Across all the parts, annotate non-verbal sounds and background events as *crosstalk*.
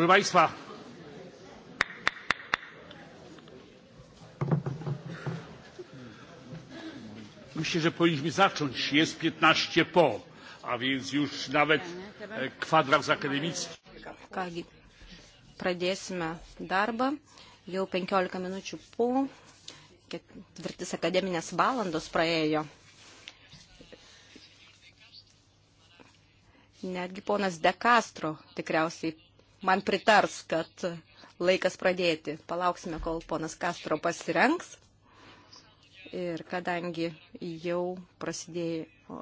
Proszę Państwa, myślę, że powinniśmy zacząć. Jest 15 po, a więc już nawet e, kwadrans akademicki. Kągi, pradėsime darbą. Jau 15 minučių po, ketvirtis akademinės valandos praėjo. Netgi ponas De Castro tikriausiai man pritars, kad laikas pradėti. Palauksime, kol ponas Kastro pasirenks. Ir kadangi jau prasidėjo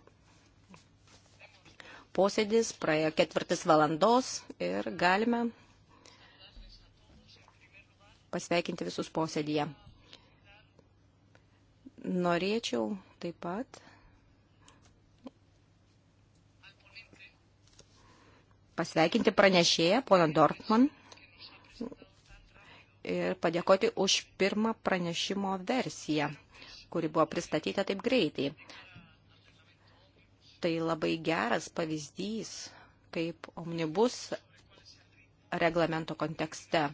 posėdis, praėjo ketvirtis valandos ir galime pasveikinti visus posėdyje. Norėčiau taip pat pasveikinti pranešėją, poną Dortman, ir padėkoti už pirmą pranešimo versiją, kuri buvo pristatyta taip greitai. Tai labai geras pavyzdys, kaip omnibus reglamento kontekste.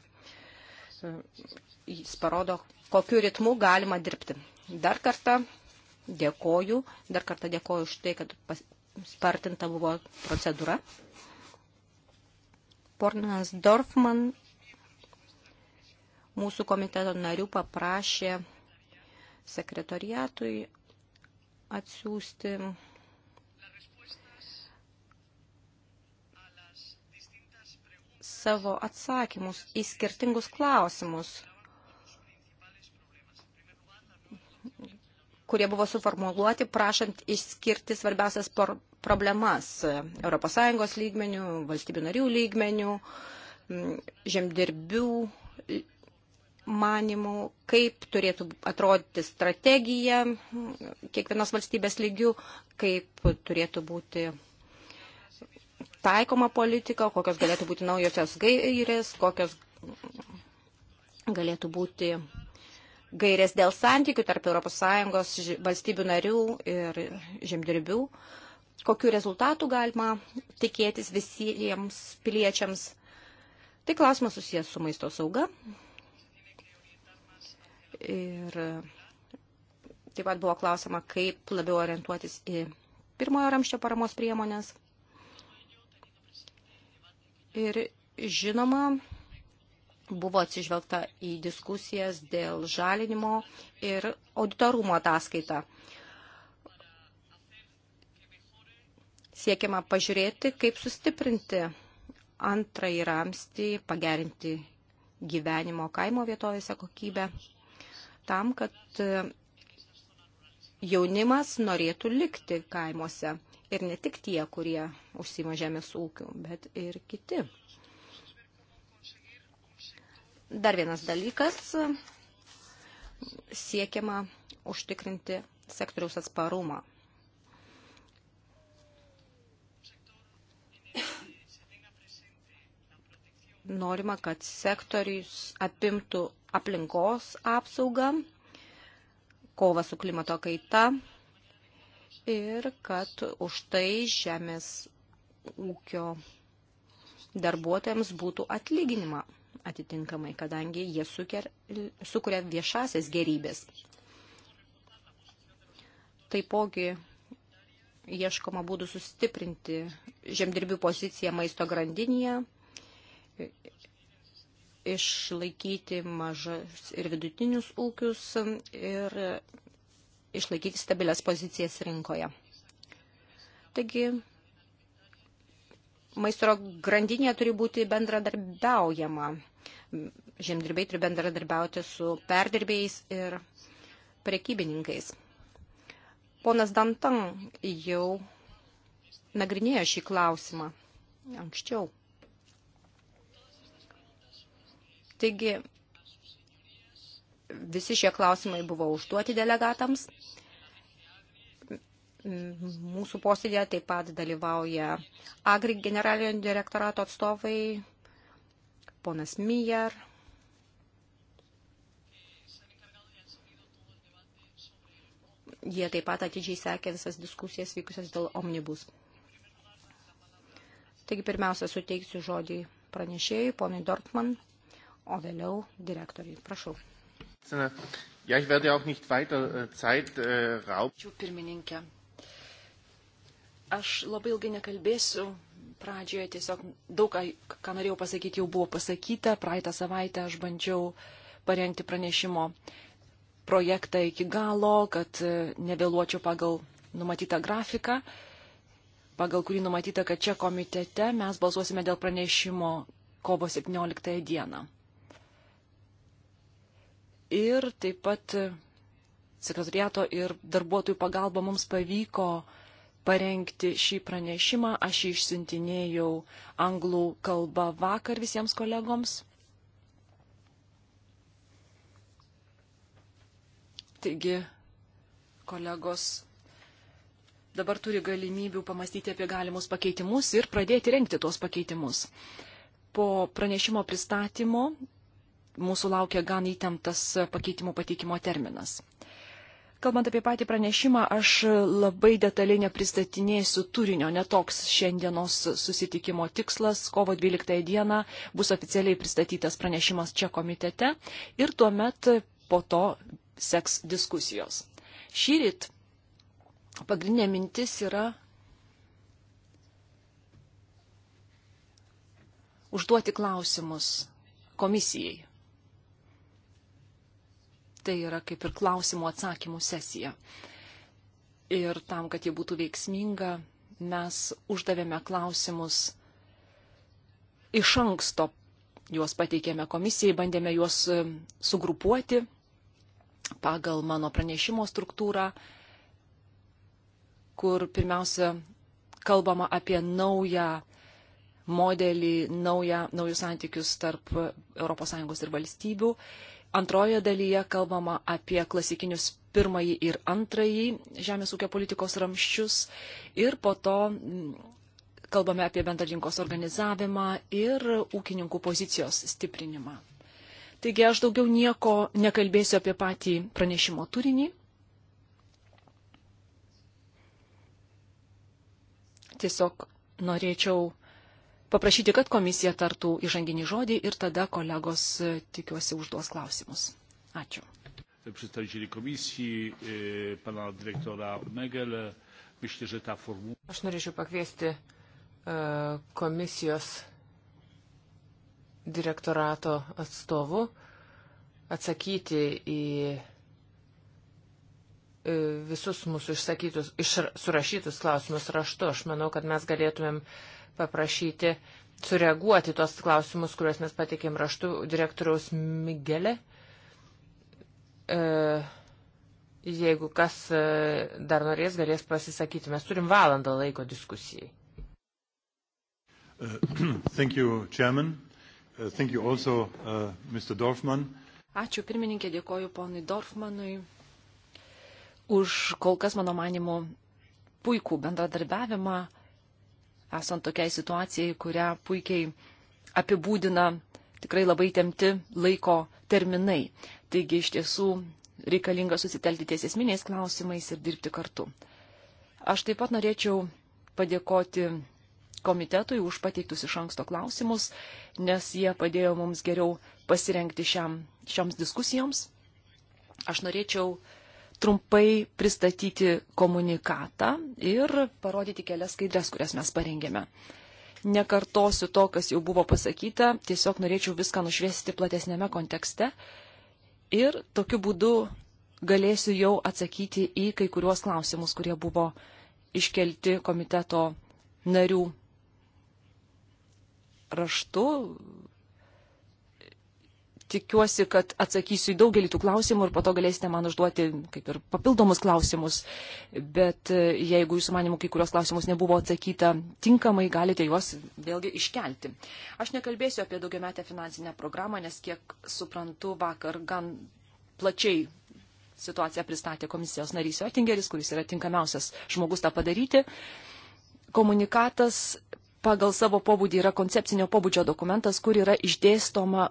Jis parodo, kokiu ritmu galima dirbti. Dar kartą dėkoju, dar kartą dėkoju už tai, kad spartinta buvo procedūra. Pornas Dorfman mūsų komiteto narių paprašė sekretoriatui atsiųsti savo atsakymus į skirtingus klausimus, kurie buvo suformuoluoti, prašant išskirti svarbiausias problemas ES lygmenių, valstybių narių lygmenių, žemdirbių manimų, kaip turėtų atrodyti strategija kiekvienos valstybės lygių, kaip turėtų būti taikoma politika, kokios galėtų būti naujosios gairės, kokios galėtų būti gairės dėl santykių tarp ES valstybių narių ir žemdirbių. Uh, kokiu rezultatu galima tikėtis visiems piliečiams. Tai klausimas susijęs su maisto sauga. Ir taip pat buvo klausima, kaip labiau orientuotis į pirmojo ramščio paramos priemonės. Ir žinoma, buvo atsižvelgta į diskusijas dėl žalinimo ir auditorumo ataskaitą. Siekiama pažiūrėti, kaip sustiprinti antrąjį ramstį, pagerinti gyvenimo kaimo vietovėse kokybę, tam, kad e, jaunimas norėtų likti kaimuose. Ir ne tik tie, kurie užsima žemės ūkių, bet ir kiti. Dar vienas dalykas siekiama užtikrinti sektoriaus atsparumą. norima, kad sektorius apimtų aplinkos apsaugą, kovą su klimato kaita ir kad už tai žemės ūkio darbuotojams būtų atlyginima atitinkamai, kadangi jie suker, sukuria viešasias gerybės. Taipogi ieškoma būdų sustiprinti žemdirbių poziciją maisto grandinėje, išlaikyti mažas ir vidutinius ūkius ir išlaikyti stabilias pozicijas rinkoje. Taigi, maisto grandinėje turi būti bendradarbiaujama. Žemdirbiai turi bendradarbiauti su perdirbėjais ir prekybininkais. Ponas Dantan jau nagrinėjo šį klausimą anksčiau. Taigi, visi šie klausimai buvo užduoti delegatams. Mūsų posėdėje taip pat dalyvauja Agri generalinio direktorato atstovai, ponas Mijer. Jie taip pat atidžiai sekė visas diskusijas vykusias dėl omnibus. Taigi pirmiausia suteiksiu žodį pranešėjui, ponui Dortman o vėliau direktoriui. Prašau. Ja, ich werde auch nicht weiter äh, Zeit äh, rauben. Aš labai ilgai nekalbėsiu. Pradžioje tiesiog daug, ką, ką norėjau pasakyti, jau buvo pasakyta. Praeitą savaitę aš bandžiau parengti pranešimo projektą iki galo, kad e, nevėluočiau pagal numatytą grafiką, pagal kurį numatyta, kad čia komitete mes balsuosime dėl pranešimo kovo 17 dieną ir taip pat sekretariato ir darbuotojų pagalba mums pavyko parengti šį pranešimą. Aš jį išsintinėjau anglų kalbą vakar visiems kolegoms. Taigi, kolegos dabar turi galimybių pamastyti apie galimus pakeitimus ir pradėti renkti tuos pakeitimus. Po pranešimo pristatymo mūsų laukia gan įtemptas pakeitimų pateikimo terminas. Kalbant apie patį pranešimą, aš labai detaliai nepristatinėsiu turinio, netoks šiandienos susitikimo tikslas. Kovo 12 dieną bus oficialiai pristatytas pranešimas čia komitete ir tuomet po to seks diskusijos. Šyrit pagrindinė mintis yra užduoti klausimus komisijai tai yra kaip ir klausimų atsakymų sesija. Ir tam, kad ji būtų veiksminga, mes uždavėme klausimus iš anksto, juos pateikėme komisijai, bandėme juos e, sugrupuoti pagal mano pranešimo struktūrą, kur pirmiausia kalbama apie naują modelį, naują, naujus santykius tarp ES ir valstybių. Antrojoje dalyje kalbama apie klasikinius pirmąjį ir antrąjį žemės ūkio politikos ramščius ir po to mm, kalbame apie bendrą rinkos organizavimą ir ūkininkų pozicijos stiprinimą. Taigi aš daugiau nieko nekalbėsiu apie patį pranešimo turinį. Tiesiog norėčiau paprašyti, kad komisija tartų įžanginį žodį ir tada kolegos e, tikiuosi užduos klausimus. Ačiū. E, Aš norėčiau pakviesti e, komisijos direktorato atstovų atsakyti į visus mūsų išsakytus, iš, surašytus klausimus raštu. Aš manau, kad mes galėtumėm uh, paprašyti sureaguoti tuos klausimus, kuriuos mes patikėm raštu direktoriaus Migelė. E, jeigu kas e, dar norės, galės pasisakyti. Mes turim valandą laiko diskusijai. Uh, *clears throat* thank you, Chairman. Uh, thank you also, uh, Mr. Dorfman. Ačiū pirmininkė, dėkoju ponui Dorfmanui už kol kas, mano manimu, puikų bendradarbiavimą esant tokiai situacijai, kurią puikiai apibūdina tikrai labai temti laiko terminai. Taigi iš tiesų reikalinga susitelti ties esminiais klausimais ir dirbti kartu. Aš taip pat norėčiau padėkoti komitetui už pateiktus iš anksto klausimus, nes jie padėjo mums geriau pasirengti šiam, šioms diskusijoms. Aš norėčiau uh, trumpai pristatyti komunikatą ir parodyti kelias skaidrės, kurias mes parengėme. Nekartosiu to, kas jau buvo pasakyta, tiesiog norėčiau viską nušviesti platesnėme kontekste ir tokiu būdu galėsiu jau atsakyti į kai kuriuos klausimus, kurie buvo iškelti komiteto narių raštu, tikiuosi, kad atsakysiu į daugelį tų klausimų ir po to galėsite man užduoti kaip ir papildomus klausimus. Bet e, jeigu jūsų manimų kai kurios klausimus nebuvo atsakyta tinkamai, galite juos vėlgi iškelti. Aš nekalbėsiu apie daugiametę finansinę programą, nes kiek suprantu, vakar gan plačiai situaciją pristatė komisijos narys Jotingeris, kuris yra tinkamiausias žmogus tą padaryti. Komunikatas pagal savo pobūdį yra koncepcinio pobūdžio dokumentas, kur yra išdėstoma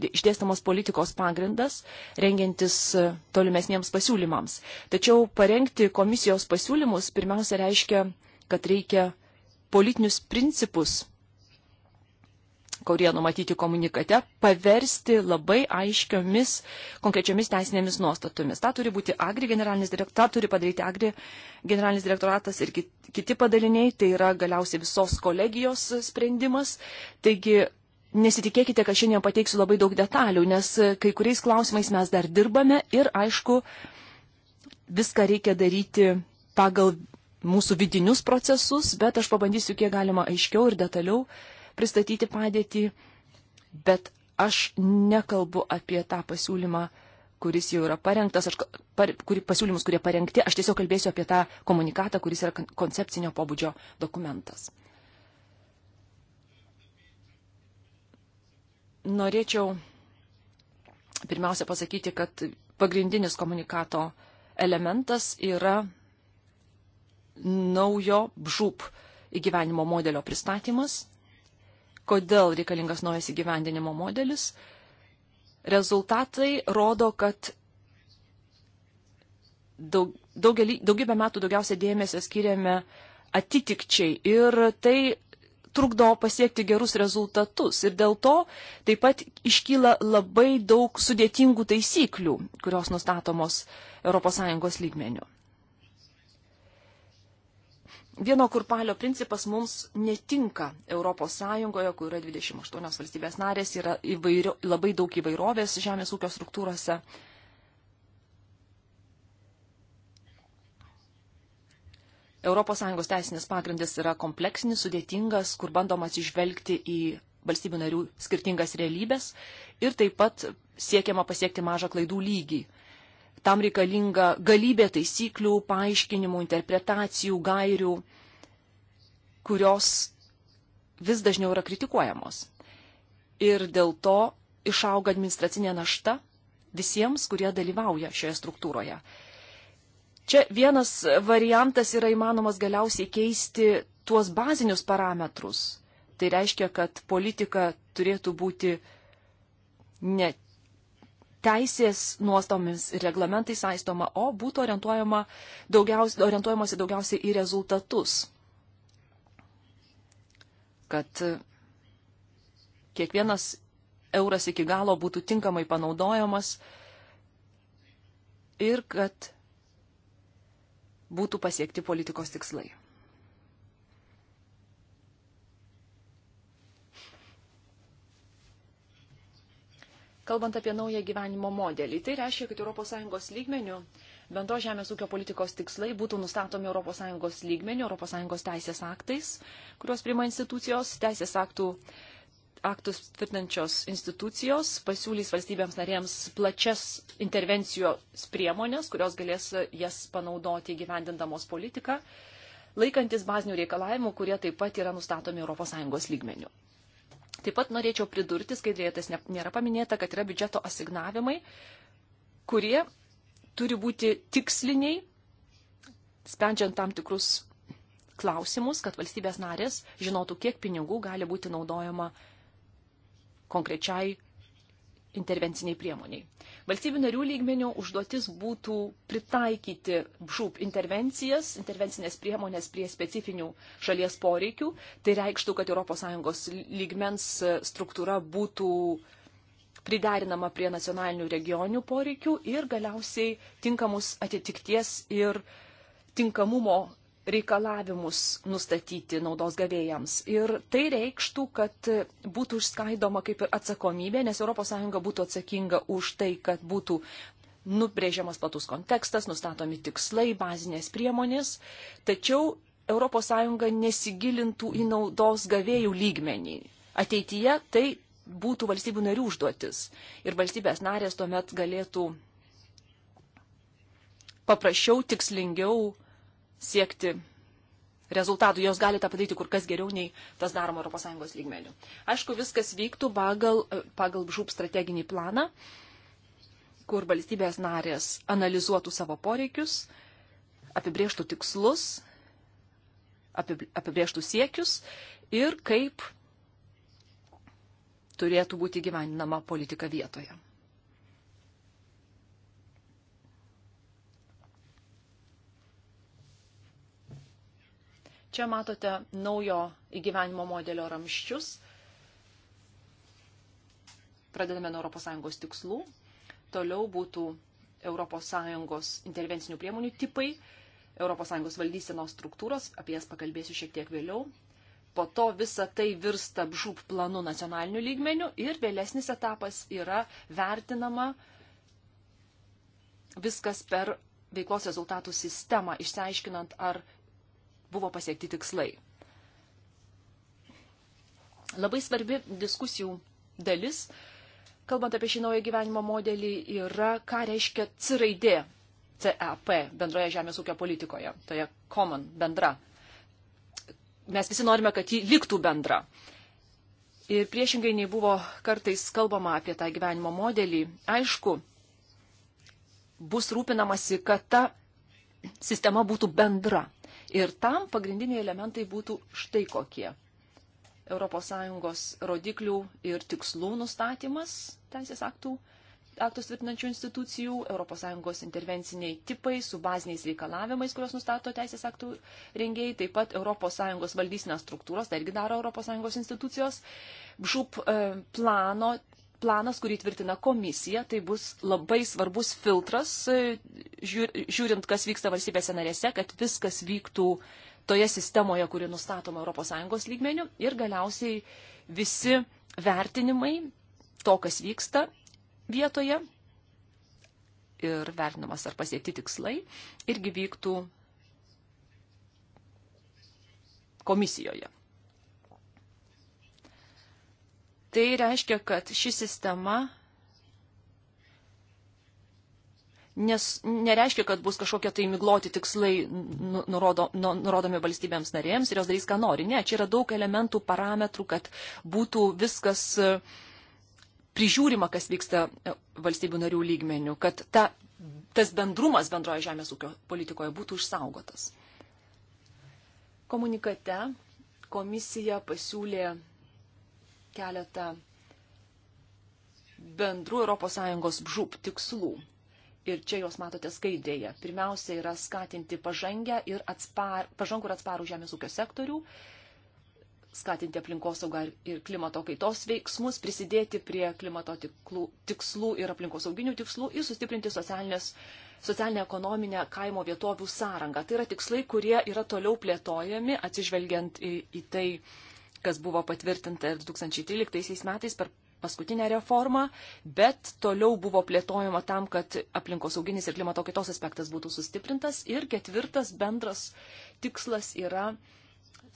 išdėstamos politikos pagrindas, rengiantis e, tolimesniems pasiūlymams. Tačiau parengti komisijos pasiūlymus pirmiausia reiškia, kad reikia politinius principus, kurie numatyti komunikate, paversti labai aiškiomis konkrečiomis teisinėmis nuostatomis. Ta turi būti agri generalinis direktoratas, tą turi padaryti agri generalinis direktoratas ir kiti padaliniai, tai yra galiausiai visos kolegijos sprendimas. Taigi nesitikėkite, kad šiandien pateiksiu labai daug detalių, nes e, kai kuriais klausimais mes dar dirbame ir, aišku, viską reikia daryti pagal mūsų vidinius procesus, bet aš pabandysiu kiek galima aiškiau ir detaliau pristatyti padėtį, bet aš nekalbu apie tą pasiūlymą kuris jau yra parengtas, aš, par, kuri, pasiūlymus, kurie parengti, aš tiesiog kalbėsiu apie tą komunikatą, kuris yra koncepcinio pobūdžio dokumentas. norėčiau pirmiausia pasakyti, kad pagrindinis komunikato elementas yra naujo bžūp įgyvenimo modelio pristatymas, kodėl reikalingas naujas įgyvendinimo modelis. Rezultatai rodo, kad daug, daugelį, daugybę metų daugiausia dėmesio skiriame atitikčiai ir tai trukdo pasiekti gerus rezultatus. Ir dėl to taip pat iškyla labai daug sudėtingų taisyklių, kurios nustatomos ES lygmenių. Vieno kurpalio principas mums netinka ES, kur yra 28 valstybės narės, yra įvairio, labai daug įvairovės žemės ūkio struktūrose. Uh, ES teisinis pagrindas yra kompleksinis, sudėtingas, kur bandoma atsižvelgti į valstybių narių skirtingas realybės ir taip pat siekiama pasiekti mažą klaidų lygį. Tam reikalinga galybė taisyklių, paaiškinimų, interpretacijų, gairių, kurios vis dažniau yra kritikuojamos. Ir dėl to išauga administracinė našta visiems, kurie dalyvauja šioje struktūroje. Čia vienas variantas yra įmanomas galiausiai keisti tuos bazinius parametrus. Tai reiškia, kad politika turėtų būti ne teisės nuostomis ir reglamentais saistoma, o būtų orientuojama daugiausia, orientuojamasi daugiausiai į rezultatus. Kad kiekvienas euras iki galo būtų tinkamai panaudojamas ir kad būtų pasiekti politikos tikslai. Kalbant apie naują gyvenimo modelį, tai reiškia, kad ES lygmenių bendro žemės ūkio politikos tikslai būtų nustatomi ES lygmenių, ES teisės aktais, kuriuos priima institucijos, teisės aktų uh, aktus tvirtinančios institucijos pasiūlys valstybėms narėms plačias intervencijos priemonės, kurios galės jas panaudoti gyvendindamos politiką, laikantis bazinių reikalavimų, kurie taip pat yra nustatomi ES lygmenių. Taip pat norėčiau pridurti, skaidrėje tas nėra paminėta, kad yra biudžeto asignavimai, kurie turi būti tiksliniai, sprendžiant tam tikrus klausimus, kad valstybės narės žinotų, kiek pinigų gali būti naudojama konkrečiai intervenciniai priemoniai. Valstybių narių lygmenio užduotis būtų pritaikyti žūp intervencijas, intervencinės priemonės prie specifinių šalies poreikių. Tai reikštų, kad ES lygmens struktūra būtų priderinama prie nacionalinių regionių poreikių ir galiausiai tinkamus atitikties ir tinkamumo reikalavimus nustatyti naudos gavėjams. Ir tai reikštų, kad būtų išskaidoma kaip ir atsakomybė, nes ES būtų atsakinga už tai, kad būtų nubrėžiamas platus kontekstas, nustatomi tikslai, bazinės priemonės, tačiau ES nesigilintų į naudos gavėjų lygmenį. Ateityje tai būtų valstybių narių užduotis ir valstybės narės tuomet galėtų paprasčiau, tikslingiau siekti rezultatų. Jos gali tą padaryti kur kas geriau nei tas daroma ES lygmenių. Aišku, viskas vyktų pagal, pagal žūp strateginį planą, kur valstybės narės analizuotų savo poreikius, apibrieštų tikslus, apibrieštų siekius ir kaip turėtų būti gyveninama politika vietoje. Čia matote naujo įgyvenimo modelio ramščius. Pradedame nuo ES tikslų. Toliau būtų ES intervencinių priemonių tipai, ES valdysenos struktūros, apie jas pakalbėsiu šiek tiek vėliau. Po to visa tai virsta žūp planu nacionaliniu lygmeniu ir vėlesnis etapas yra vertinama viskas per veiklos rezultatų sistemą, išsiaiškinant, ar buvo pasiekti tikslai. Labai svarbi diskusijų dalis, kalbant apie šį naują gyvenimo modelį, yra, ką reiškia C raidė CEP bendroje žemės ūkio politikoje, toje common bendra. Mes visi norime, kad ji liktų bendra. Ir priešingai nei buvo kartais kalbama apie tą gyvenimo modelį, aišku, bus rūpinamasi, kad ta sistema būtų bendra. Ir tam pagrindiniai elementai būtų štai kokie. ES rodiklių ir tikslų nustatymas teisės aktų, aktus tvirtinančių institucijų, ES intervenciniai tipai su baziniais reikalavimais, kurios nustato teisės aktų rengėjai, taip pat ES valdysinės struktūros, tai irgi daro ES institucijos, žūp e, plano planas, kurį tvirtina komisija, tai bus labai svarbus filtras, e, žiūrint, kas vyksta valstybėse narėse, kad viskas vyktų toje sistemoje, kuri nustatoma ES lygmenių ir galiausiai visi vertinimai to, kas vyksta vietoje ir vertinamas ar pasiekti tikslai, irgi vyktų komisijoje. Tai reiškia, kad ši sistema nes nereiškia, kad bus kažkokie tai migloti tikslai nu, nurodo, nu, nurodomi valstybėms narėms ir jos darys, ką nori. Ne, čia yra daug elementų, parametrų, kad būtų viskas e, prižiūrima, kas vyksta e, valstybių narių lygmenių, kad ta, tas bendrumas bendroje žemės ūkio politikoje būtų išsaugotas. Komunikate komisija pasiūlė keletą bendrų ES bžūp tikslų. Ir čia jos matote skaidrėje. Pirmiausia yra skatinti pažangę ir atspar, pažangų ir atsparų žemės ūkio sektorių, skatinti aplinkosaugą ir klimato kaitos veiksmus, prisidėti prie klimato tiklų, tikslų ir aplinkosauginių tikslų ir sustiprinti socialinę ekonominę kaimo vietovių sąrangą. Tai yra tikslai, kurie yra toliau plėtojami, atsižvelgiant į, į tai, kas buvo patvirtinta ir 2013 metais per paskutinę reformą, bet toliau buvo plėtojama tam, kad aplinkosauginis ir klimato kitos aspektas būtų sustiprintas. Ir ketvirtas bendras tikslas yra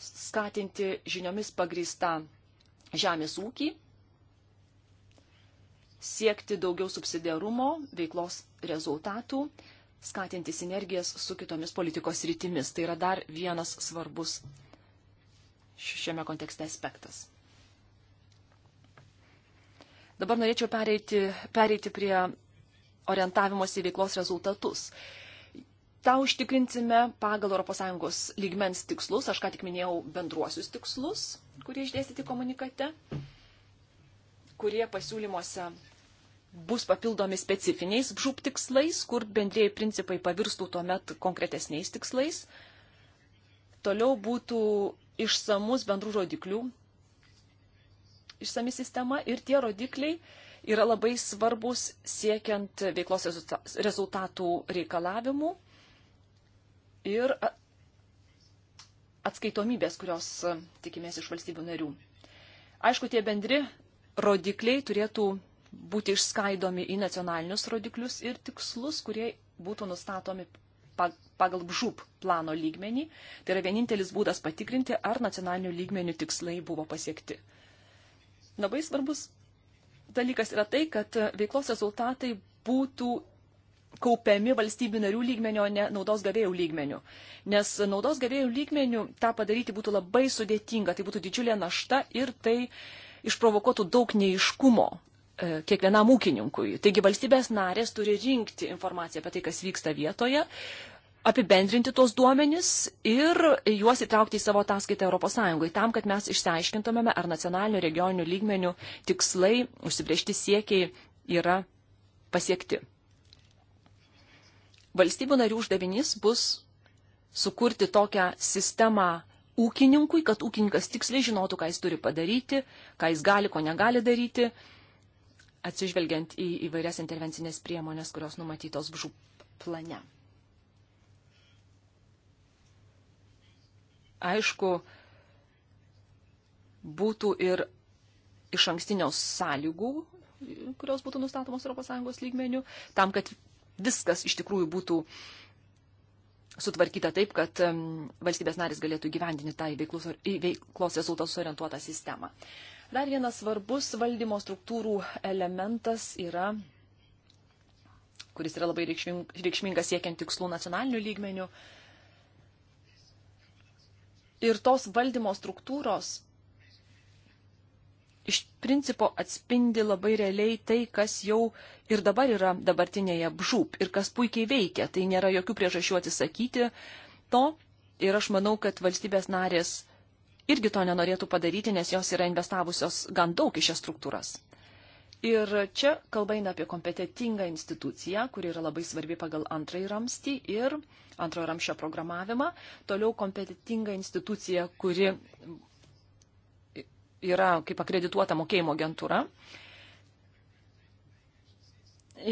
skatinti žiniomis pagrįstą žemės ūkį, siekti daugiau subsidiarumo, veiklos rezultatų, skatinti sinergijas su kitomis politikos rytimis. Tai yra dar vienas svarbus šiame kontekste aspektas. Dabar norėčiau pereiti, pereiti prie orientavimosi veiklos rezultatus. Ta užtikrinsime pagal ES lygmens tikslus, aš ką tik minėjau bendruosius tikslus, kurie išdėstyti komunikate, kurie pasiūlymuose bus papildomi specifiniais žūp tikslais, kur bendrėjai principai pavirstų tuomet konkretesniais tikslais. Toliau būtų išsamus bendrų rodiklių, išsami sistema ir tie rodikliai yra labai svarbus siekiant veiklos rezultatų reikalavimų ir atskaitomybės, kurios tikimės iš valstybių narių. Aišku, tie bendri rodikliai turėtų būti išskaidomi į nacionalinius rodiklius ir tikslus, kurie būtų nustatomi pagal žūp plano lygmenį. Tai yra vienintelis būdas patikrinti, ar nacionalinių lygmenių tikslai buvo pasiekti. Labai svarbus dalykas yra tai, kad veiklos rezultatai būtų kaupiami valstybių narių lygmenio, ne naudos gavėjų lygmenių. Nes naudos gavėjų lygmenių tą padaryti būtų labai sudėtinga, tai būtų didžiulė našta ir tai išprovokuotų daug neiškumo E, kiekvienam ūkininkui. Taigi valstybės narės turi rinkti informaciją apie tai, kas vyksta vietoje, apibendrinti tuos duomenis ir juos įtraukti į savo ataskaitą ES, tam, kad mes išsiaiškintumėme, ar nacionalinių regioninių lygmenių tikslai, užsibriežti siekiai yra pasiekti. Valstybių narių uždavinys bus sukurti tokią sistemą ūkininkui, kad ūkininkas tiksliai žinotų, ką jis turi padaryti, ką jis gali, ko negali daryti atsižvelgiant į įvairias intervencinės priemonės, kurios numatytos BŽUP plane. Aišku, būtų ir iš ankstinio sąlygų, kurios būtų nustatomos ES lygmenių, tam, kad viskas iš tikrųjų būtų sutvarkyta taip, kad um, valstybės narys galėtų gyvendinti tą į veiklos, į veiklos rezultatus orientuotą sistemą. Uh, Dar vienas svarbus valdymo struktūrų elementas yra, kuris yra labai reikšmingas siekiant tikslų nacionalinių lygmenių. Ir tos valdymo struktūros iš principo atspindi labai realiai tai, kas jau ir dabar yra dabartinėje bžūp ir kas puikiai veikia. Tai nėra jokių priežasčių atsisakyti to. Ir aš manau, kad valstybės narės irgi to nenorėtų padaryti, nes jos yra investavusios gan daug į šias struktūras. Ir čia kalba eina apie kompetitingą instituciją, kuri yra labai svarbi pagal antrąjį ramstį ir antrojo ramščio programavimą. Toliau kompetitinga institucija, kuri yra kaip akredituota mokėjimo agentūra.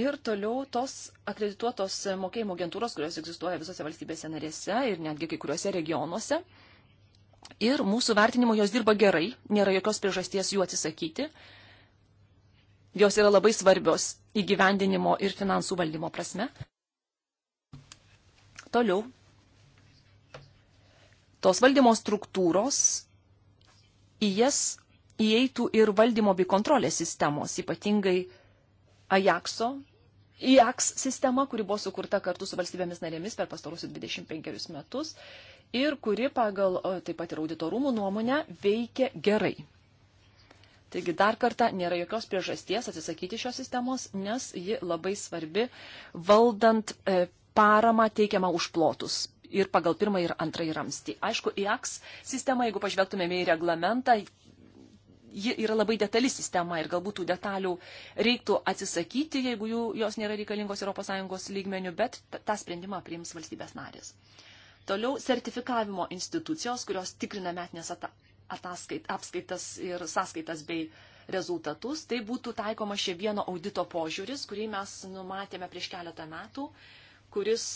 Ir toliau tos akredituotos mokėjimo agentūros, kurios egzistuoja visose valstybėse narėse ir netgi kai kuriuose regionuose ir mūsų vertinimu jos dirba gerai, nėra jokios priežasties jų atsisakyti. Jos yra labai svarbios įgyvendinimo ir finansų valdymo prasme. Toliau. Tos valdymo struktūros į jas įeitų ir valdymo bei kontrolės sistemos, ypatingai Ajakso IAX sistema, kuri buvo sukurta kartu su valstybėmis narėmis per pastarusius 25 metus ir kuri pagal taip pat ir auditorumų nuomonę veikia gerai. Taigi dar kartą nėra jokios priežasties atsisakyti šios sistemos, nes ji labai svarbi valdant e, paramą teikiamą už plotus ir pagal pirmąjį ir antrąjį ramstį. Aišku, IAX sistema, jeigu pažvelgtumėme į reglamentą, ji yra labai detali sistema ir galbūt tų detalių reiktų atsisakyti, jeigu jų, jos nėra reikalingos ES lygmenių, bet tą sprendimą priims valstybės narės. Toliau sertifikavimo institucijos, kurios tikrina metinės ataskait, apskaitas ir sąskaitas bei rezultatus, tai būtų taikoma šie vieno audito požiūris, kurį mes numatėme prieš keletą metų, kuris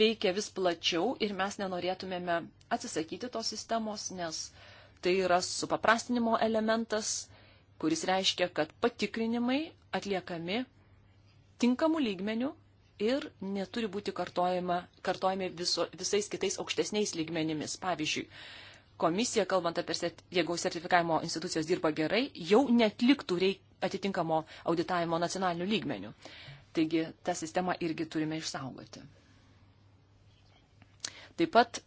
veikia vis plačiau ir mes nenorėtumėme atsisakyti tos sistemos, nes uh, Tai yra supaprastinimo elementas, kuris reiškia, kad patikrinimai atliekami tinkamų lygmenių ir neturi būti kartojami viso, visais kitais aukštesniais lygmenimis. Pavyzdžiui, komisija, kalbant apie, jeigu sertifikavimo institucijos dirba gerai, jau netliktų atitinkamo auditavimo nacionalinių lygmenių. Taigi tą sistemą irgi turime išsaugoti. Taip pat,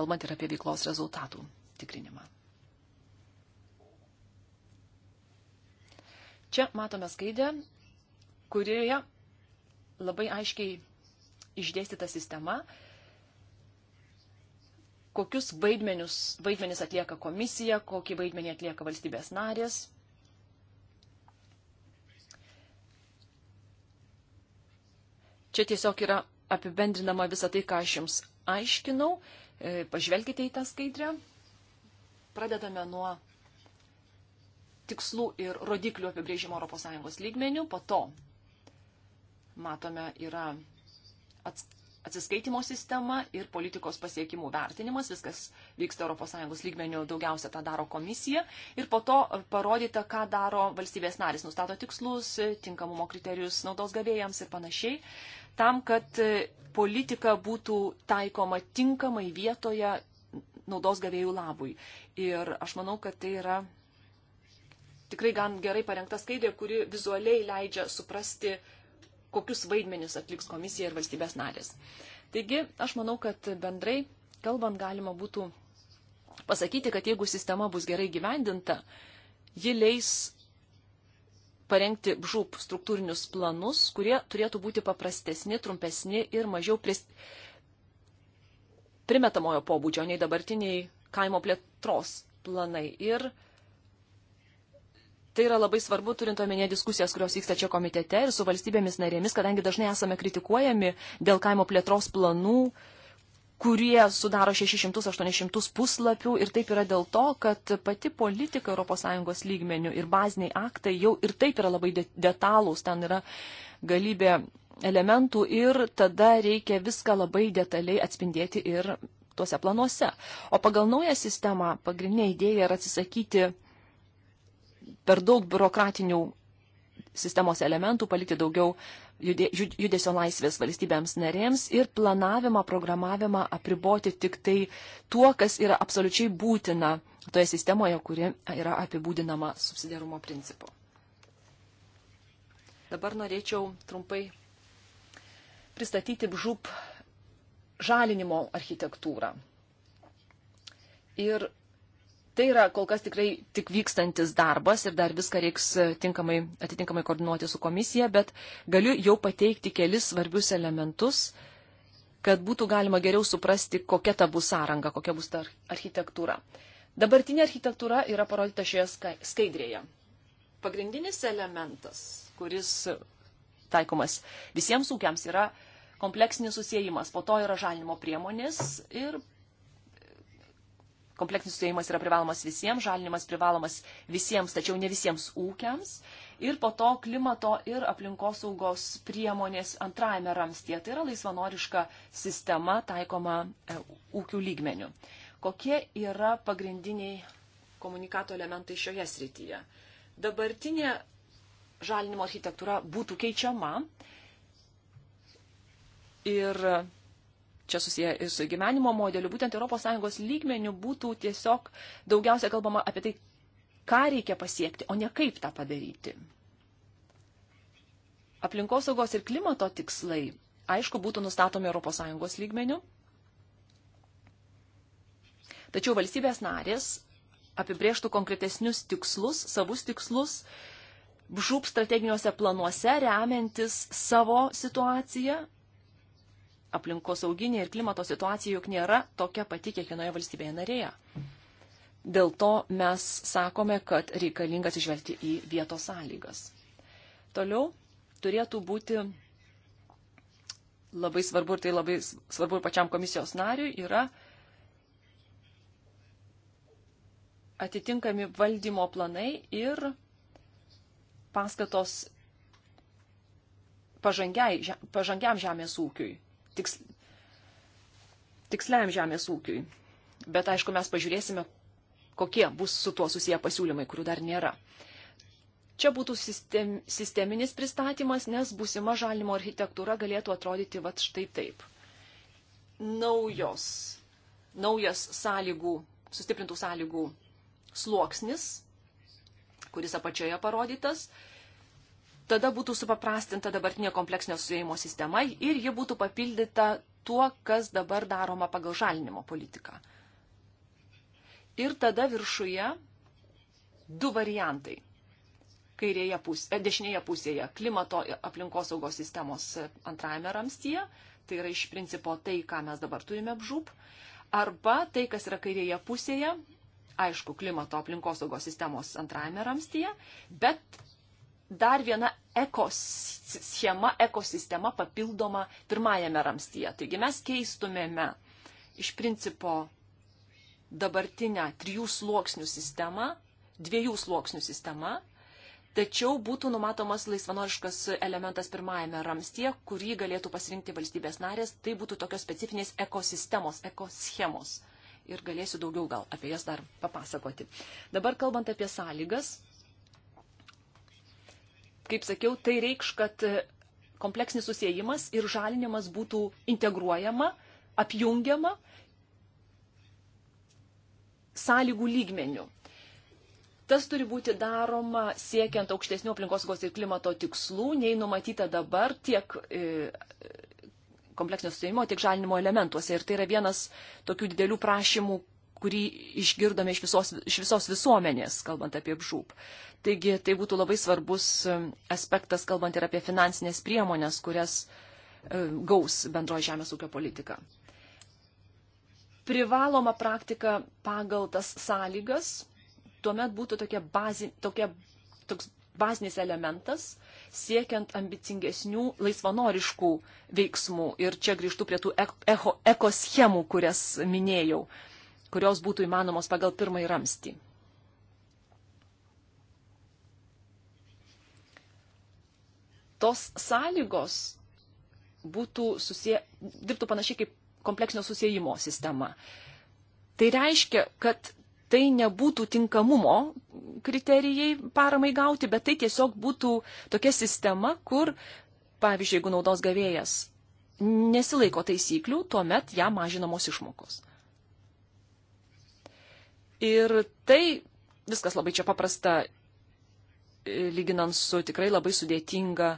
kalbant ir apie veiklos rezultatų tikrinimą. Čia matome skaidę, kurioje labai aiškiai išdėstyta sistema, kokius vaidmenius, vaidmenis atlieka komisija, kokį vaidmenį atlieka valstybės narės. Čia tiesiog yra apibendrinama visa tai, ką aš jums aiškinau. E, pažvelkite į tą skaidrę. Pradedame nuo tikslų ir rodiklių apibrėžimo ES lygmenių, po to matome yra atsiskaitimo sistema ir politikos pasiekimų vertinimas, viskas vyksta ES lygmenių, daugiausia tą daro komisija ir po to e, parodyta, ką daro valstybės narys, nustato tikslus, e, tinkamumo kriterijus naudos gavėjams ir panašiai, tam, kad e, politika būtų taikoma tinkamai vietoje naudos gavėjų labui. Ir aš manau, kad tai yra tikrai gan gerai parengta skaidrė, kuri vizualiai leidžia suprasti, kokius vaidmenis atliks komisija ir valstybės narės. Taigi, aš manau, kad bendrai kalbant galima būtų pasakyti, kad jeigu sistema bus gerai gyvendinta, ji leis parengti bžūp struktūrinius planus, kurie turėtų būti paprastesni, trumpesni ir mažiau prist... primetamojo pobūdžio nei dabartiniai kaimo plėtros planai. Ir tai yra labai svarbu, turint omenyje diskusijas, kurios vyksta čia komitete ir su valstybėmis narėmis, kadangi dažnai esame kritikuojami dėl kaimo plėtros planų, kurie sudaro 600-800 puslapių ir taip yra dėl to, kad pati politika ES lygmenių ir baziniai aktai jau ir taip yra labai detalūs, ten yra galybė elementų ir tada reikia viską labai detaliai atspindėti ir tuose planuose. O pagal naują sistemą pagrindinė idėja yra atsisakyti per daug biurokratinių sistemos elementų, palikti daugiau judesio laisvės valstybėms narėms ir planavimą, programavimą apriboti tik tai tuo, kas yra absoliučiai būtina toje sistemoje, kuri yra apibūdinama subsidiarumo principu. Dabar norėčiau trumpai pristatyti žūp žalinimo architektūrą. Ir Tai yra kol kas tikrai tik vykstantis darbas ir dar viską reiks e, tinkamai, atitinkamai koordinuoti su komisija, bet galiu jau pateikti kelis svarbius elementus, kad būtų galima geriau suprasti, kokia ta bus sąranga, kokia bus ta architektūra. Dabartinė architektūra yra parodyta šioje skaidrėje. Pagrindinis elementas, kuris taikomas visiems ūkiams, yra kompleksinis susijimas, po to yra žalinimo priemonės ir kompleksinis sudėjimas yra privalomas visiems, žalinimas privalomas visiems, tačiau ne visiems ūkiams. Ir po to klimato ir aplinkosaugos priemonės antrajame ramstie. Tai yra laisvanoriška sistema taikoma e, ūkių lygmenių. Kokie yra pagrindiniai komunikato elementai šioje srityje? Dabartinė žalinimo architektūra būtų keičiama ir čia susiję ir su gyvenimo modeliu, būtent ES lygmenių būtų tiesiog daugiausia kalbama apie tai, ką reikia pasiekti, o ne kaip tą padaryti. Aplinkosaugos ir klimato tikslai, aišku, būtų nustatomi ES lygmenių, tačiau valstybės narės apibrieštų konkretesnius tikslus, savus tikslus, žūp strateginiuose planuose, remiantis savo situaciją aplinkosauginė ir klimato situacija juk nėra tokia pati kiekvienoje valstybėje narėje. Dėl to mes sakome, kad reikalinga atsižvelgti į vietos sąlygas. Toliau turėtų būti labai svarbu ir tai labai svarbu ir pačiam komisijos nariui yra atitinkami valdymo planai ir paskatos pažangiai, pažangiam žemės ūkiui tiks, tiksliam žemės ūkiui. Bet aišku, mes pažiūrėsime, kokie bus su tuo susiję pasiūlymai, kurių dar nėra. Čia būtų sistem, sisteminis pristatymas, nes būsima žalimo architektūra galėtų atrodyti vat štai taip. Naujos, naujas sąlygų, sustiprintų sąlygų sluoksnis, kuris apačioje parodytas, tada būtų supaprastinta dabartinė kompleksinio suėjimo sistema ir ji būtų papildyta tuo, kas dabar daroma pagal žalinimo politiką. Ir tada viršuje du variantai. Kairėje pusėje, dešinėje pusėje klimato aplinkosaugos sistemos antrajame ramstyje, tai yra iš principo tai, ką mes dabar turime apžūp, arba tai, kas yra kairėje pusėje, aišku, klimato aplinkosaugos sistemos antrajame ramstyje, bet dar viena ekoschema, ekosistema papildoma pirmajame ramstyje. Taigi mes keistumėme iš principo dabartinę trijų sluoksnių sistemą, dviejų sluoksnių sistemą, tačiau būtų numatomas laisvanoriškas elementas pirmajame ramstie, kurį galėtų pasirinkti valstybės narės, tai būtų tokios specifinės ekosistemos, ekoschemos. Ir galėsiu daugiau gal apie jas dar papasakoti. Dabar kalbant apie sąlygas, kaip sakiau, tai reikš, kad kompleksinis susijimas ir žalinimas būtų integruojama, apjungiama sąlygų lygmenių. Tas turi būti daroma siekiant aukštesnių aplinkosaugos ir klimato tikslų, nei numatyta dabar tiek e, kompleksinio susijimo, tiek žalinimo elementuose. Ir tai yra vienas tokių didelių prašymų, kurį išgirdome iš visos, iš visos visuomenės, kalbant apie žūp. Taigi tai būtų labai svarbus um, aspektas, kalbant ir apie finansinės priemonės, kurias um, gaus bendroji žemės ūkio politika. Privaloma praktika pagal tas sąlygas, tuomet būtų tokia bazi, tokia, toks bazinis elementas, siekiant ambicingesnių laisvanoriškų veiksmų. Ir čia grįžtu prie tų eko, ekoschemų, kurias minėjau. Uh, kurios būtų įmanomos pagal pirmąjį ramstį. Tos sąlygos būtų susie, dirbtų panašiai kaip kompleksinio susijimo sistema. Tai reiškia, kad tai nebūtų tinkamumo kriterijai paramai gauti, bet tai tiesiog būtų tokia sistema, kur, pavyzdžiui, jeigu naudos gavėjas nesilaiko taisyklių, tuomet ją mažinamos išmokos. Ir tai viskas labai čia paprasta, e, lyginant su tikrai labai sudėtinga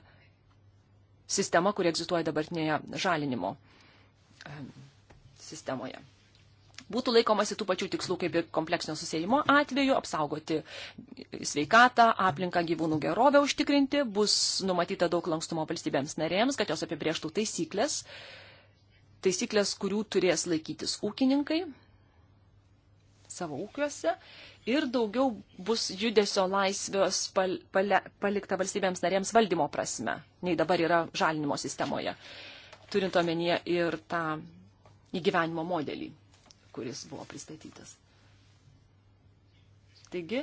sistema, kuri egzistuoja dabartinėje žalinimo e, sistemoje. Būtų laikomasi tų pačių tikslų kaip ir kompleksinio susėjimo atveju - apsaugoti sveikatą, aplinką, gyvūnų gerovę užtikrinti, bus numatyta daug lankstumo valstybėms narėms, kad jos apibrieštų taisyklės, taisyklės, kurių turės laikytis ūkininkai, savo ūkiuose ir daugiau bus judesio laisvės pal, pale, palikta valstybėms narėms valdymo prasme, nei dabar yra žalinimo sistemoje, turint omenyje ir tą įgyvenimo modelį, kuris buvo pristatytas. Taigi,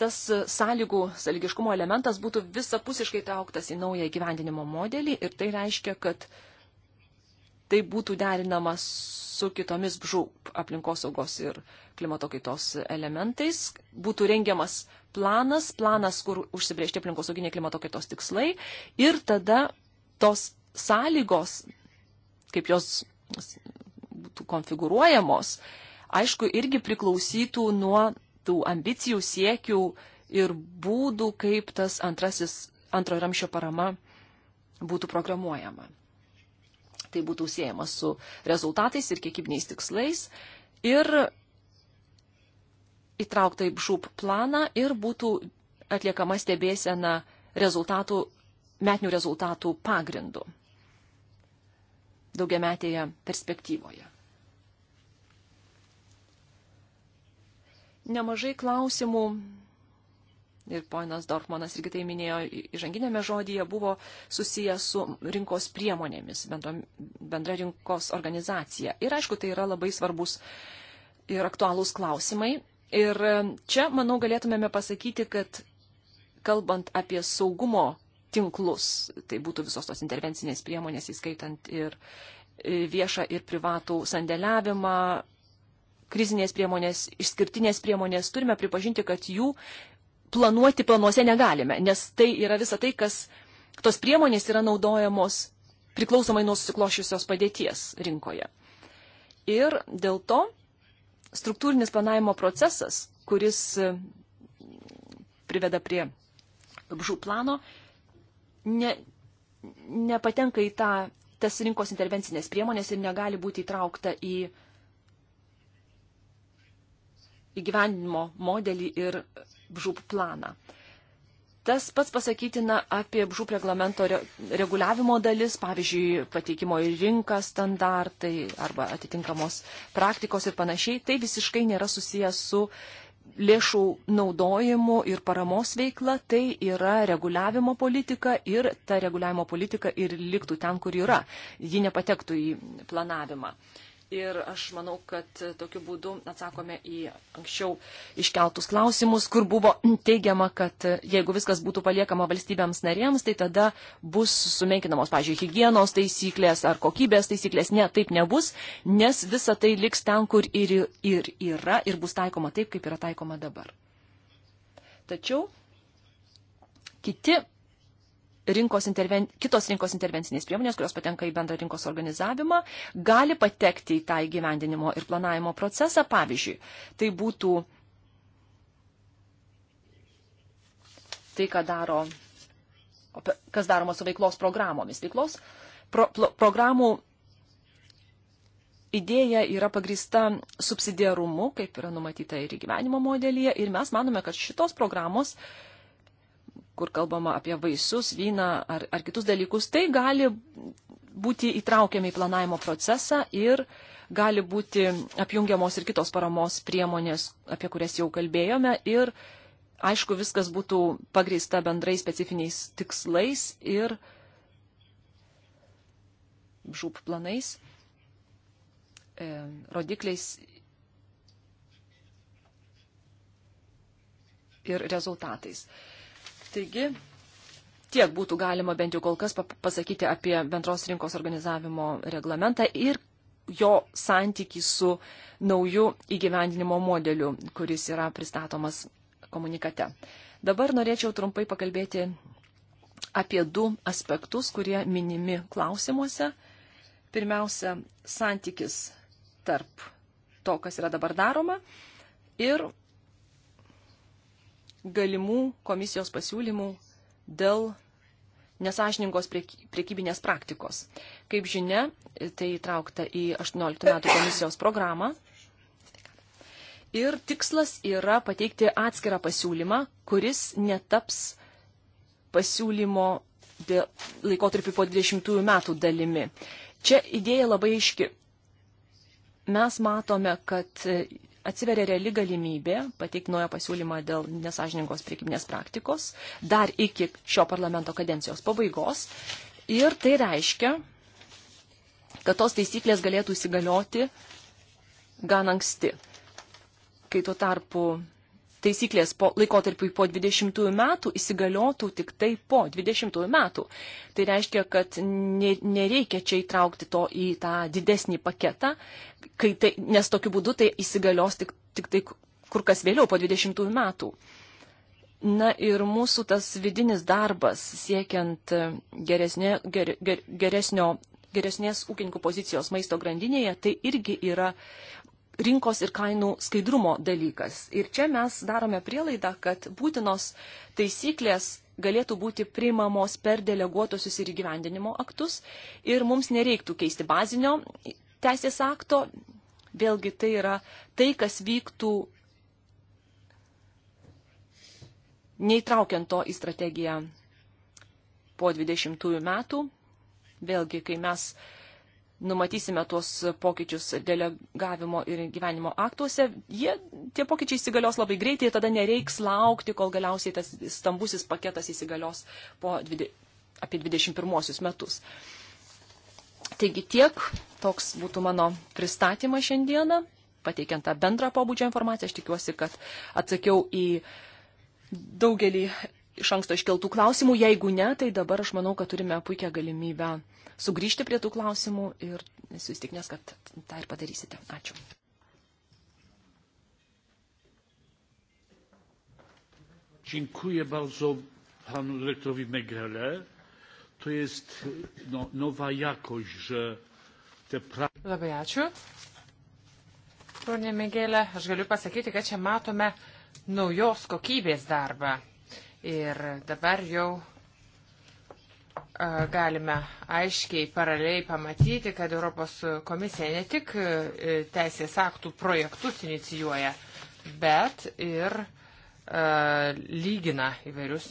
tas sąlygų, sąlygiškumo elementas būtų visapusiškai trauktas į naują gyvendinimo modelį ir tai reiškia, kad uh, tai būtų derinama su kitomis žūp aplinkosaugos ir klimato kaitos elementais. Būtų rengiamas planas, planas, kur užsibriežti aplinkosauginiai klimato kaitos tikslai ir tada tos sąlygos, kaip jos būtų konfigūruojamos, aišku, irgi priklausytų nuo tų ambicijų, siekių ir būdų, kaip tas antrasis, antrojo ramšio parama būtų programuojama tai būtų siejama su rezultatais ir kiekybiniais tikslais. Ir įtraukta į BŽUP planą ir būtų atliekama stebėsena rezultatų, metinių rezultatų pagrindų daugiametėje perspektyvoje. Nemažai klausimų ir ponas Dorfmanas irgi tai minėjo įžanginėme žodyje, buvo susijęs su rinkos priemonėmis, bendro, bendra rinkos organizacija. Ir aišku, tai yra labai svarbus ir aktualūs klausimai. Ir čia, manau, galėtumėme pasakyti, kad kalbant apie saugumo tinklus, tai būtų visos tos intervencinės priemonės, įskaitant ir e, viešą ir privatų sandėliavimą, krizinės priemonės, išskirtinės priemonės, turime pripažinti, kad jų planuoti planuose negalime, nes tai yra visa tai, kas tos priemonės yra naudojamos priklausomai nuo susiklošiusios padėties rinkoje. Ir dėl to struktūrinis planavimo procesas, kuris mm, priveda prie žų plano, ne, nepatenka į tą, tas rinkos intervencinės priemonės ir negali būti įtraukta į įgyvendinimo modelį ir BŽUP planą. Tas pats pasakytina apie BŽUP reglamento re, reguliavimo dalis, pavyzdžiui, pateikimo į rinką standartai arba atitinkamos praktikos ir panašiai. Tai visiškai nėra susijęs su lėšų naudojimu ir paramos veikla, tai yra reguliavimo politika ir ta reguliavimo politika ir liktų ten, kur yra. Ji nepatektų į planavimą. Uh, ir aš manau, kad tokiu būdu atsakome į anksčiau iškeltus klausimus, kur buvo teigiama, kad jeigu viskas būtų paliekama valstybėms narėms, tai tada bus sumenkinamos, pažiūrėjau, hygienos taisyklės ar kokybės taisyklės. Ne, taip nebus, nes visa tai liks ten, kur ir, ir yra ir bus taikoma taip, kaip yra taikoma dabar. Tačiau kiti rinkos interven... kitos rinkos intervencinės priemonės, kurios patenka į bendrą rinkos organizavimą, gali patekti į tą įgyvendinimo ir planavimo procesą. Pavyzdžiui, tai būtų tai, ką daro, kas daroma su veiklos programomis. Veiklos pro, pro, programų idėja yra pagrįsta subsidiarumu, kaip yra numatyta ir įgyvenimo modelyje, ir mes manome, kad šitos programos uh, kur kalbama apie vaisius, vyną ar, ar kitus dalykus, tai gali būti įtraukiami į planavimo procesą ir gali būti apjungiamos ir kitos paramos priemonės, apie kurias jau kalbėjome. Ir aišku, viskas būtų pagrįsta bendrai specifiniais tikslais ir žūp planais, e, rodikliais ir rezultatais. Taigi, tiek būtų galima bent jau kol kas pasakyti apie bendros rinkos organizavimo reglamentą ir jo santyki su nauju įgyvendinimo modeliu, kuris yra pristatomas komunikate. Dabar norėčiau trumpai pakalbėti apie du aspektus, kurie minimi klausimuose. Pirmiausia, santykis tarp to, kas yra dabar daroma ir galimų komisijos pasiūlymų dėl nesažiningos priekybinės praktikos. Kaip žinia, tai įtraukta į 18 metų komisijos programą. Ir tikslas yra pateikti atskirą pasiūlymą, kuris netaps pasiūlymo laikotarpį po 20 metų dalimi. Čia idėja labai aiški. Mes matome, kad atsiveria reali galimybė pateikti naują pasiūlymą dėl nesažiningos priekybinės praktikos dar iki šio parlamento kadencijos pabaigos. Ir tai reiškia, kad tos taisyklės galėtų įsigalioti gan anksti, kai tuo tarpu taisyklės po laikotarpiui po 20 metų įsigaliotų tik tai po 20 metų. Tai reiškia, kad nereikia čia įtraukti to į tą didesnį paketą, tai, nes tokiu būdu tai įsigalios tik, tik tai kur kas vėliau po 20 metų. Na ir mūsų tas vidinis darbas siekiant e, geresnė, ger, ger, geresnio geresnės ūkininkų pozicijos maisto grandinėje, tai irgi yra rinkos ir kainų skaidrumo dalykas. Ir čia mes darome prielaidą, kad būtinos taisyklės galėtų būti priimamos per deleguotosius ir įgyvendinimo aktus ir mums nereiktų keisti bazinio teisės akto. Vėlgi tai yra tai, kas vyktų neįtraukiant to į strategiją po 20 metų. Vėlgi, kai mes uh, numatysime tuos pokyčius delegavimo ir gyvenimo aktuose, jie, tie pokyčiai įsigalios labai greitai ir tada nereiks laukti, kol galiausiai tas stambusis paketas įsigalios po 20, apie 21 metus. Taigi tiek, toks būtų mano pristatymas šiandieną, pateikiant tą bendrą pobūdžio informaciją. Aš tikiuosi, kad atsakiau į daugelį iš anksto iškeltų klausimų. Jeigu ne, tai dabar aš manau, kad turime puikią galimybę sugrįžti prie tų klausimų ir esu įstikinęs, kad tą ir padarysite. Ačiū. Dziękuję bardzo panu dyrektorowi Megele. To jest no, nowa jakość, że te prawa. Labai ačiū. Pone Megele, aš galiu pasakyti, kad čia matome naujos kokybės darbą. Ir dabar jau galime aiškiai paraleliai pamatyti, kad Europos komisija ne tik e, teisės aktų projektus inicijuoja, bet ir lygina įvairius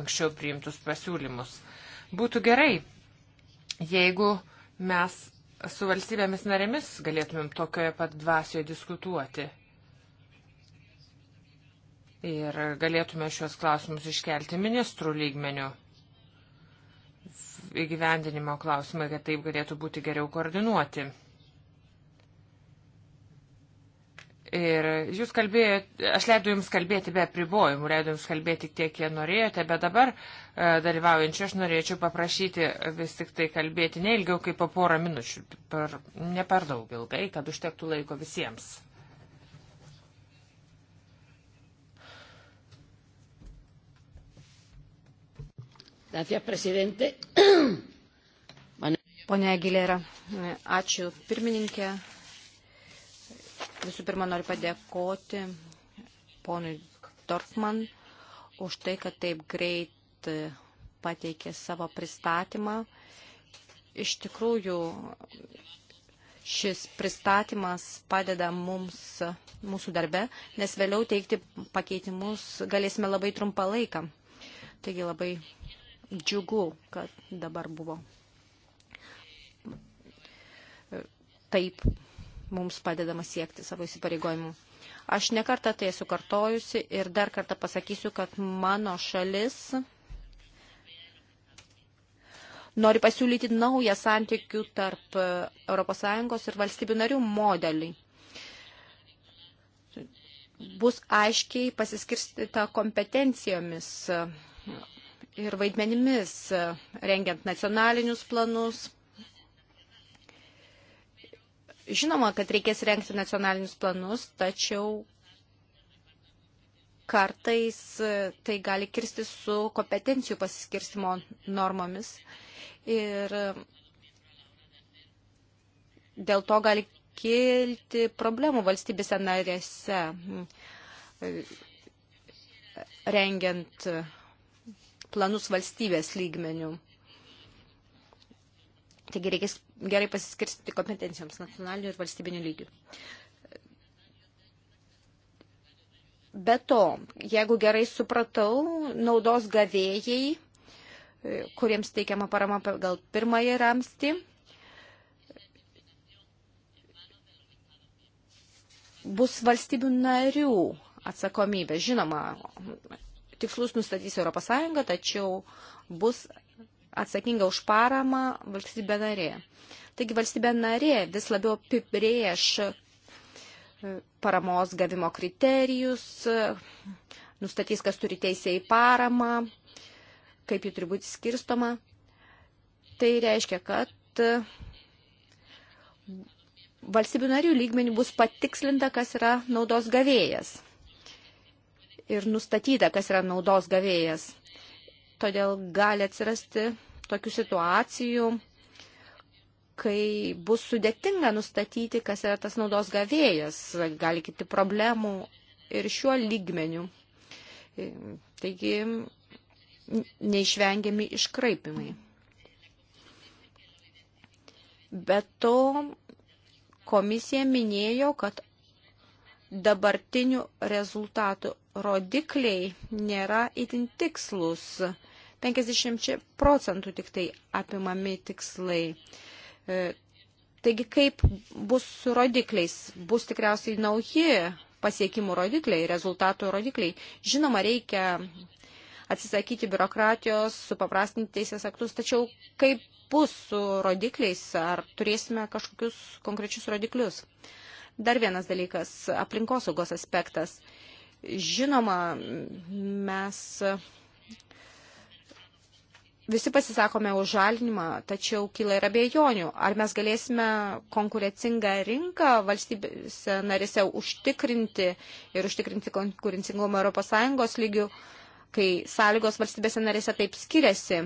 anksčiau priimtus pasiūlymus. Būtų gerai, jeigu mes su valstybėmis narėmis galėtumėm tokioje pat dvasioje diskutuoti ir galėtume šios klausimus iškelti ministrų lygmenių. Įgyvendinimo klausimai, kad taip galėtų būti geriau koordinuoti. Ir jūs kalbėjote, aš leidau jums kalbėti be pribojimų, leidau jums kalbėti tiek, kiek norėjote, bet dabar e, dalyvaujančiu aš norėčiau paprašyti vis tik tai kalbėti neilgiau kaip po porą minučių, per, ne per daug ilgai, kad užtektų laiko visiems. Gracias, presidente. Pone Agilera, ačiū pirmininkė. Visų pirma, noriu padėkoti ponui Dorfman už tai, kad taip greit pateikė savo pristatymą. Iš tikrųjų, šis pristatymas padeda mums mūsų darbe, nes vėliau teikti pakeitimus galėsime labai trumpą laiką. Taigi labai džiugu, kad dabar buvo taip mums padedama siekti savo įsipareigojimų. Aš nekartą tai esu kartojusi ir dar kartą pasakysiu, kad mano šalis nori pasiūlyti naują santykių tarp ES ir valstybių narių modelį. Bus aiškiai pasiskirstyta kompetencijomis ir vaidmenimis, rengiant nacionalinius planus. Žinoma, kad reikės rengti nacionalinius planus, tačiau kartais tai gali kirsti su kompetencijų pasiskirstimo normomis ir dėl to gali kilti problemų valstybėse narėse rengiant planus valstybės lygmenių. Taigi reikės gerai pasiskirstyti kompetencijoms nacionalinių ir valstybinių lygių. Be to, jeigu gerai supratau, naudos gavėjai, kuriems teikiama parama pagal pirmąjį ramstį, bus valstybių narių atsakomybė. Žinoma, tikslus nustatys ES, tačiau bus atsakinga už paramą valstybė narė. Taigi valstybė narė vis labiau apibrėž e, paramos gavimo kriterijus, nustatys, kas turi teisę į paramą, kaip jų turi būti skirstoma. Tai reiškia, kad e, valstybių narių lygmenių bus patikslinta, kas yra naudos gavėjas ir nustatyta, kas yra naudos gavėjas. Todėl gali atsirasti tokių situacijų, kai bus sudėtinga nustatyti, kas yra tas naudos gavėjas, gali kiti problemų ir šiuo lygmeniu. Taigi neišvengiami iškraipimai. Bet to komisija minėjo, kad dabartinių rezultatų rodikliai nėra itin tikslus. 50 procentų tik tai apimami tikslai. E, taigi kaip bus su rodikliais? Bus tikriausiai nauji pasiekimų rodikliai, rezultatų rodikliai. Žinoma, reikia atsisakyti biurokratijos, supaprastinti teisės aktus, tačiau kaip bus su rodikliais, ar turėsime kažkokius konkrečius rodiklius? Uh, Dar vienas dalykas - aplinkosaugos aspektas. Žinoma, mes visi pasisakome už žalinimą, tačiau kyla ir abejonių. Ar mes galėsime konkurencingą rinką valstybėse narise užtikrinti ir užtikrinti konkurencingumą ES lygių, kai sąlygos valstybėse narise taip skiriasi?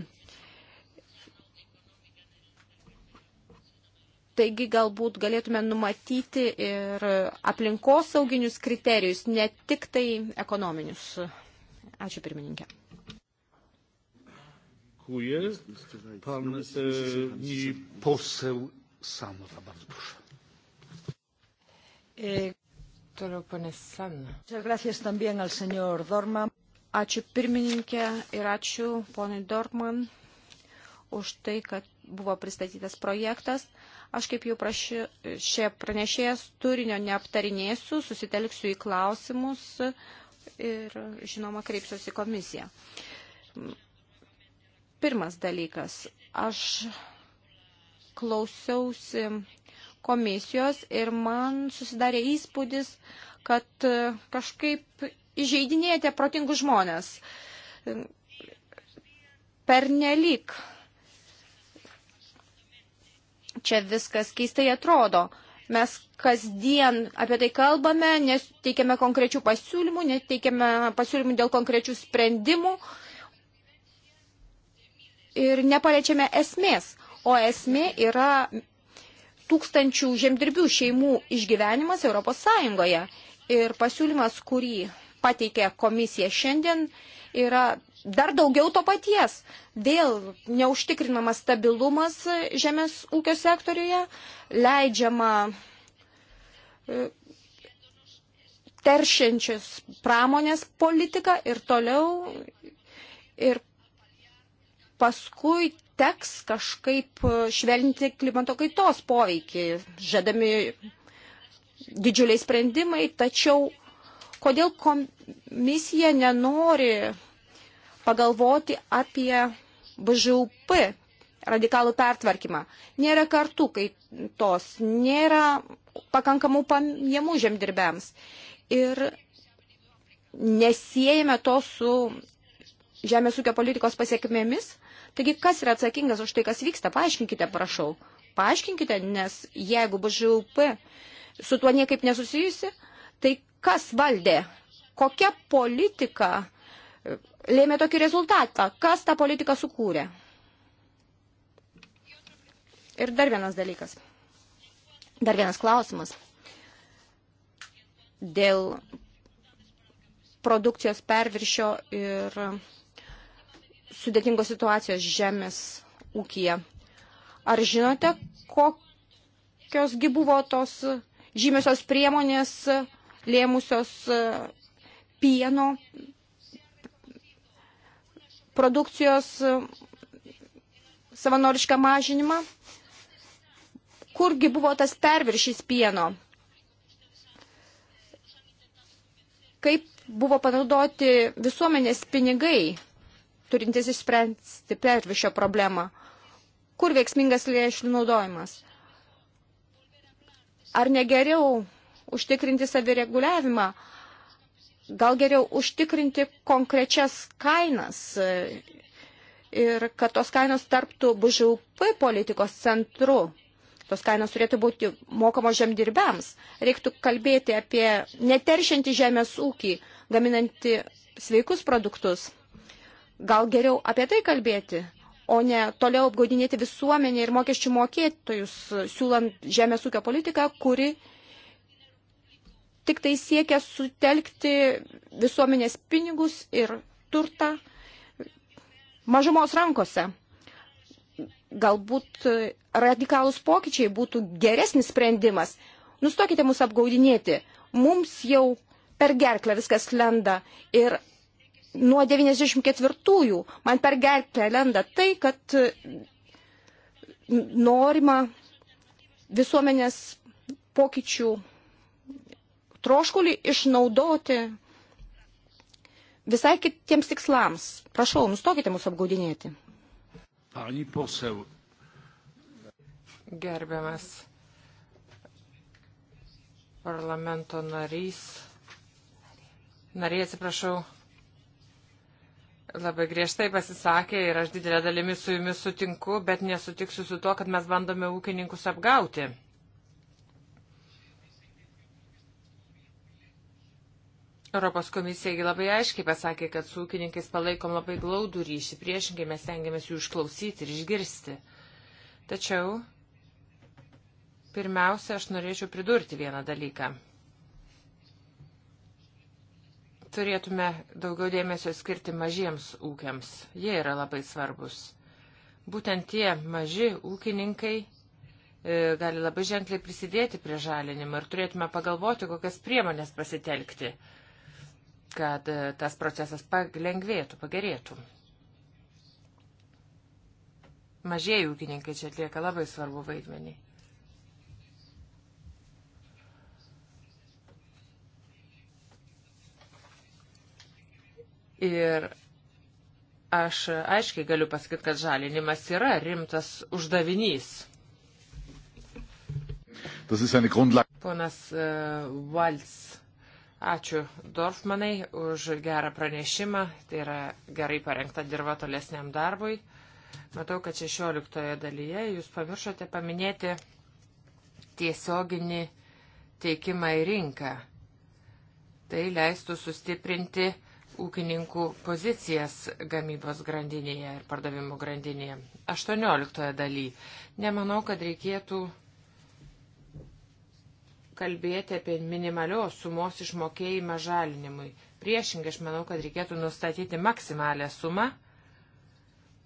Taigi galbūt galėtume numatyti ir aplinkosauginius kriterijus, ne tik tai ekonominius. Ačiū pirmininkė. Dziękuję. Pan e, poseł Sanova, bardzo proszę. E, toliau ponė Sana. Gracias también al señor Dorman. Ačiū pirmininkė ir ačiū ponai Dorman už tai, kad buvo pristatytas projektas. Uh, Aš kaip jau praši, šie pranešėjas turinio neaptarinėsiu, susitelksiu į klausimus ir, žinoma, kreipsiuosi į komisiją. Pirmas dalykas. Aš klausiausi komisijos ir man susidarė įspūdis, kad kažkaip įžeidinėjate protingus žmonės. Per nelik čia viskas keistai atrodo. Mes kasdien apie tai kalbame, nes teikiame konkrečių pasiūlymų, neteikiame pasiūlymų dėl konkrečių sprendimų ir nepaliečiame esmės. O esmė yra tūkstančių žemdirbių šeimų išgyvenimas Europos Sąjungoje. Ir pasiūlymas, kurį pateikė komisija šiandien, yra dar daugiau to paties. Vėl neužtikrinamas stabilumas žemės ūkio sektoriuje, leidžiama e, teršiančius pramonės politiką ir toliau. Ir paskui teks kažkaip švelninti klimato kaitos poveikį, žadami didžiuliai sprendimai, tačiau kodėl komisija nenori pagalvoti apie BŽUP radikalų pertvarkymą. Nėra kartų, kai tos nėra pakankamų pajamų žemdirbėms. Ir nesijėjame to su žemės ūkio politikos pasiekmėmis. Taigi, kas yra atsakingas už tai, kas vyksta, paaiškinkite, prašau. Paaiškinkite, nes jeigu BŽUP su tuo niekaip nesusijusi, tai kas valdė, kokia politika lėmė tokį rezultatą. Kas tą politiką sukūrė? Ir dar vienas dalykas. Dar vienas klausimas. Dėl produkcijos perviršio ir sudėtingos situacijos žemės ūkija. Ar žinote, kokiosgi buvo tos žymiosios priemonės lėmusios pieno produkcijos e, savanorišką mažinimą. Kurgi buvo tas perviršys pieno? Kaip buvo panaudoti visuomenės pinigai, turintis išspręsti perviršio problemą? Kur veiksmingas lėšų naudojimas? Ar negeriau užtikrinti savireguliavimą? Gal geriau užtikrinti konkrečias kainas e, ir kad tos kainos tarptų BŽUP politikos centru. Tos kainos turėtų būti mokamos žemdirbiams. Reiktų kalbėti apie neteršiantį žemės ūkį, gaminantį sveikus produktus. Gal geriau apie tai kalbėti, o ne toliau apgaudinėti visuomenį ir mokesčių mokėtojus, siūlant žemės ūkio politiką, kuri tik tai siekia sutelkti visuomenės pinigus ir turtą mažumos rankose. Galbūt radikalus pokyčiai būtų geresnis sprendimas. Nustokite mus apgaudinėti. Mums jau per gerklę viskas lenda. Ir nuo 94-ųjų man per gerklę lenda tai, kad norima visuomenės pokyčių troškulį išnaudoti visai kitiems tikslams. Prašau, nustokite mūsų apgaudinėti. Pani posel. Gerbiamas parlamento narys. Nariai, atsiprašau, labai griežtai pasisakė ir aš didelę dalimi su jumis sutinku, bet nesutiksiu su to, kad mes bandome ūkininkus apgauti. Europos komisija labai aiškiai pasakė, kad su ūkininkais palaikom labai glaudų ryšį, priešingai mes tengiamės jų išklausyti ir išgirsti. Tačiau pirmiausia, aš norėčiau pridurti vieną dalyką. Turėtume daugiau dėmesio skirti mažiems ūkiams. Jie yra labai svarbus. Būtent tie maži ūkininkai e, gali labai ženkliai prisidėti prie žalinimo ir turėtume pagalvoti, kokias priemonės pasitelkti kad e, tas procesas palengvėtų, pagerėtų. Mažieji ūkininkai čia atlieka labai svarbu vaidmenį. Ir aš aiškiai galiu pasakyti, kad žalinimas yra rimtas uždavinys. Ponas uh, e, Valts Ačiū Dorfmanai už gerą pranešimą, tai yra gerai parengta dirba tolesniam darbui. Matau, kad 16 dalyje jūs pamiršote paminėti tiesioginį teikimą į rinką. Tai leistų sustiprinti ūkininkų pozicijas gamybos grandinėje ir pardavimų grandinėje. 18 daly. Nemanau, kad reikėtų kalbėti apie minimalios sumos išmokėjimą žalinimui. Priešingai, aš manau, kad reikėtų nustatyti maksimalę sumą,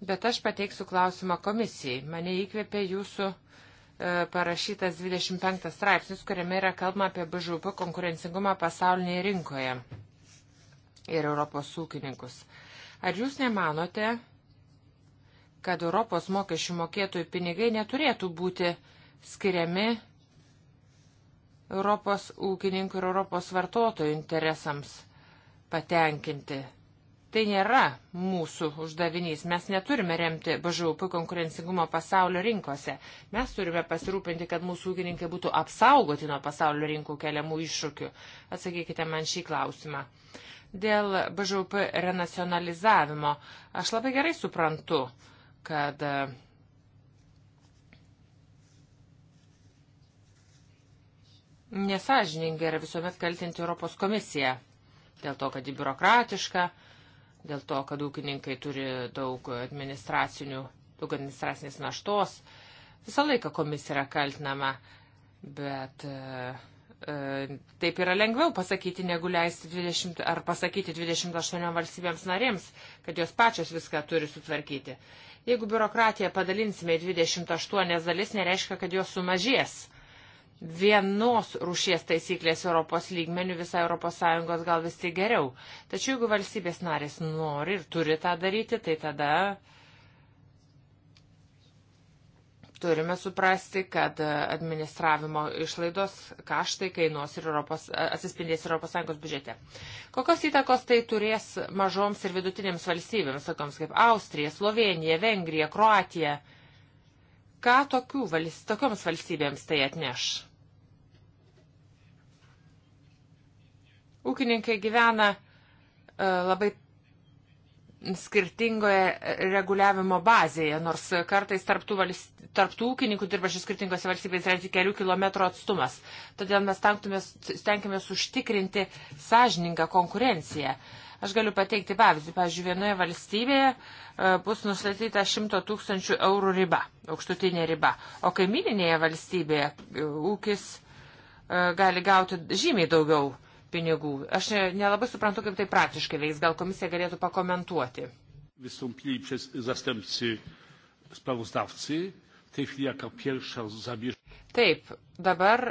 bet aš pateiksiu klausimą komisijai. Mane įkvėpė jūsų e, parašytas 25 straipsnis, kuriame yra kalbama apie BŽUP konkurencingumą pasaulinėje rinkoje ir Europos ūkininkus. Ar jūs nemanote, kad Europos mokesčių mokėtojų pinigai neturėtų būti skiriami Europos ūkininkų ir Europos vartotojų interesams patenkinti. Tai nėra mūsų uždavinys. Mes neturime remti BŽUP konkurencingumo pasaulio rinkose. Mes turime pasirūpinti, kad mūsų ūkininkai būtų apsaugoti nuo pasaulio rinkų keliamų iššūkių. Atsakykite man šį klausimą. Dėl BŽUP renacionalizavimo aš labai gerai suprantu, kad nesažininga yra visuomet kaltinti Europos komisiją dėl to, kad ji biurokratiška, dėl to, kad ūkininkai turi daug administracinių, daug administracinės naštos. Visą laiką komisija yra kaltinama, bet e, e, taip yra lengviau pasakyti, negu leisti 20 ar pasakyti 28 valstybėms narėms, kad jos pačios viską turi sutvarkyti. Jeigu biurokratiją padalinsime į 28 dalis, nereiškia, kad jos sumažės vienos rūšies taisyklės Europos lygmenių visai ES gal vis tik geriau. Tačiau jeigu valstybės narės nori ir turi tą daryti, tai tada turime suprasti, kad administravimo išlaidos kaštai kainuos ir Europos, atsispindės ES biudžete. Kokios įtakos tai turės mažoms ir vidutinėms valstybėms, tokioms kaip Austrija, Slovenija, Vengrija, Kroatija? Ką valst, tokioms valstybėms tai atneš? Ūkininkai gyvena e, labai skirtingoje e, reguliavimo bazėje, nors kartais tarptų, valst... tarptų ūkininkų dirbančių skirtingose valstybėse yra tik kelių kilometrų atstumas. Todėl mes stengiamės užtikrinti sąžiningą konkurenciją. Uh, Aš galiu pateikti pavyzdį. Pavyzdžiui, vienoje valstybėje e, bus nustatyta 100 tūkstančių eurų riba, aukštutinė riba, o kaimininėje valstybėje e, ūkis e, gali gauti žymiai daugiau pinigų. Aš nelabai suprantu, kaip tai praktiškai veiks. Gal komisija galėtų pakomentuoti. Wystąpili przez zastępcy sprawozdawcy. W tej chwili jako pierwsza zabierze. Taip, dabar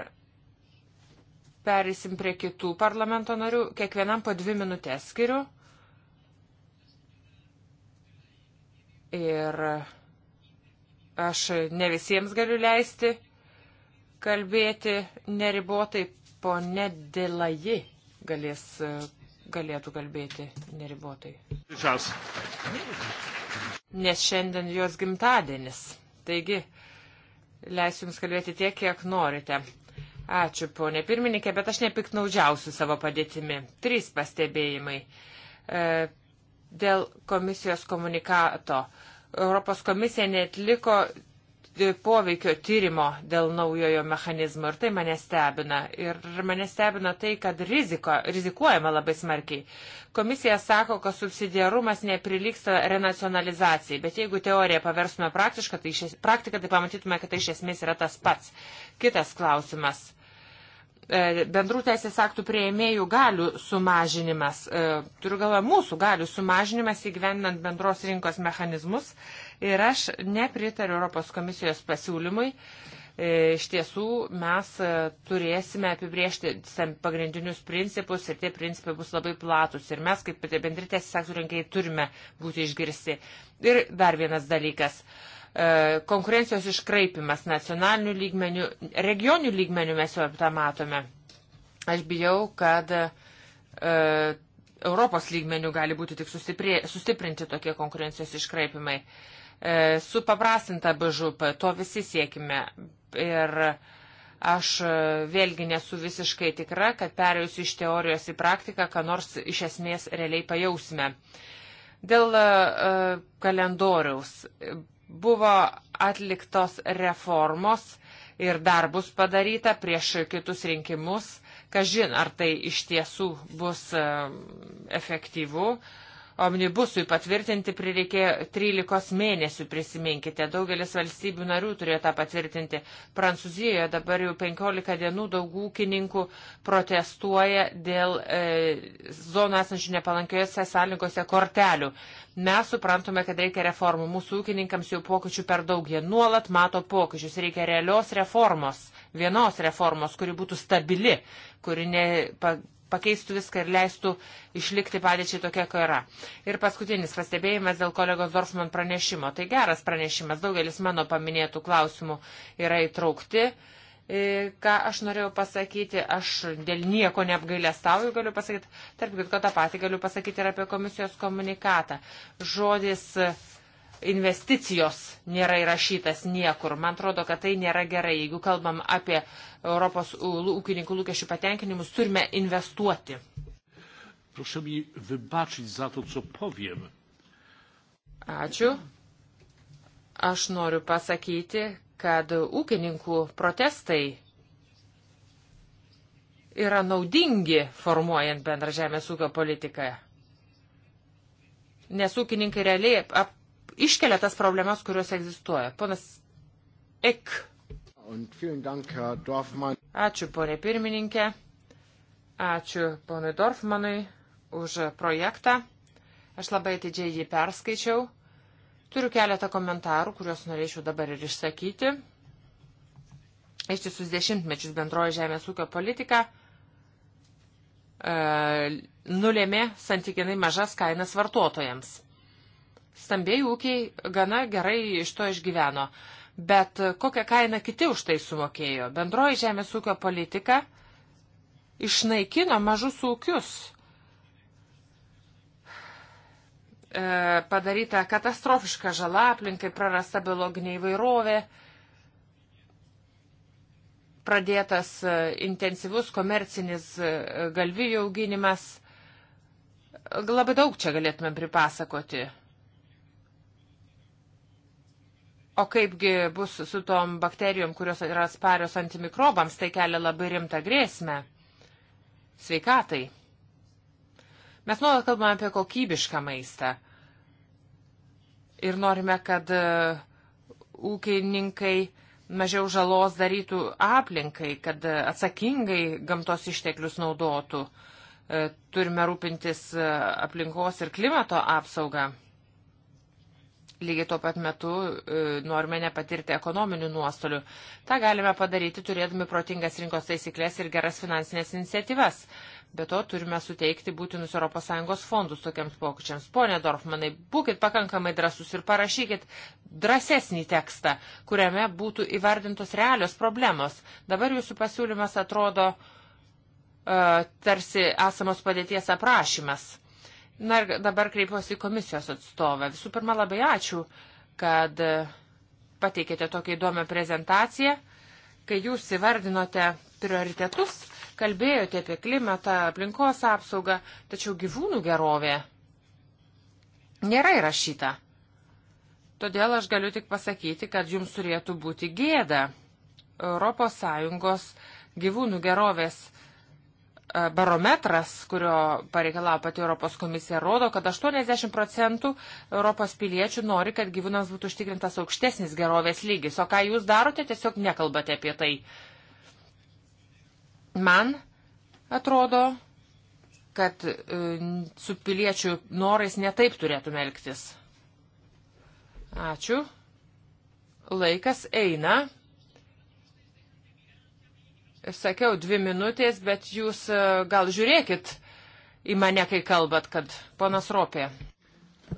Perėsim prie kitų parlamento narių. Kiekvienam po dvi minutės skiriu. Ir aš ne visiems galiu leisti kalbėti neribotai. Pone Delaji galės, galėtų kalbėti neribotai. Žas. Nes šiandien jos gimtadienis. Taigi, leisiu Jums kalbėti tiek, kiek norite. Ačiū, ponė pirmininkė, bet aš nepiknaudžiausiu savo padėtimi. Trys pastebėjimai. E, dėl komisijos komunikato. Europos komisija netliko poveikio tyrimo dėl naujojo mechanizmo ir tai mane stebina. Ir mane stebina tai, kad riziko, rizikuojama labai smarkiai. Komisija sako, kad subsidiarumas neprilyksta renacionalizacijai, bet jeigu teoriją paversime praktiką, tai, iš, praktiką, tai pamatytume, kad tai iš esmės yra tas pats. Kitas klausimas E, bendrų teisės aktų prieimėjų galių sumažinimas, e, turiu galvoje mūsų galių sumažinimas įgyvendinant bendros rinkos mechanizmus. Ir aš nepritariu Europos komisijos pasiūlymui. E, iš tiesų mes turėsime apibriežti pagrindinius principus ir tie principai bus labai platus. Ir mes kaip bendri teisės aktų rinkėjai turime būti išgirsti. Ir dar vienas dalykas. Uh, E, konkurencijos iškraipimas nacionalinių lygmenių, regionių lygmenių mes jau tą matome. Aš bijau, kad e, Europos lygmenių gali būti tik sustiprė, sustiprinti tokie konkurencijos iškraipimai. E, su paprastinta BŽUP, to visi siekime. Ir aš e, vėlgi nesu visiškai tikra, kad perėjus iš teorijos į praktiką, ką nors iš esmės realiai pajausime. Dėl e, kalendoriaus Buvo atliktos reformos ir dar bus padaryta prieš kitus rinkimus. Kažin, ar tai iš tiesų bus efektyvu, omnibusui patvirtinti prireikė 13 mėnesių, prisiminkite. Daugelis valstybių narių turėjo tą patvirtinti. Prancūzijoje dabar jau 15 dienų daug ūkininkų protestuoja dėl e, zonų esančių nepalankiojose sąlygose kortelių. Mes suprantame, kad reikia reformų. Mūsų ūkininkams jau pokyčių per daug. Jie nuolat mato pokyčius. Reikia realios reformos. Vienos reformos, kuri būtų stabili, kuri ne, pa, pakeistų viską ir leistų išlikti padėčiai tokia, kaip yra. Ir paskutinis pastebėjimas dėl kolegos Dorfman pranešimo. Tai geras pranešimas, daugelis mano paminėtų klausimų yra įtraukti. E, ką aš norėjau pasakyti, aš dėl nieko neapgailę stauju, galiu pasakyti, tarp kitko tą patį galiu pasakyti ir apie komisijos komunikatą. Žodis investicijos nėra įrašytas niekur. Man atrodo, kad tai nėra gerai. Jeigu kalbam apie Europos ūkininkų lūkesčių patenkinimus, turime investuoti. Proszę mi wybaczyć za to, co powiem. Ačiū. Aš noriu pasakyti, kad ūkininkų protestai yra naudingi formuojant bendrą žemės ūkio politiką. Nes ūkininkai realiai ap, iškelia tas problemas, kurios egzistuoja. Ponas Ek. Ačiū, ponė pirmininkė. Ačiū ponui Dorfmanui už projektą. Aš labai atidžiai jį perskaičiau. Turiu keletą komentarų, kuriuos norėčiau dabar ir išsakyti. Ištisus dešimtmečius bendroji žemės ūkio politika e, nulėmė santykinai mažas kainas vartotojams. Stambėjai ūkiai gana gerai iš to išgyveno. Bet kokią kainą kiti už tai sumokėjo? Bendroji žemės ūkio politika išnaikino mažus ūkius. E, padaryta katastrofiška žala aplinkai, prarasta biologinė įvairovė, pradėtas e, intensyvus komercinis e, galvijų auginimas. Labai daug čia galėtume pripasakoti. O kaipgi bus su tom bakterijom, kurios yra sparios antimikrobams, tai kelia labai rimtą grėsmę sveikatai. Mes nuolat kalbame apie kokybišką maistą ir norime, kad e, ūkininkai mažiau žalos darytų aplinkai, kad e, atsakingai gamtos išteklius naudotų. E, turime rūpintis aplinkos ir klimato apsaugą lygiai tuo pat metu e, norime nepatirti ekonominių nuostolių. Ta galime padaryti turėdami protingas rinkos taisyklės ir geras finansinės iniciatyvas. Be to turime suteikti būtinus ES fondus tokiems pokyčiams. Pone Dorfmanai, būkite pakankamai drasus ir parašykit drąsesnį tekstą, kuriame būtų įvardintos realios problemos. Dabar jūsų pasiūlymas atrodo uh, tarsi esamos padėties aprašymas Na ir dabar kreipiuosi į komisijos atstovę. Visų pirma, labai ačiū, kad pateikėte tokią įdomią prezentaciją, kai jūs įvardinote prioritetus, kalbėjote apie klimatą, aplinkos apsaugą, tačiau gyvūnų gerovė nėra įrašyta. Todėl aš galiu tik pasakyti, kad jums turėtų būti gėda ES gyvūnų gerovės E, barometras, kurio pareikalavo pati Europos komisija, rodo, kad 80 procentų Europos piliečių nori, kad gyvūnams būtų užtikrintas aukštesnis gerovės lygis. O ką jūs darote, tiesiog nekalbate apie tai. Man atrodo, kad e, su piliečių norais netaip turėtume elgtis. Ačiū. Laikas eina sakiau dvi minutės, bet jūs e, gal žiūrėkit į mane, kai kalbat, kad ponas Ropė.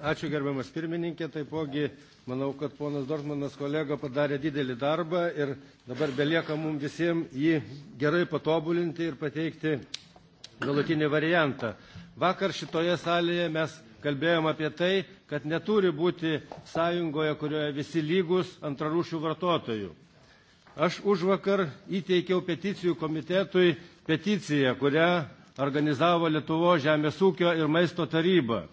Ačiū gerbiamas pirmininkė, taipogi manau, kad ponas Dortmanas kolega padarė didelį darbą ir dabar belieka mums visiems jį gerai patobulinti ir pateikti galutinį variantą. Vakar šitoje salėje mes kalbėjom apie tai, kad neturi būti sąjungoje, kurioje visi lygus antrarūšių vartotojų aš užvakar įteikiau peticijų komitetui peticiją, kurią organizavo Lietuvo žemės ūkio ir maisto taryba,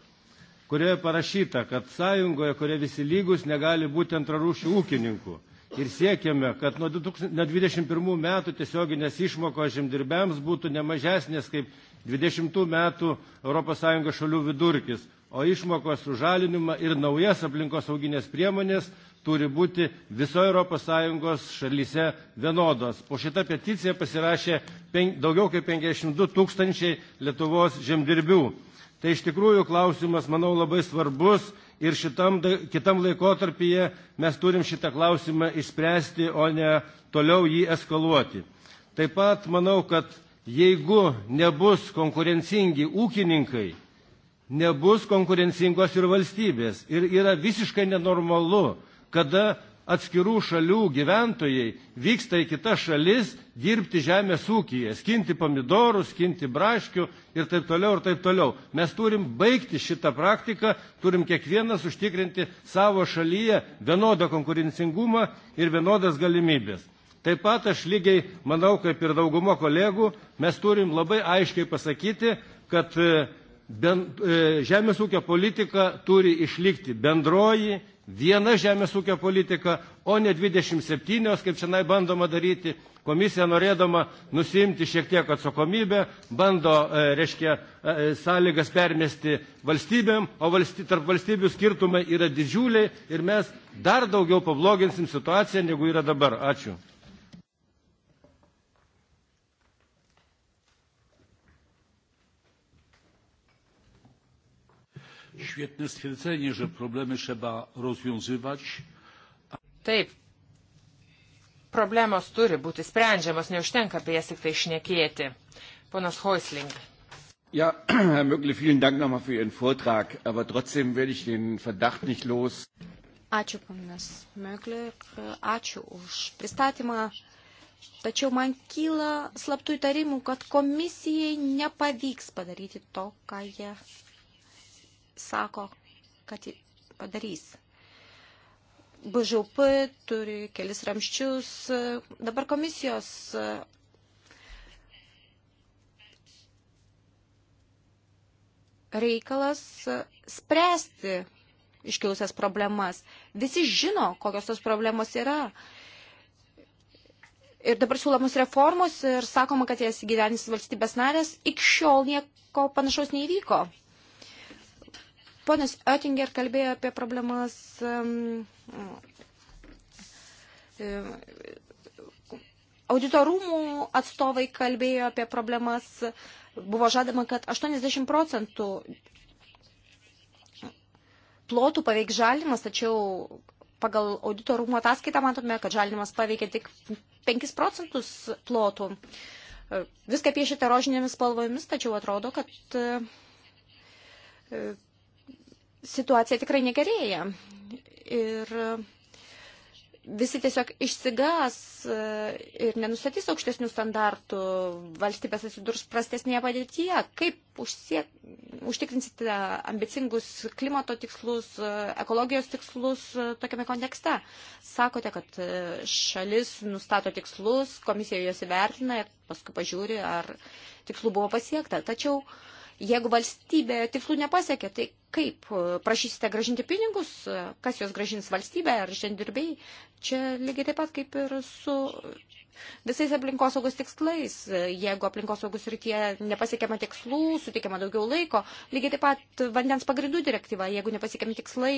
kurioje parašyta, kad sąjungoje, kurioje visi lygus, negali būti antrarūšių ūkininkų. Ir siekiame, kad nuo 2021 metų tiesioginės išmokos žemdirbiams būtų nemažesnės kaip 20 metų ES šalių vidurkis, o išmokos už žalinimą ir naujas aplinkosauginės priemonės turi būti visoje ES šalyse vienodos. Po šitą peticiją pasirašė pen, daugiau kaip 52 tūkstančiai Lietuvos žemdirbių. Tai iš tikrųjų klausimas, manau, labai svarbus ir šitam, kitam laikotarpyje mes turim šitą klausimą išspręsti, o ne toliau jį eskaluoti. Taip pat manau, kad jeigu nebus konkurencingi ūkininkai, nebus konkurencingos ir valstybės. Ir yra visiškai nenormalu, kada atskirų šalių gyventojai vyksta į kitas šalis dirbti žemės ūkyje, skinti pomidorus, skinti braškių ir taip toliau ir taip toliau. Mes turim baigti šitą praktiką, turim kiekvienas užtikrinti savo šalyje vienodą konkurencingumą ir vienodas galimybės. Taip pat aš lygiai manau, kaip ir daugumo kolegų, mes turim labai aiškiai pasakyti, kad ben, e, žemės ūkio politika turi išlikti bendroji, viena žemės ūkio politika, o ne 27, kaip šiandien bandoma daryti. Komisija norėdama nusimti šiek tiek atsakomybę, bando, e, reiškia, e, e, sąlygas permesti valstybėm, o valsty, tarp valstybių skirtumai yra didžiuliai ir mes dar daugiau pabloginsim situaciją, negu yra dabar. Ačiū. Świetne stwierdzenie, że problemy trzeba rozwiązywać. Taip. Problemos turi būti sprendžiamos, neužtenka apie jas tik tai šnekėti. Ponas Hoisling. Ja, *clears throat* Herr Mögle, vielen Dank nochmal für Ihren Vortrag, aber trotzdem werde ich den Verdacht nicht los. Ačiū, ponas Mögle, ačiū už pristatymą. Tačiau man kyla slaptų įtarimų, kad komisijai nepavyks padaryti to, ką jie sako, kad padarys. BŽP turi kelis ramščius. Dabar komisijos e, reikalas e, spręsti iškilusias problemas. Visi žino, kokios tos problemos yra. Ir dabar siūlomos reformos ir sakoma, kad jas įgyvenys valstybės narės, iki šiol nieko panašaus neįvyko. Ponas Oettinger kalbėjo apie problemas um, um, auditorumų atstovai kalbėjo apie problemas, buvo žadama, kad 80 procentų plotų paveik žalimas, tačiau pagal auditorumų ataskaitą matome, kad žalimas paveikė tik 5 procentus plotų. Viską piešite rožinėmis spalvomis, tačiau atrodo, kad situacija tikrai negerėja. Ir visi tiesiog išsigas e, ir nenustatys aukštesnių standartų, valstybės atsidurs prastesnėje padėtyje. Kaip užsiek, užtikrinsite ambicingus klimato tikslus, e, ekologijos tikslus e, tokiame kontekste? Sakote, kad šalis nustato tikslus, komisija juos įvertina ir paskui pažiūri, ar tikslų buvo pasiekta. Tačiau uh, Jeigu valstybė tikslų nepasiekė, tai kaip e, prašysite gražinti pinigus, e, kas juos gražins valstybė ar žemdirbėjai? Čia lygiai taip pat kaip ir su visais aplinkosaugos tikslais. E, jeigu aplinkosaugos rytie nepasiekiama tikslų, sutikiama daugiau laiko, lygiai taip pat vandens pagrindų direktyva, jeigu nepasiekiami tikslai,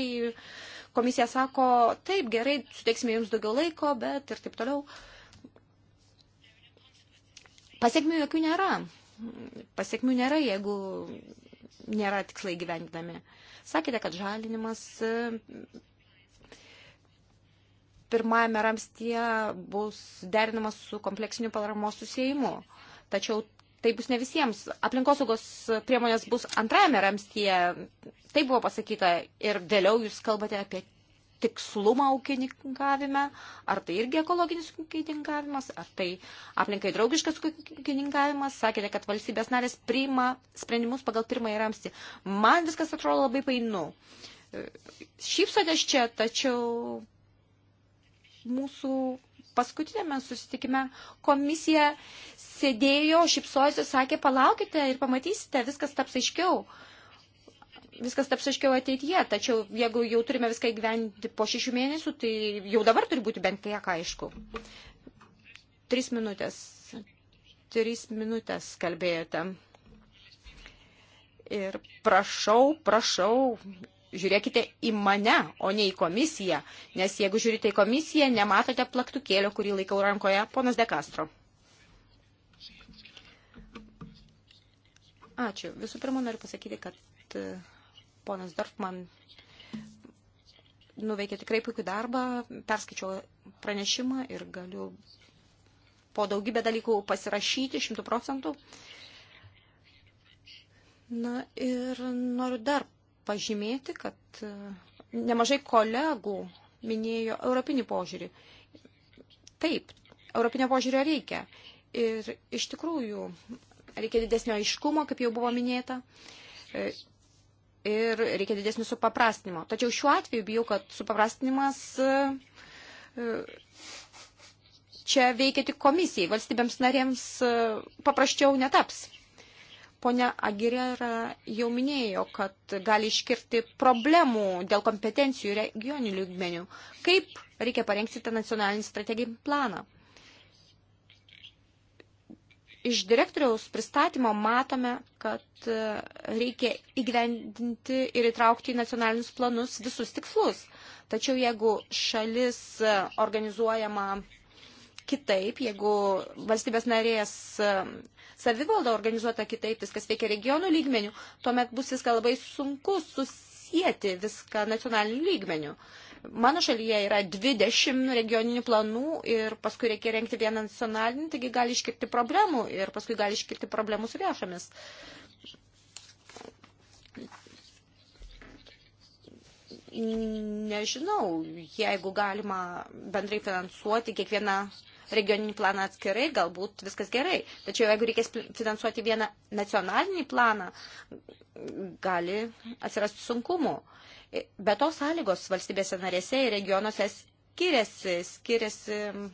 komisija sako, taip gerai, suteiksime jums daugiau laiko, bet ir taip toliau. Pasiekmių jokių nėra. Pasiekmių nėra, jeigu nėra tikslai gyvendinami. Sakėte, kad žalinimas e, pirmajame ramstyje bus derinamas su kompleksiniu paramos susijimu. Tačiau tai bus ne visiems. Aplinkosaugos priemonės bus antrajame ramstyje. Tai buvo pasakyta ir vėliau jūs kalbate apie tikslumą ūkininkavime, ar tai irgi ekologinis ūkininkavimas, ar tai aplinkai draugiškas ūkininkavimas. Sakėte, kad valstybės narės priima sprendimus pagal pirmąjį ramstį. Man viskas atrodo labai painu. Šypsotės čia, tačiau mūsų paskutinėme susitikime komisija sėdėjo, šypsojosi, sakė, palaukite ir pamatysite, viskas taps aiškiau. Uh, viskas taps aiškiau ateityje, tačiau jeigu jau turime viską įgyventi po šešių mėnesių, tai jau dabar turi būti bent kiek aišku. Tris minutės. Tris minutės kalbėjote. Ir prašau, prašau, žiūrėkite į mane, o ne į komisiją, nes jeigu žiūrite į komisiją, nematote plaktukėlio, kurį laikau rankoje, ponas De Castro. Ačiū. Visų pirma, noriu pasakyti, kad ponas Dorfman nuveikė tikrai puikų darbą, perskaičiau pranešimą ir galiu po daugybę dalykų pasirašyti šimtų procentų. Na ir noriu dar pažymėti, kad e, nemažai kolegų minėjo europinį požiūrį. Taip, europinio požiūrio reikia. Ir iš tikrųjų reikia didesnio aiškumo, kaip jau buvo minėta. E, ir reikia didesnio supaprastinimo. Tačiau šiuo atveju bijau, kad supaprastinimas e, e, čia veikia tik komisijai, valstybėms narėms e, paprasčiau netaps. Pone Agirera jau minėjo, kad gali iškirti problemų dėl kompetencijų regionių lygmenių. Kaip reikia parengti tą nacionalinį strateginį planą? iš direktoriaus pristatymo matome, kad e, reikia įgyvendinti ir įtraukti į nacionalinius planus visus tikslus. Tačiau jeigu šalis e, organizuojama kitaip, jeigu valstybės narės e, savivalda organizuota kitaip, viskas veikia regionų lygmenių, tuomet bus viską labai sunku susitikti sieti viską nacionaliniu lygmeniu. Mano šalyje yra 20 regioninių planų ir paskui reikia renkti vieną nacionalinį, taigi gali iškirti problemų ir paskui gali iškirti problemų su lėšomis. Nežinau, jeigu galima bendrai finansuoti kiekvieną regioninį planą atskirai, galbūt viskas gerai. Tačiau jeigu reikės finansuoti vieną nacionalinį planą, gali atsirasti sunkumų. Be to sąlygos valstybėse narėse ir regionuose skiriasi, skiriasi mm,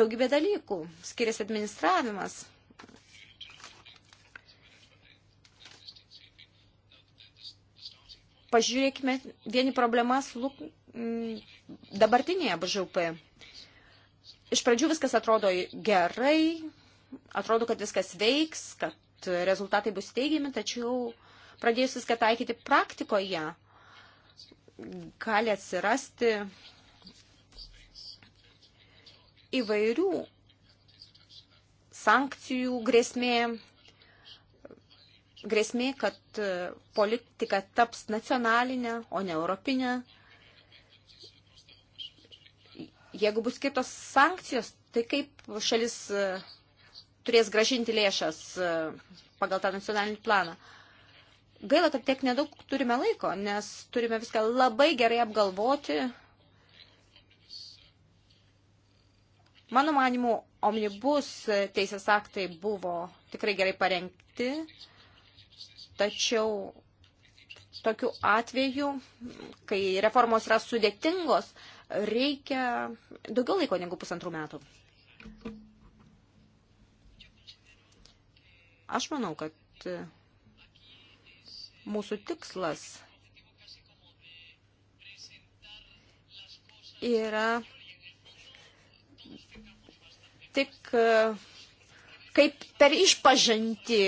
daugybė dalykų, skiriasi administravimas. Pažiūrėkime vieni problemas luk, mm, dabartinėje BŽP. Iš pradžių viskas atrodo gerai, atrodo, kad viskas veiks, kad kad rezultatai bus teigiami, tačiau pradėjus viską taikyti praktikoje, gali atsirasti įvairių sankcijų grėsmė, grėsmė, kad politika taps nacionalinė, o ne europinė. Jeigu bus kitos sankcijos, tai kaip šalis turės gražinti lėšas e, pagal tą nacionalinį planą. Gaila, kad tiek nedaug turime laiko, nes turime viską labai gerai apgalvoti. Mano manimu, omnibus teisės aktai buvo tikrai gerai parengti, tačiau tokiu atveju, kai reformos yra sudėtingos, reikia daugiau laiko negu pusantrų metų. Aš manau, kad e, mūsų tikslas yra tik e, kaip per išpažantį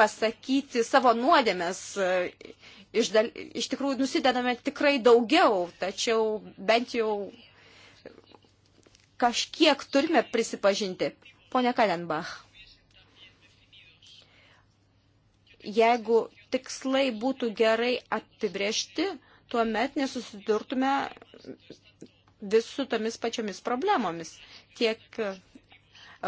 pasakyti savo nuodėmės. E, iš, dal, iš tikrųjų nusidedame tikrai daugiau, tačiau bent jau kažkiek turime prisipažinti. Pone Kalenbach. Jeigu tikslai būtų gerai apibriešti, tuomet nesusidurtume vis su tomis pačiomis problemomis. Tiek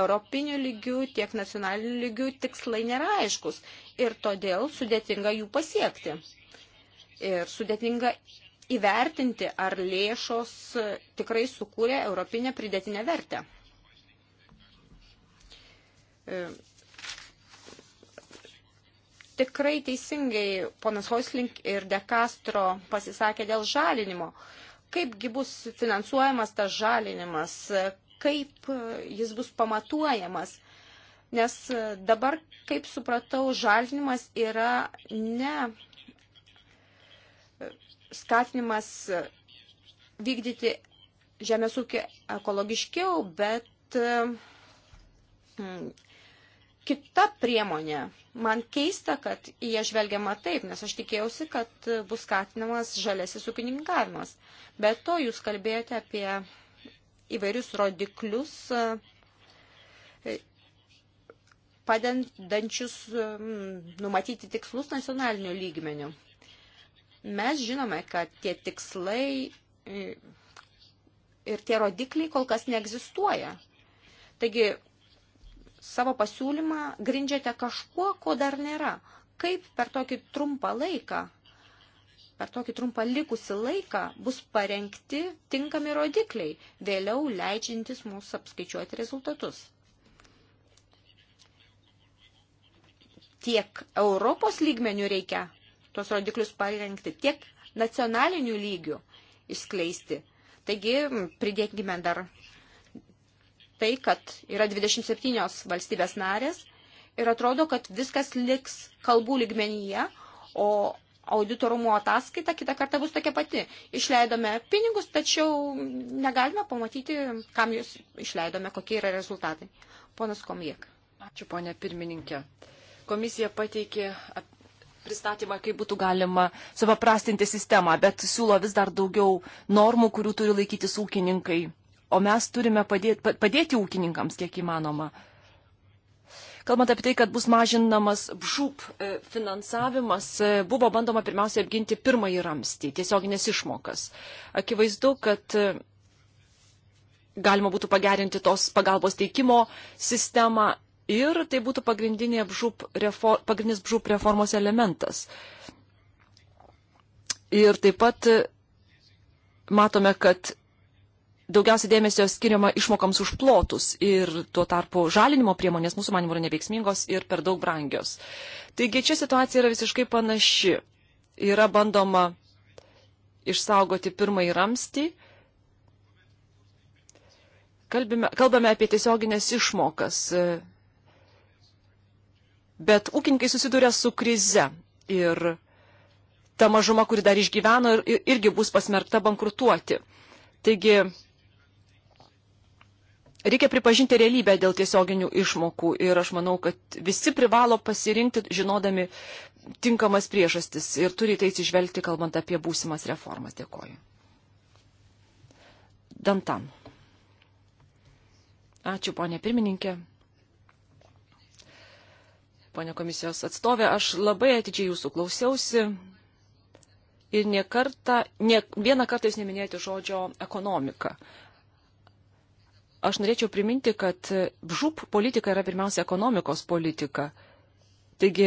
europinių lygių, tiek nacionalinių lygių tikslai nėra aiškus ir todėl sudėtinga jų pasiekti. Ir sudėtinga įvertinti, ar lėšos tikrai sukūrė europinę pridėtinę vertę tikrai teisingai ponas Hoisling ir De Castro pasisakė dėl žalinimo. Kaipgi bus finansuojamas tas žalinimas, kaip e, jis bus pamatuojamas. Nes e, dabar, kaip supratau, žalinimas yra ne e, skatinimas vykdyti žemės ūkį ekologiškiau, bet hmm, kita priemonė. Man keista, kad į ją žvelgiama taip, nes aš tikėjausi, kad bus skatinamas žalesis ūkininkavimas. Bet to jūs kalbėjote apie įvairius rodiklius e, padedančius numatyti tikslus nacionaliniu lygmeniu. Mes žinome, kad tie tikslai e, ir tie rodikliai kol kas neegzistuoja. Taigi savo pasiūlymą grindžiate kažkuo, ko dar nėra. Kaip per tokį trumpą laiką, per tokį trumpą likusį laiką bus parengti tinkami rodikliai, vėliau leidžiantis mūsų apskaičiuoti rezultatus. Tiek Europos lygmenių reikia tuos rodiklius parengti, tiek nacionalinių lygių išskleisti. Taigi pridėkime dar tai, kad yra 27 valstybės narės ir atrodo, kad viskas liks kalbų ligmenyje, o auditorumo ataskaita kitą kartą bus tokia pati. Išleidome pinigus, tačiau negalime pamatyti, kam jūs išleidome, kokie yra rezultatai. Ponas Komiek. Ačiū, ponė pirmininkė. Komisija pateikė pristatymą, kaip būtų galima supaprastinti sistemą, bet siūlo vis dar daugiau normų, kurių turi laikytis ūkininkai o mes turime padėti, padėti ūkininkams kiek įmanoma. Kalbant apie tai, kad bus mažinamas bžūp e, finansavimas, e, buvo bandoma pirmiausia apginti pirmąjį ramstį, tiesioginės išmokas. Akivaizdu, kad e, galima būtų pagerinti tos pagalbos teikimo sistemą ir tai būtų bžūp refor, pagrindinis bžūp reformos elementas. Ir taip pat matome, kad daugiausia dėmesio skiriama išmokoms už plotus ir tuo tarpu žalinimo priemonės mūsų manimų yra neveiksmingos ir per daug brangios. Taigi čia situacija yra visiškai panaši. Yra bandoma išsaugoti pirmąjį ramstį. Kalbime, kalbame apie tiesioginės išmokas. Bet ūkininkai susiduria su krize ir ta mažuma, kuri dar išgyveno, irgi bus pasmerkta bankrutuoti. Taigi reikia pripažinti realybę dėl tiesioginių išmokų ir aš manau, kad visi privalo pasirinkti, žinodami tinkamas priežastis ir turi tai atsižvelgti, kalbant apie būsimas reformas. Dėkoju. Dantan. Ačiū, ponė pirmininkė. Pone komisijos atstovė, aš labai atidžiai jūsų klausiausi ir ne kartą, ne, vieną kartą jūs neminėjote žodžio ekonomika. Aš norėčiau priminti, kad žūp politika yra pirmiausia ekonomikos politika. Taigi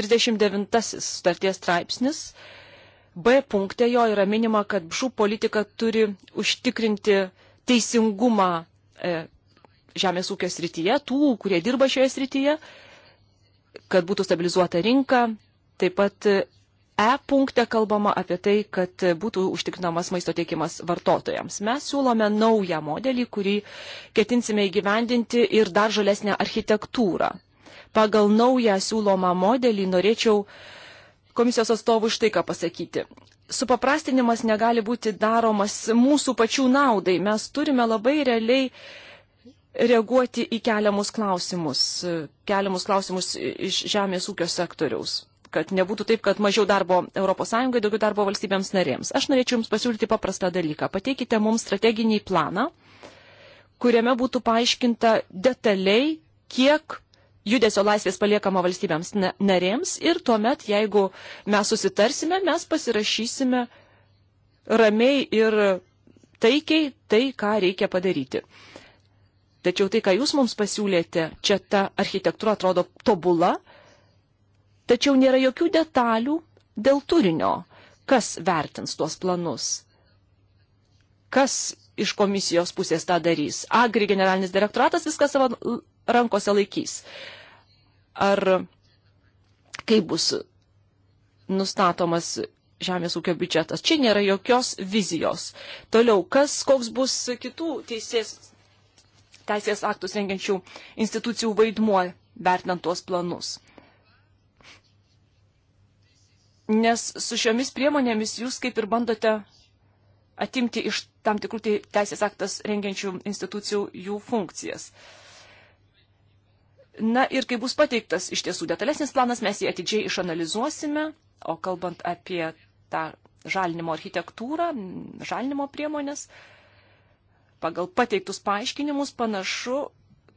39 starties straipsnis. B punkte jo yra minima, kad žūp politika turi užtikrinti teisingumą e, žemės ūkio srityje, tų, kurie dirba šioje srityje, kad būtų stabilizuota rinka, taip pat E punkte kalbama apie tai, kad būtų užtikrinamas maisto tiekimas vartotojams. Mes siūlome naują modelį, kurį ketinsime įgyvendinti ir dar žalesnę architektūrą. Pagal naują siūlomą modelį norėčiau komisijos atstovų štai ką pasakyti. Supaprastinimas negali būti daromas mūsų pačių naudai. Mes turime labai realiai reaguoti į keliamus klausimus, keliamus klausimus iš žemės ūkio sektoriaus kad nebūtų taip, kad mažiau darbo ES, daugiau darbo valstybėms narėms. Aš norėčiau Jums pasiūlyti paprastą dalyką. Pateikite mums strateginį planą, kuriame būtų paaiškinta detaliai, kiek judesio laisvės paliekama valstybėms narėms ir tuomet, jeigu mes susitarsime, mes pasirašysime ramiai ir taikiai tai, ką reikia padaryti. Tačiau tai, ką jūs mums pasiūlėte, čia ta architektūra atrodo tobula, tačiau nėra jokių detalių dėl turinio, kas vertins tuos planus, kas iš komisijos pusės tą darys. Agri generalinis direktoratas viską savo rankose laikys. Ar kaip bus nustatomas žemės ūkio biudžetas. Čia nėra jokios vizijos. Toliau, kas, koks bus kitų teisės, teisės aktus rengiančių institucijų vaidmuo, vertinant tuos planus nes su šiomis priemonėmis jūs kaip ir bandote atimti iš tam tikrų teisės aktas rengiančių institucijų jų funkcijas. Na ir kai bus pateiktas iš tiesų detalesnis planas, mes jį atidžiai išanalizuosime, o kalbant apie tą žalinimo architektūrą, žalinimo priemonės, pagal pateiktus paaiškinimus panašu,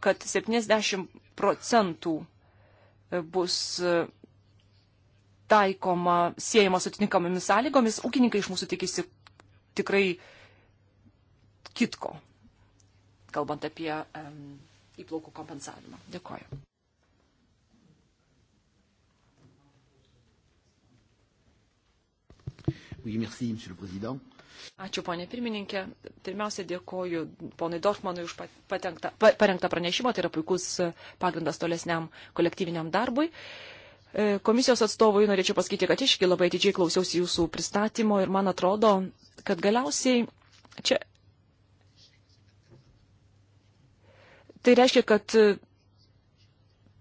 kad 70 procentų bus taikoma siejama su tinkamomis sąlygomis, ūkininkai iš mūsų tikisi tikrai kitko, kalbant apie um, įplaukų kompensavimą. Dėkoju. Oui, merci, Monsieur le Président. Ačiū, ponė pirmininkė. Pirmiausia, dėkoju ponui Dorfmanui už patengtą, parengtą pranešimą. Tai yra puikus pagrindas tolesniam kolektyviniam darbui. Uh, E, komisijos atstovui norėčiau pasakyti, kad iški labai atidžiai klausiausi jūsų pristatymo ir man atrodo, kad galiausiai čia. Tai reiškia, kad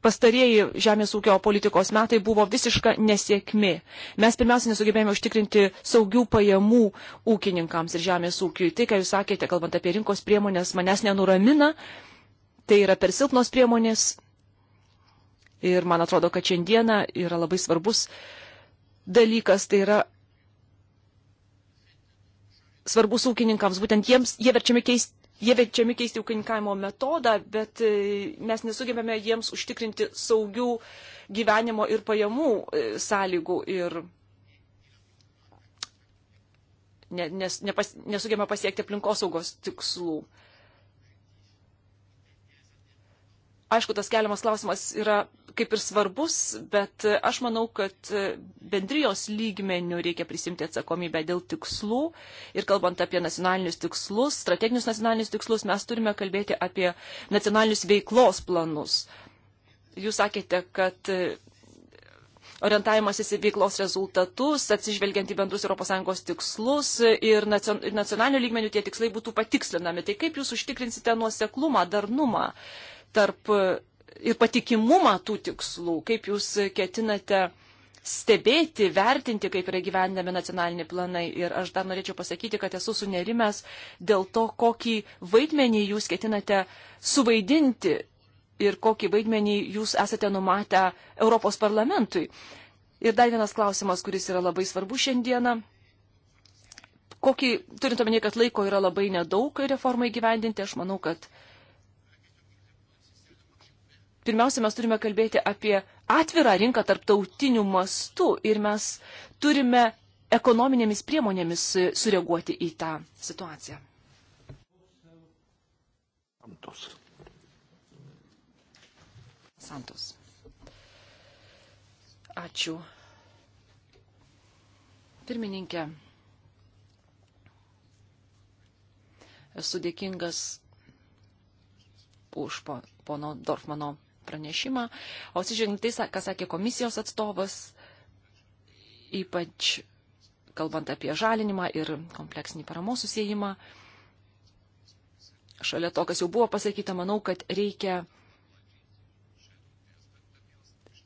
pastarieji žemės ūkio politikos metai buvo visiška nesėkmė. Mes pirmiausia nesugebėjome užtikrinti saugių pajamų ūkininkams ir žemės ūkiui. Tai, ką jūs sakėte, kalbant apie rinkos priemonės, manęs nenuramina. Tai yra per silpnos priemonės, Ir man atrodo, kad šiandieną yra labai svarbus dalykas, tai yra svarbus ūkininkams, būtent jiems, jie verčiami keisti. Jie verčiami keisti ūkininkavimo metodą, bet e, mes nesugebėme jiems užtikrinti saugių gyvenimo ir pajamų e, sąlygų ir ne, nes, nepas, nesugebėme pasiekti aplinkosaugos tikslų. Aišku, tas keliamas klausimas yra kaip ir svarbus, bet aš manau, kad bendrijos lygmenių reikia prisimti atsakomybę dėl tikslų. Ir kalbant apie nacionalinius tikslus, strateginius nacionalinius tikslus, mes turime kalbėti apie nacionalinius veiklos planus. Jūs sakėte, kad orientavimasis į veiklos rezultatus, atsižvelgiant į bendrus ES tikslus ir nacionalinių lygmenių tie tikslai būtų patikslinami. Tai kaip jūs užtikrinsite nuoseklumą, darnumą tarp ir patikimumą tų tikslų, kaip jūs ketinate stebėti, vertinti, kaip yra gyvendami nacionaliniai planai. Ir aš dar norėčiau pasakyti, kad esu sunerimęs dėl to, kokį vaidmenį jūs ketinate suvaidinti ir kokį vaidmenį jūs esate numatę Europos parlamentui. Ir dar vienas klausimas, kuris yra labai svarbus šiandieną. Kokį, turint omenyje, kad laiko yra labai nedaug reformai gyvendinti, aš manau, kad uh, pirmiausia, mes turime kalbėti apie atvirą rinką tarptautinių mastų ir mes turime ekonominėmis priemonėmis sureaguoti į tą situaciją. Santos. Santos. Ačiū. Pirmininkė, esu dėkingas už pono Dorfmano pranešimą, o atsižiūrint tai, ką sakė komisijos atstovas, ypač kalbant apie žalinimą ir kompleksinį paramos susijimą, šalia to, kas jau buvo pasakyta, manau, kad reikia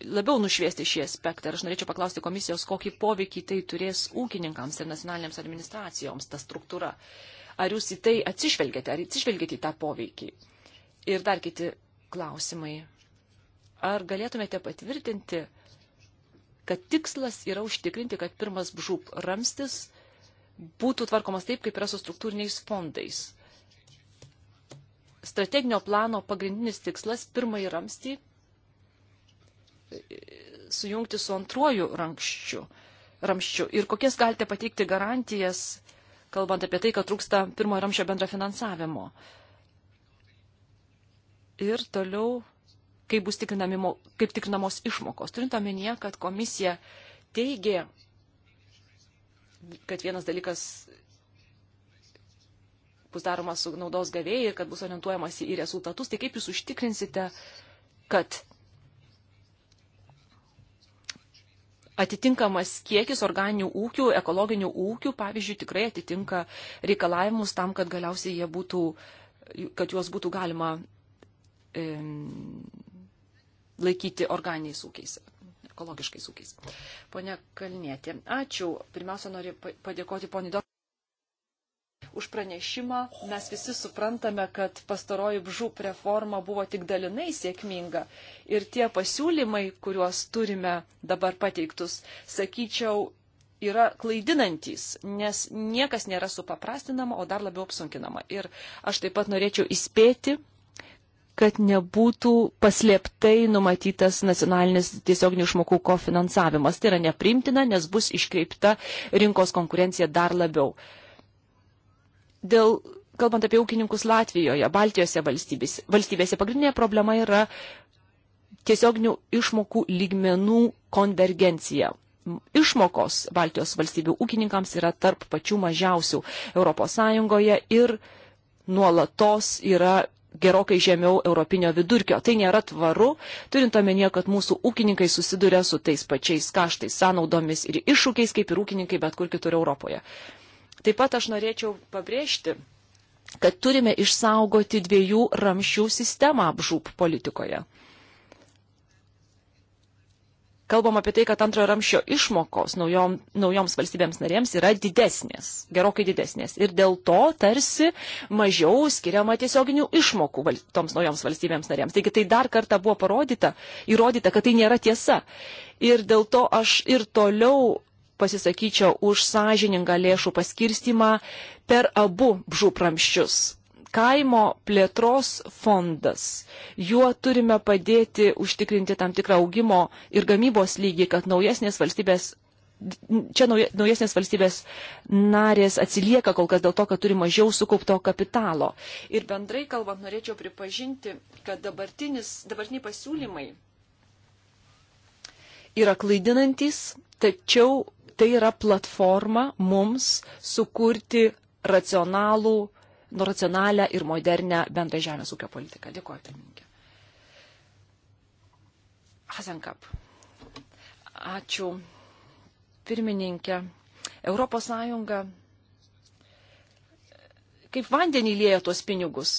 labiau nušviesti šį aspektą. Ir aš norėčiau paklausti komisijos, kokį poveikį tai turės ūkininkams ir nacionalinėms administracijoms ta struktūra. Ar jūs į tai atsižvelgėte, ar atsižvelgėte į tą poveikį? Ir dar kiti klausimai Ar galėtumėte patvirtinti, kad tikslas yra užtikrinti, kad pirmas bžūp ramstis būtų tvarkomas taip, kaip yra su struktūriniais fondais? Strateginio plano pagrindinis tikslas - pirmąjį ramstį sujungti su antruoju rankščiu, ramščiu. Ir kokias galite pateikti garantijas, kalbant apie tai, kad trūksta pirmojo ramščio bendro finansavimo. Ir toliau kaip bus kaip tikrinamos išmokos. Turint omenyje, kad komisija teigė, kad vienas dalykas bus daromas su naudos gavėjai ir kad bus orientuojamas į rezultatus, tai kaip jūs užtikrinsite, kad atitinkamas kiekis organinių ūkių, ekologinių ūkių, pavyzdžiui, tikrai atitinka reikalavimus tam, kad galiausiai jie būtų, kad juos būtų galima e, laikyti organiniais ūkiais, ekologiškais ūkiais. Pone Kalnietė, ačiū. Pirmiausia, noriu padėkoti poniai Dor. Už pranešimą mes visi suprantame, kad pastaroji bžūp reforma buvo tik dalinai sėkminga ir tie pasiūlymai, kuriuos turime dabar pateiktus, sakyčiau, yra klaidinantis, nes niekas nėra supaprastinama, o dar labiau apsunkinama. Ir aš taip pat norėčiau įspėti kad nebūtų paslėptai numatytas nacionalinis tiesioginių išmokų kofinansavimas. Tai yra neprimtina, nes bus iškreipta rinkos konkurencija dar labiau. Dėl, kalbant apie ūkininkus Latvijoje, Baltijose valstybėse, valstybėse pagrindinė problema yra tiesioginių išmokų lygmenų konvergencija. Išmokos Baltijos valstybių ūkininkams yra tarp pačių mažiausių ES ir nuolatos yra gerokai žemiau europinio vidurkio. Tai nėra tvaru, turint omenyje, kad mūsų ūkininkai susiduria su tais pačiais kaštais, sąnaudomis ir iššūkiais, kaip ir ūkininkai bet kur kitur Europoje. Taip pat aš norėčiau pabrėžti, kad turime išsaugoti dviejų ramšių sistemą apžūp politikoje kalbam apie tai, kad antrojo ramščio išmokos naujom, naujoms valstybėms narėms yra didesnės, gerokai didesnės. Ir dėl to tarsi mažiau skiriama tiesioginių išmokų val, toms naujoms valstybėms narėms. Taigi tai dar kartą buvo parodyta, įrodyta, kad tai nėra tiesa. Ir dėl to aš ir toliau pasisakyčiau už sąžiningą lėšų paskirstimą per abu bžūpramščius kaimo plėtros fondas. Juo turime padėti užtikrinti tam tikrą augimo ir gamybos lygį, kad naujesnės valstybės. Čia naujesnės valstybės narės atsilieka kol kas dėl to, kad turi mažiau sukaupto kapitalo. Ir bendrai kalbant, norėčiau pripažinti, kad dabartiniai pasiūlymai yra klaidinantis, tačiau tai yra platforma mums sukurti racionalų racionalę ir modernę bendrą žemės ūkio politiką. Dėkuoju, pirmininkė. Hasenkap. Ačiū, pirmininkė. Europos Sąjunga kaip vandenį lėjo tuos pinigus.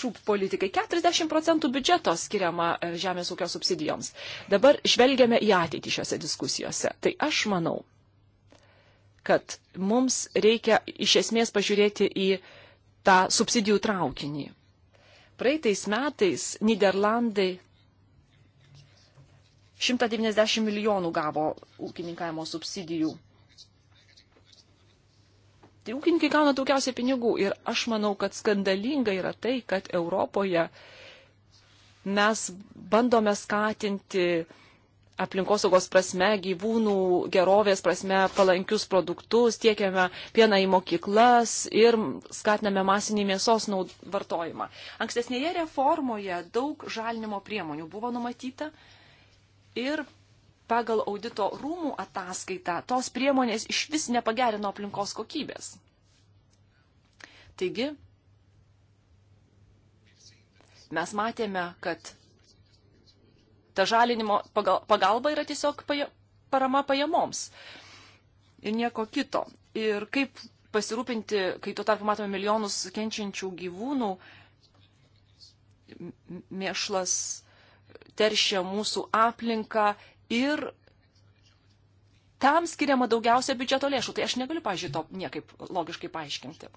žūp politikai. 40 procentų biudžeto skiriama e, žemės ūkio subsidijoms. Dabar žvelgiame į ateitį šiuose diskusijose. Tai aš manau, kad mums reikia iš esmės pažiūrėti į tą subsidijų traukinį. Praeitais metais Niderlandai 190 milijonų gavo ūkininkavimo subsidijų. Tai ūkininkai gauna daugiausiai pinigų ir aš manau, kad skandalinga yra tai, kad Europoje mes bandome skatinti uh, aplinkosaugos prasme, gyvūnų gerovės prasme palankius produktus, tiekiame pieną į mokyklas ir skatiname masinį mėsos naud... vartojimą. Ankstesnėje reformoje daug žalinimo priemonių buvo numatyta ir pagal audito rūmų ataskaitą tos priemonės iš vis nepagerino aplinkos kokybės. Taigi, mes matėme, kad ta žalinimo pagalba yra tiesiog parama pajamoms ir nieko kito. Ir kaip pasirūpinti, kai tuo tarpu matome milijonus kenčiančių gyvūnų, mėšlas teršia mūsų aplinką ir tam skiriama daugiausia biudžeto lėšų. Tai aš negaliu, pažiūrėjau, to niekaip logiškai paaiškinti.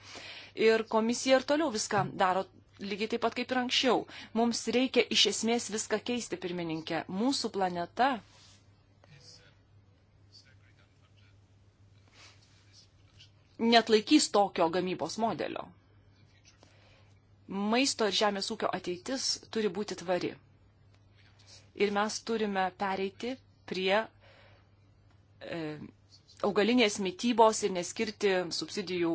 Ir komisija ir toliau viską daro lygiai taip pat kaip ir anksčiau. Mums reikia iš esmės viską keisti, pirmininkė. Mūsų planeta. net laikys tokio gamybos modelio. Maisto ir žemės ūkio ateitis turi būti tvari. Ir mes turime pereiti prie e, augalinės mytybos ir neskirti subsidijų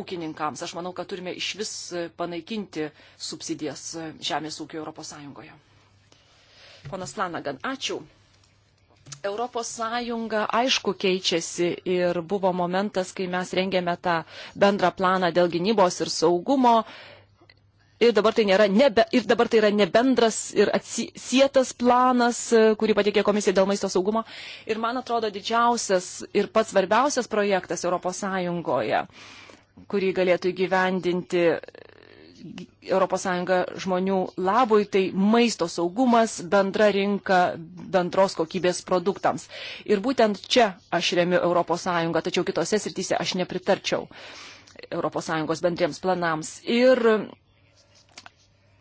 ūkininkams. Aš manau, kad turime iš vis panaikinti subsidijas žemės ūkio ES. Ponas Lanagan, ačiū. ES aišku keičiasi ir buvo momentas, kai mes rengėme tą bendrą planą dėl gynybos ir saugumo ir dabar tai, nėra nebe, ir dabar tai yra nebendras ir atsietas planas, e, kurį patikė komisija dėl maisto saugumo. Ir man atrodo didžiausias ir pats svarbiausias projektas ES, kurį galėtų įgyvendinti ES žmonių labui, tai maisto saugumas, bendra rinka, bendros kokybės produktams. Ir būtent čia aš remiu ES, tačiau kitose srityse aš nepritarčiau ES bendriems planams. Ir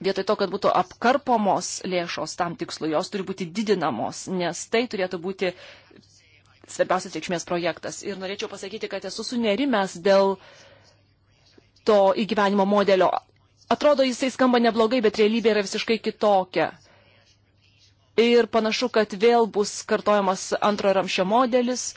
vietoj to, kad būtų apkarpomos lėšos tam tikslu, jos turi būti didinamos, nes tai turėtų būti svarbiausias reikšmės projektas. Ir norėčiau pasakyti, kad esu sunerimęs dėl to įgyvenimo modelio. Atrodo, jisai skamba neblogai, bet realybė yra visiškai kitokia. Ir panašu, kad vėl bus kartojamas antrojo ramšio modelis,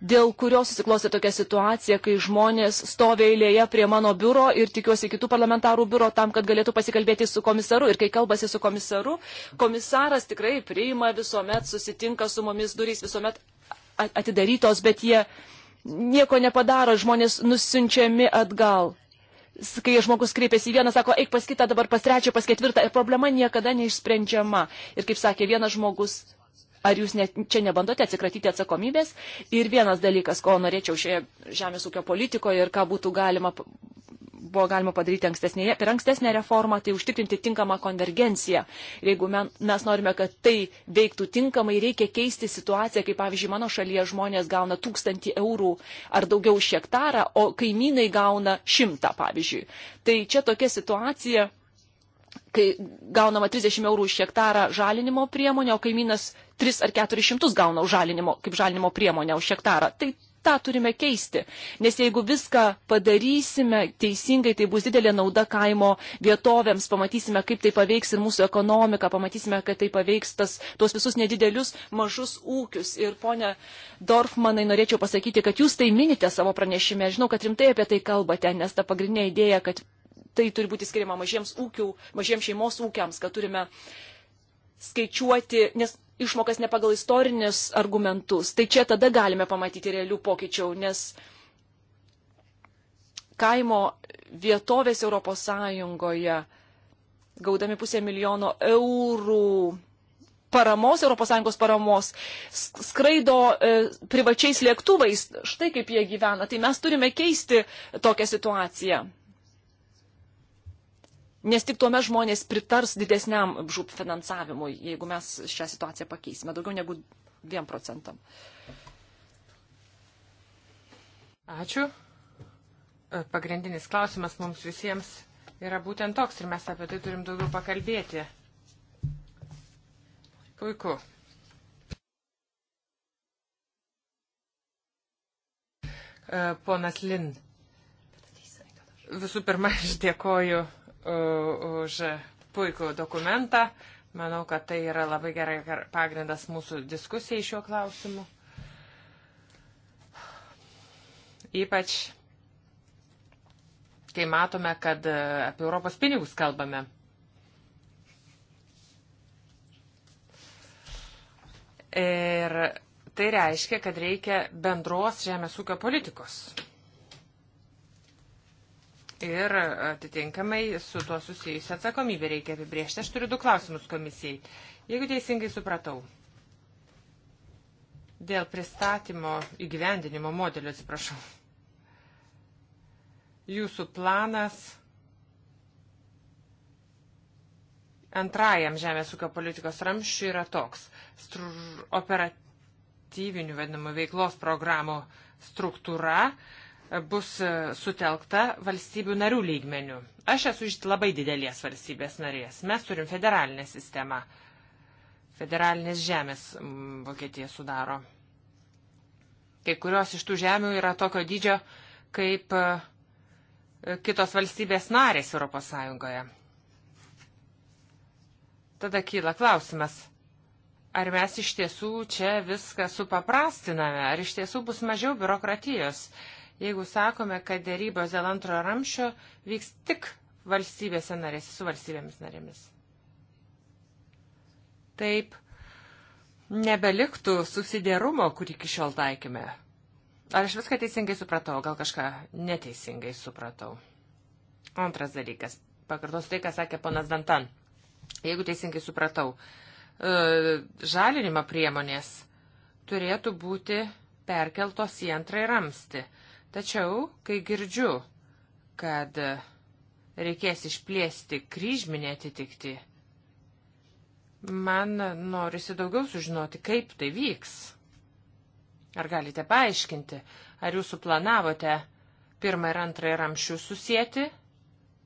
dėl kurios susiklostė tokia situacija, kai žmonės stovi eilėje prie mano biuro ir tikiuosi kitų parlamentarų biuro tam, kad galėtų pasikalbėti su komisaru. Ir kai kalbasi su komisaru, komisaras tikrai priima visuomet, susitinka su mumis durys visuomet atidarytos, bet jie nieko nepadaro, žmonės nusinčiami atgal. Kai žmogus kreipiasi į vieną, sako, eik pas kitą, dabar pas trečią, pas ketvirtą ir problema niekada neišsprendžiama. Ir kaip sakė vienas žmogus, ar jūs ne, čia nebandote atsikratyti atsakomybės? Ir vienas dalykas, ko norėčiau šioje žemės ūkio politikoje ir ką būtų galima, buvo galima padaryti ankstesnėje, per ankstesnę reformą, tai užtikrinti tinkamą konvergenciją. Ir jeigu men, mes norime, kad tai veiktų tinkamai, reikia keisti situaciją, kaip pavyzdžiui, mano šalyje žmonės gauna tūkstantį eurų ar daugiau už hektarą, o kaimynai gauna šimtą, pavyzdžiui. Tai čia tokia situacija kai gaunama 30 eurų už hektarą žalinimo priemonę, o kaimynas 3 ar 4 šimtus gauna už žalinimo, kaip žalinimo priemonę už hektarą. Tai tą turime keisti, nes jeigu viską padarysime teisingai, tai bus didelė nauda kaimo vietovėms, pamatysime, kaip tai paveiks ir mūsų ekonomiką, pamatysime, kad tai paveiks tas, tuos visus nedidelius mažus ūkius. Ir ponia Dorfmanai, norėčiau pasakyti, kad jūs tai minite savo pranešime, žinau, kad rimtai apie tai kalbate, nes ta pagrindinė idėja, kad tai turi būti skiriama mažiems ūkių, mažiems šeimos ūkiams, kad turime skaičiuoti, nes išmokas ne pagal istorinius argumentus, tai čia tada galime pamatyti realių pokyčių, nes kaimo vietovės Europos Sąjungoje gaudami pusę milijono eurų paramos, ES paramos, skraido e, privačiais lėktuvais, štai kaip jie gyvena. Tai mes turime keisti tokią situaciją. Nes tik tuomet žmonės pritars didesniam žūp finansavimui, jeigu mes šią situaciją pakeisime daugiau negu 2 procentam. Ačiū. E, pagrindinis klausimas mums visiems yra būtent toks ir mes apie tai turim daugiau pakalbėti. Puiku. E, ponas Lin. Visų pirma, *laughs* aš dėkoju už puikų dokumentą. Manau, kad tai yra labai gerai pagrindas mūsų diskusijai šiuo klausimu. Ypač, kai matome, kad e, apie Europos pinigus kalbame. Ir tai reiškia, kad reikia bendros žemės ūkio politikos ir atitinkamai su tuo susijusią atsakomybę reikia apibriežti. Aš turiu du klausimus komisijai. Jeigu teisingai supratau, dėl pristatymo įgyvendinimo modelio, atsiprašau, jūsų planas antrajam žemės ūkio politikos ramščiui yra toks operatyvinių vadinamų veiklos programų struktūra, uh, bus e, sutelkta valstybių narių lygmenių. Aš esu iš labai didelės valstybės narės. Mes turim federalinę sistemą. Federalinės žemės Vokietija sudaro. Kai kurios iš tų žemių yra tokio dydžio kaip e, kitos valstybės narės Europos Sąjungoje. Tada kyla klausimas, ar mes iš tiesų čia viską supaprastiname, ar iš tiesų bus mažiau biurokratijos, jeigu sakome, kad dėrybos dėl antrojo ramšio vyks tik valstybėse narėse, su valstybėmis narėmis. Taip, nebeliktų susidėrumo, kurį iki šiol taikėme. Ar aš viską teisingai supratau, gal kažką neteisingai supratau? Antras dalykas. Pakartos tai, ką sakė ponas Dantan. Jeigu teisingai supratau, e, žalinimo priemonės turėtų būti perkeltos į antrąjį ramsti. Tačiau, kai girdžiu, kad reikės išplėsti kryžminę atitikti, man norisi daugiau sužinoti, kaip tai vyks. Ar galite paaiškinti, ar jūs suplanavote pirmą ir antrą ramščių susijęti,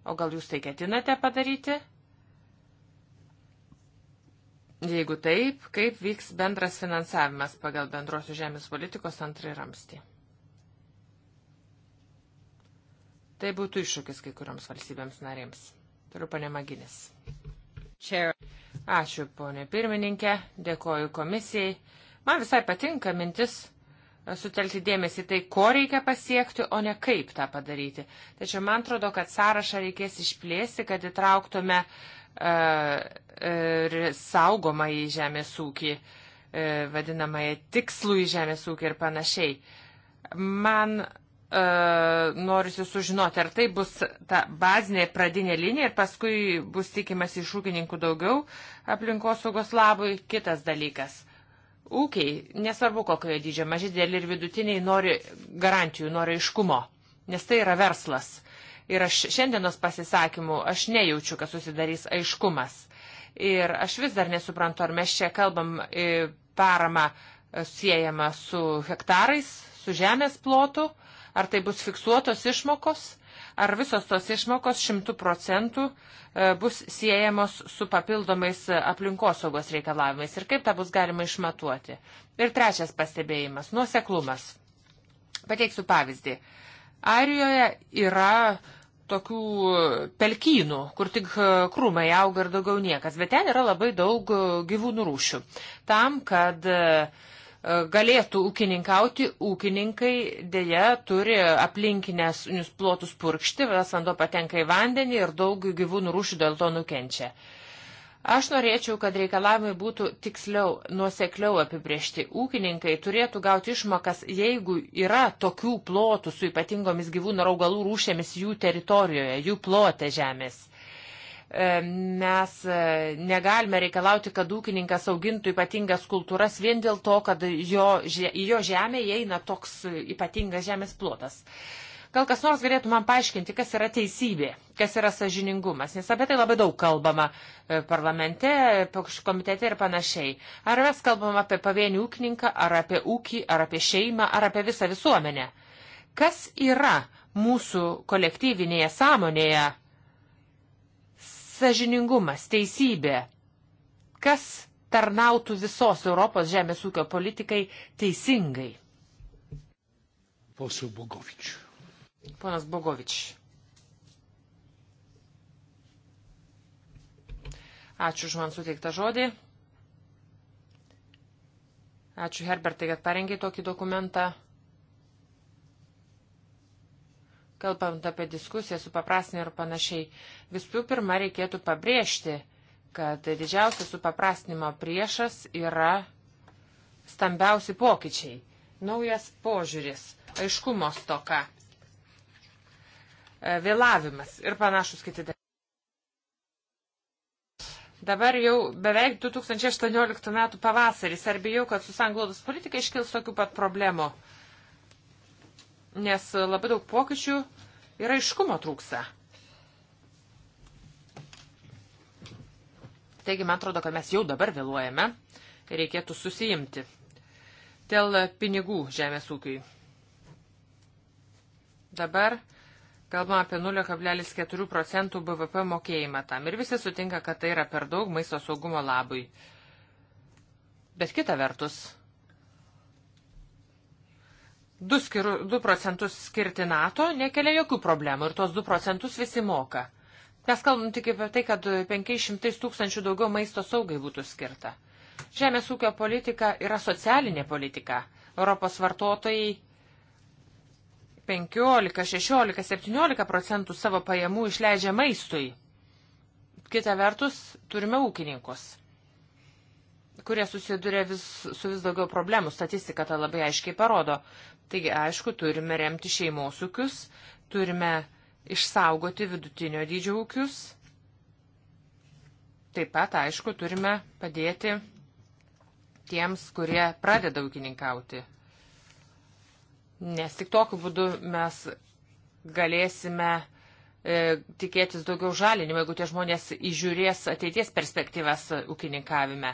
o gal jūs tai ketinate padaryti? Jeigu taip, kaip vyks bendras finansavimas pagal bendrosios žemės politikos antrąjį ramstį? Tai būtų iššūkis kai kurioms valstybėms narėms. Turiu pane Maginis. Ačiū, ponė pirmininkė, dėkoju komisijai. Man visai patinka mintis e, sutelkti dėmesį tai, ko reikia pasiekti, o ne kaip tą padaryti. Tačiau man atrodo, kad sąrašą reikės išplėsti, kad įtrauktume ir e, e, saugomą į žemės ūkį, e, vadinamąją tikslų į žemės ūkį ir panašiai. Man norisi sužinoti, ar tai bus ta bazinė pradinė linija ir paskui bus tikimas iš ūkininkų daugiau aplinkosaugos labui. Kitas dalykas. Ūkiai, nesvarbu kokioje dydžio, maži dėl ir vidutiniai, nori garantijų, nori iškumo, nes tai yra verslas. Ir aš šiandienos pasisakymų aš nejaučiu, kad susidarys aiškumas. Ir aš vis dar nesuprantu, ar mes čia kalbam e, paramą e, siejama su hektarais, su žemės plotu, Ar tai bus fiksuotos išmokos, ar visos tos išmokos šimtų procentų e, bus siejamos su papildomais e, aplinkosaugos reikalavimais ir kaip tą bus galima išmatuoti. Ir trečias pastebėjimas - nuoseklumas. Pateiksiu pavyzdį. Airijoje yra tokių e, pelkynų, kur tik krūmai auga ir daugiau niekas, bet ten yra labai daug gyvūnų rūšių. Tam, kad uh, galėtų ūkininkauti, ūkininkai dėja turi aplinkinės plotus purkšti, vasando patenka į vandenį ir daug gyvūnų rūšių dėl to nukenčia. Aš norėčiau, kad reikalavimai būtų tiksliau, nuosekliau apibriešti. Ūkininkai turėtų gauti išmokas, jeigu yra tokių plotų su ypatingomis gyvūnų ir augalų rūšėmis jų teritorijoje, jų plote žemės. E, mes e, negalime reikalauti, kad ūkininkas augintų ypatingas kultūras vien dėl to, kad jo, į jo žemę įeina toks ypatingas žemės plotas. Gal kas nors galėtų man paaiškinti, kas yra teisybė, kas yra sažiningumas, nes apie tai labai daug kalbama e, parlamente, komitete ir panašiai. Ar mes kalbam apie pavienį ūkininką, ar apie ūkį, ar apie šeimą, ar apie visą visuomenę? Kas yra mūsų kolektyvinėje sąmonėje sažiningumas, teisybė. Kas tarnautų visos Europos žemės ūkio politikai teisingai? Posiu Bogovič. Ponas Bogovič. Ačiū už man suteiktą žodį. Ačiū Herbertai, kad parengė tokį dokumentą. kalbant apie diskusiją su paprastinė ir panašiai, visų pirma reikėtų pabrėžti, kad didžiausias supaprastinimo priešas yra stambiausi pokyčiai, naujas požiūris, aiškumo stoka, e, vėlavimas ir panašus kiti dalykai. Dabar jau beveik 2018 metų pavasaris, ar bijau, kad su sanglaudos politika iškils tokių pat problemų nes labai daug pokyčių ir aiškumo trūksta. Taigi, man atrodo, kad mes jau dabar vėluojame ir reikėtų susijimti dėl pinigų žemės ūkiui. Dabar kalbam apie 0,4 procentų BVP mokėjimą tam ir visi sutinka, kad tai yra per daug maisto saugumo labui. Bet kita vertus, 2, skiru, 2 procentus skirti NATO nekelia jokių problemų ir tos 2 procentus visi moka. Mes kalbam tik apie tai, kad 500 tūkstančių daugiau maisto saugai būtų skirta. Žemės ūkio politika yra socialinė politika. Europos vartotojai 15, 16, 17 procentų savo pajamų išleidžia maistui. Kita vertus, turime ūkininkus, kurie susiduria vis, su vis daugiau problemų. Statistika tą labai aiškiai parodo. Taigi, aišku, turime remti šeimos ūkius, turime išsaugoti vidutinio dydžio ūkius. Taip pat, aišku, turime padėti tiems, kurie pradeda ūkininkauti. Nes tik tokiu būdu mes galėsime E, tikėtis daugiau žalinimo, jeigu tie žmonės įžiūrės ateities perspektyvas ūkininkavime.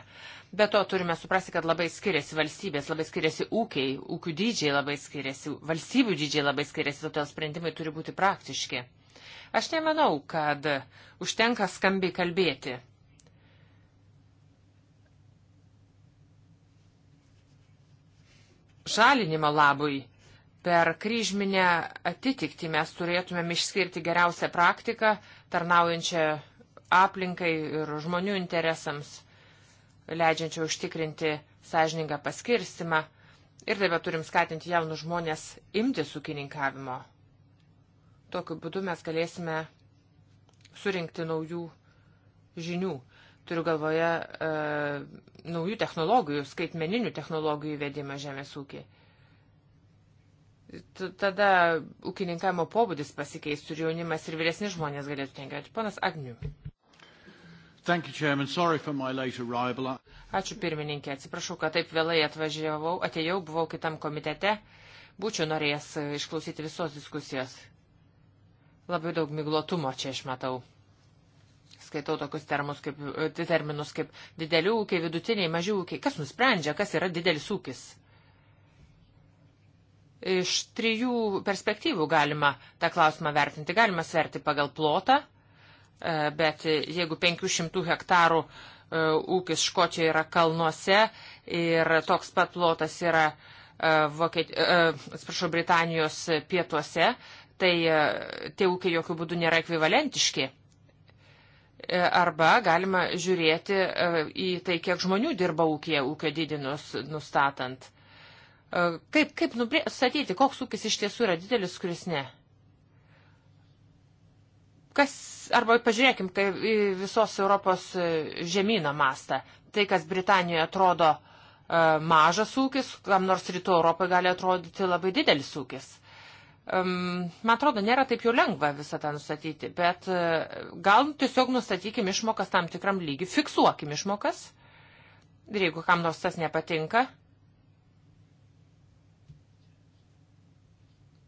Be to turime suprasti, kad labai skiriasi valstybės, labai skiriasi ūkiai, ūkių dydžiai labai skiriasi, valstybių dydžiai labai skiriasi, todėl sprendimai turi būti praktiški. Aš nemanau, kad užtenka skambiai kalbėti. Žalinimo labui per kryžminę atitikti mes turėtumėm išskirti geriausią praktiką, tarnaujančią aplinkai ir žmonių interesams, leidžiančią užtikrinti sąžiningą paskirstimą. Ir taip pat turim skatinti jaunus žmonės imti sukininkavimo. Tokiu būdu mes galėsime surinkti naujų žinių. Turiu galvoje e, naujų technologijų, skaitmeninių technologijų įvedimą žemės ūkiai tada ūkininkavimo pobūdis pasikeistų ir jaunimas ir vyresni žmonės galėtų ten gyventi. Ponas Agniu. Ačiū pirmininkė, atsiprašau, kad taip vėlai atvažiavau, atėjau, buvau kitam komitete, būčiau norėjęs e, išklausyti visos diskusijos. Labai daug miglotumo čia išmatau. Skaitau tokius termus kaip, e, terminus kaip didelių ūkiai, vidutiniai, maži ūkiai. Kas nusprendžia, kas yra didelis ūkis? iš trijų perspektyvų galima tą klausimą vertinti. Galima sverti pagal plotą, e, bet jeigu 500 hektarų e, ūkis Škotijoje yra kalnuose ir toks pat plotas yra e, Vokiet... atsiprašau, Britanijos pietuose, tai tie ūkiai jokių būdų nėra ekvivalentiški. Arba galima žiūrėti į tai, kiek žmonių dirba ūkija, ūkio didinus nustatant E, kaip, kaip nustatyti, koks ūkis iš tiesų yra didelis, kuris ne? Kas, arba pažiūrėkim kai, visos Europos e, žemyną mastą. Tai, kas Britanijoje atrodo e, mažas ūkis, kam nors rytų Europai gali atrodyti labai didelis ūkis. Man atrodo, nėra taip jau lengva visą tą nustatyti, bet gal tiesiog nustatykim išmokas tam tikram lygiui, fiksuokim išmokas ir jeigu kam nors tas nepatinka,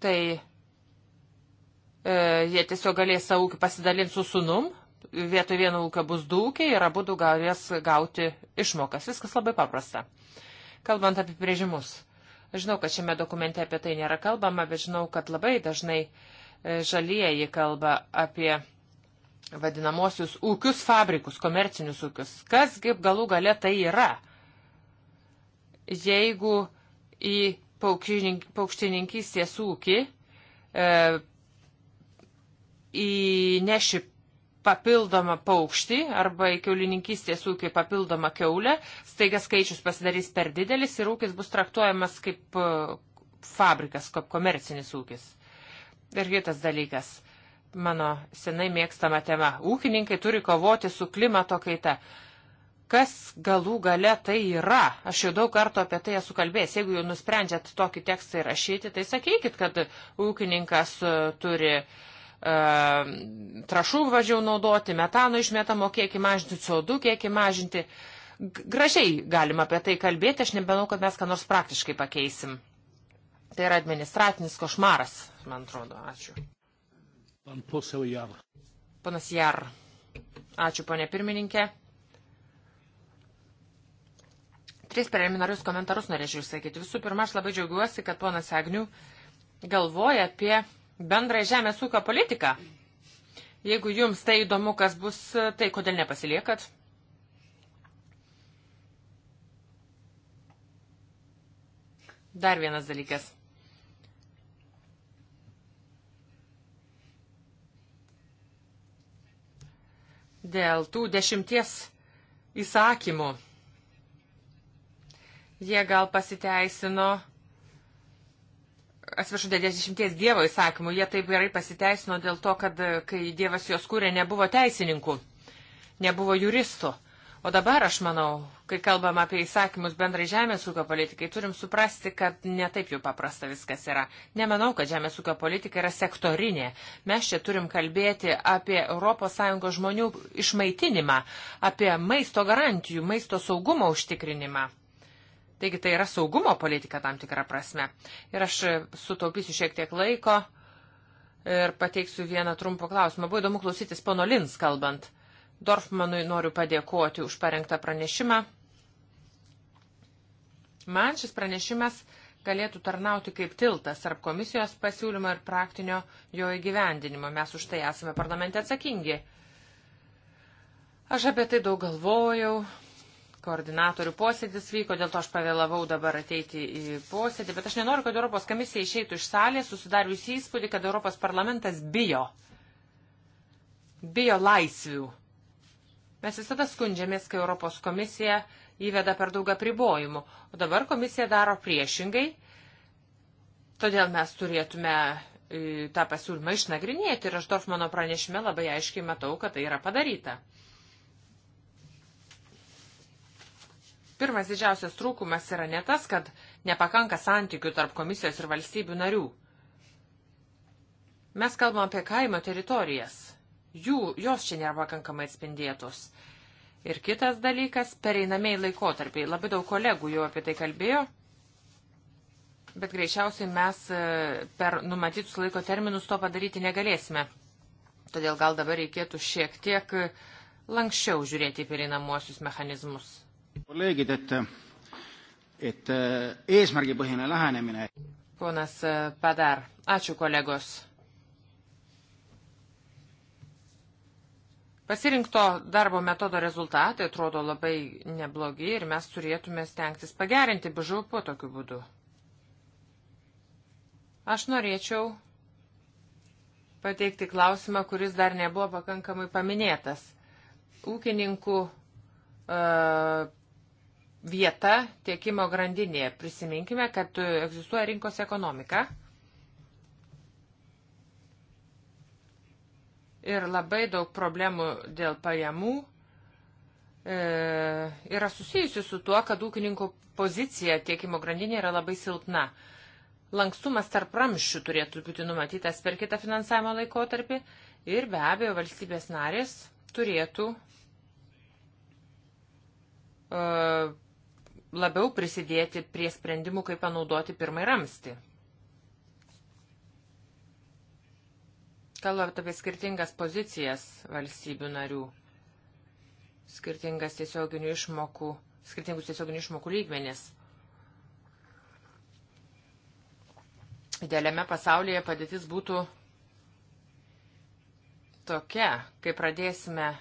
tai e, jie tiesiog galės savo ūkį pasidalinti su sunum, vietoj vieno ūkio bus dūkiai ir abu du galės gauti išmokas. Viskas labai paprasta. Kalbant apie priežimus. Aš žinau, kad šiame dokumente apie tai nėra kalbama, bet žinau, kad labai dažnai e, žalieji kalba apie vadinamosius ūkius fabrikus, komercinius ūkius. Kas kaip galų gale tai yra? Jeigu į paukštininkystės ūkį e, įneši papildomą paukštį arba į keulininkystės ūkį papildomą keulę, staiga skaičius pasidarys per didelis ir ūkis bus traktuojamas kaip e, fabrikas, kaip komercinis ūkis. Ir kitas dalykas, mano senai mėgstama tema, ūkininkai turi kovoti su klimato kaita kas galų gale tai yra. Aš jau daug kartų apie tai esu kalbėjęs. Jeigu jau nusprendžiat tokį tekstą įrašyti, tai sakykit, kad ūkininkas e, turi e, trašų važiau naudoti, metano išmetamo, kiek įmažinti CO2, kiek įmažinti. Gražiai galima apie tai kalbėti, aš nebenau, kad mes ką nors praktiškai pakeisim. Tai yra administratinis košmaras, man atrodo. Ačiū. Pan Jar. Panas Jar. Ačiū, ponė pirmininkė. Tris preliminarius komentarus norėčiau išsakyti. Visų pirma, aš labai džiaugiuosi, kad ponas Agnių galvoja apie bendrą žemės ūkio politiką. Jeigu jums tai įdomu, kas bus, tai kodėl nepasiliekat? Dar vienas dalykas. Dėl tų dešimties įsakymų Jie gal pasiteisino, atsiprašau, 90 Dievo įsakymų, jie taip gerai pasiteisino dėl to, kad e, kai Dievas juos kūrė, nebuvo teisininkų, nebuvo juristų. O dabar aš manau, kai kalbam apie įsakymus bendrai žemės ūkio politikai, turim suprasti, kad netaip jau paprasta viskas yra. Nemanau, kad žemės ūkio politika yra sektorinė. Mes čia turim kalbėti apie ES žmonių išmaitinimą, apie maisto garantijų, maisto saugumo užtikrinimą. Taigi tai yra saugumo politika tam tikrą prasme. Ir aš sutaupysiu šiek tiek laiko ir pateiksiu vieną trumpą klausimą. Buvo įdomu klausytis pono Lins kalbant. Dorfmanui noriu padėkoti už parengtą pranešimą. Man šis pranešimas galėtų tarnauti kaip tiltas tarp komisijos pasiūlymo ir praktinio jo įgyvendinimo. Mes už tai esame parlamente atsakingi. Aš apie tai daug galvojau, koordinatorių posėdis vyko, dėl to aš pavėlavau dabar ateiti į posėdį, bet aš nenoriu, kad Europos komisija išeitų iš salės, susidarius įspūdį, kad Europos parlamentas bijo. Bijo laisvių. Mes visada skundžiamės, kai Europos komisija įveda per daug apribojimų, o dabar komisija daro priešingai, todėl mes turėtume e, tą pasiūlymą išnagrinėti ir aš Dorfmano pranešime labai aiškiai matau, kad tai yra padaryta. Pirmas didžiausias trūkumas yra ne tas, kad nepakanka santykių tarp komisijos ir valstybių narių. Mes kalbam apie kaimo teritorijas. Jų, jos čia nėra pakankamai atspindėtos. Ir kitas dalykas - pereinamiai laikotarpiai. Labai daug kolegų jau apie tai kalbėjo, bet greičiausiai mes e, per numatytus laiko terminus to padaryti negalėsime. Todėl gal dabar reikėtų šiek tiek e, lankščiau žiūrėti į pereinamuosius mechanizmus kolleegid, et, et äh, eesmärgipõhine lähenemine. ponas äh, Padar, ačiū kolegos. Pasirinkto darbo metodo rezultatai atrodo labai neblogi ir mes turėtume stengtis pagerinti BŽUP tokiu būdu. Aš norėčiau pateikti klausimą, kuris dar nebuvo pakankamai paminėtas. Ūkininkų e, vieta tiekimo grandinėje. Prisiminkime, kad egzistuoja rinkos ekonomika. Ir labai daug problemų dėl pajamų e, yra susijusi su tuo, kad ūkininkų pozicija tiekimo grandinėje yra labai silpna. Lankstumas tarp ramščių turėtų būti numatytas per kitą finansavimo laikotarpį ir be abejo valstybės narės turėtų e, labiau prisidėti prie sprendimų, kaip panaudoti pirmąjį ramstį. Kalbant apie skirtingas pozicijas valstybių narių, skirtingas tiesioginių išmokų, skirtingus tiesioginių išmokų lygmenis. Idealiame pasaulyje padėtis būtų tokia, kai pradėsime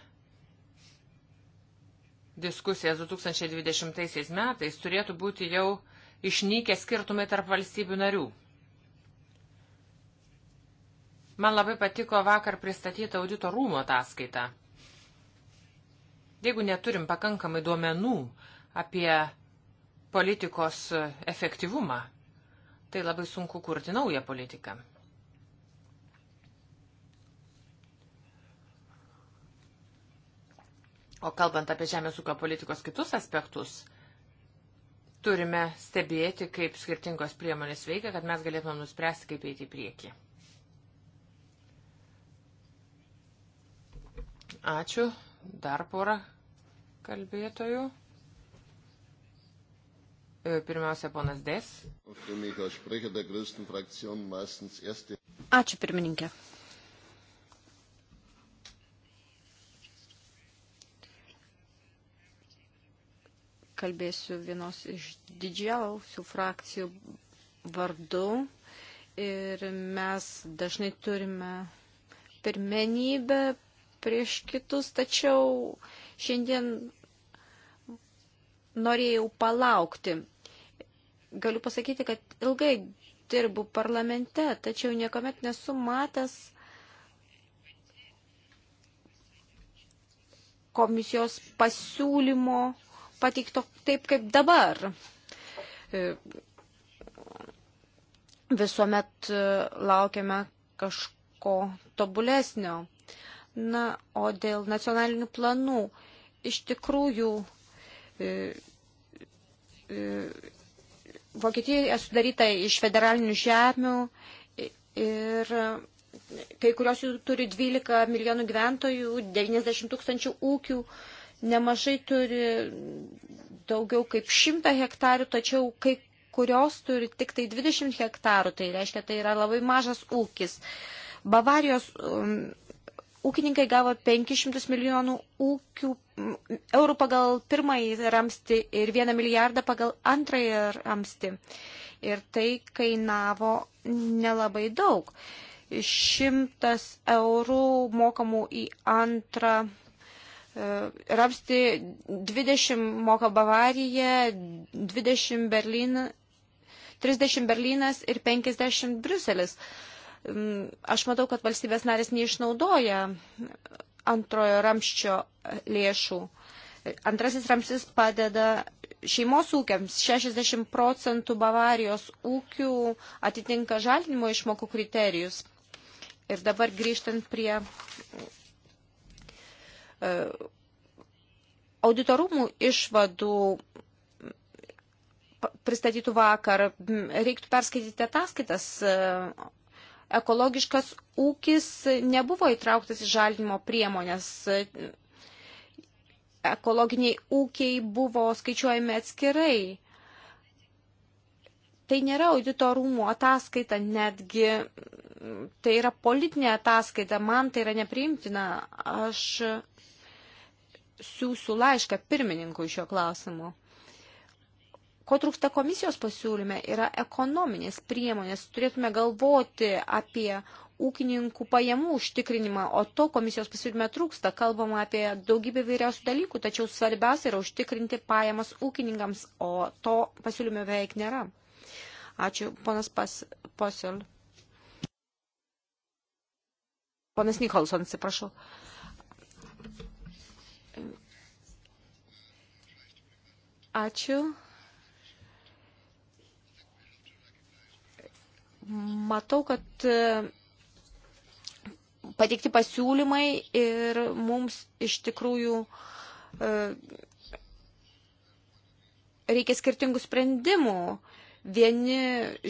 diskusijas 2020 metais turėtų būti jau išnykę skirtumai tarp valstybių narių. Man labai patiko vakar pristatyta audito rūmo ataskaita. Jeigu neturim pakankamai duomenų apie politikos efektyvumą, tai labai sunku kurti naują politiką. O kalbant apie žemės ūkio politikos kitus aspektus, turime stebėti, kaip skirtingos priemonės veikia, kad mes galėtume nuspręsti, kaip eiti į priekį. Ačiū. Dar porą kalbėtojų. E, pirmiausia, ponas Des. Ačiū, pirmininkė. kalbėsiu vienos iš didžiausių frakcijų vardu ir mes dažnai turime pirmenybę prieš kitus, tačiau šiandien norėjau palaukti. Galiu pasakyti, kad ilgai dirbu parlamente, tačiau niekuomet nesu matęs komisijos pasiūlymo pateikto taip kaip dabar. E, visuomet e, laukiame kažko tobulesnio. Na, o dėl nacionalinių planų, iš tikrųjų, e, Vokietijoje sudaryta iš federalinių žemių ir kai kurios jų turi 12 milijonų gyventojų, 90 tūkstančių ūkių. Uh, nemažai turi daugiau kaip 100 hektarių, tačiau kai kurios turi tik tai 20 hektarų, tai reiškia, tai yra labai mažas ūkis. Bavarijos um, ūkininkai gavo 500 milijonų ūkių, eurų pagal pirmąjį ramsti ir 1 milijardą pagal antrąjį ramsti. Ir tai kainavo nelabai daug. 100 eurų mokamų į antrą E, rapsti 20 moka Bavarija, 20 Berlynas, 30 Berlynas ir 50 Bruselis. Mm, aš matau, kad valstybės narės neišnaudoja antrojo ramščio lėšų. Antrasis ramstis padeda šeimos ūkiams. 60 procentų Bavarijos ūkių atitinka žalinimo išmokų kriterijus. Ir dabar grįžtant prie E, auditorumų išvadų pristatytų vakar, reiktų perskaityti ataskaitas. E, ekologiškas ūkis nebuvo įtrauktas į žalinimo priemonės. Ekologiniai ūkiai buvo skaičiuojami atskirai. Tai nėra auditorumų ataskaita, netgi tai yra politinė ataskaita, man tai yra nepriimtina. Aš siūsiu laišką pirmininkui šio klausimu. Ko trūksta komisijos pasiūlyme yra ekonominės priemonės. Turėtume galvoti apie ūkininkų pajamų užtikrinimą, o to komisijos pasiūlyme trūksta. Kalbama apie daugybę vairiausių dalykų, tačiau svarbiausia yra užtikrinti pajamas ūkininkams, o to pasiūlyme beveik nėra. Ačiū, ponas pas, Posiol. Ponas Nikolson, atsiprašau. Uh, Ačiū. Matau, kad e, pateikti pasiūlymai ir mums iš tikrųjų e, reikia skirtingų sprendimų. Vieni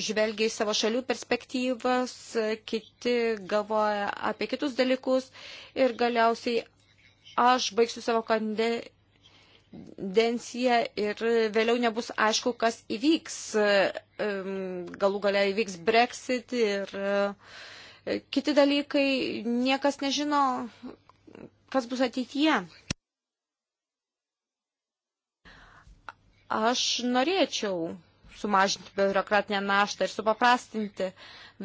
žvelgia į savo šalių perspektyvas, kiti galvoja apie kitus dalykus ir galiausiai aš baigsiu savo kandė, tendencija ir vėliau nebus aišku, kas įvyks. Galų galia įvyks Brexit ir e, kiti dalykai. Niekas nežino, kas bus ateityje. Aš norėčiau sumažinti biurokratinę naštą ir supaprastinti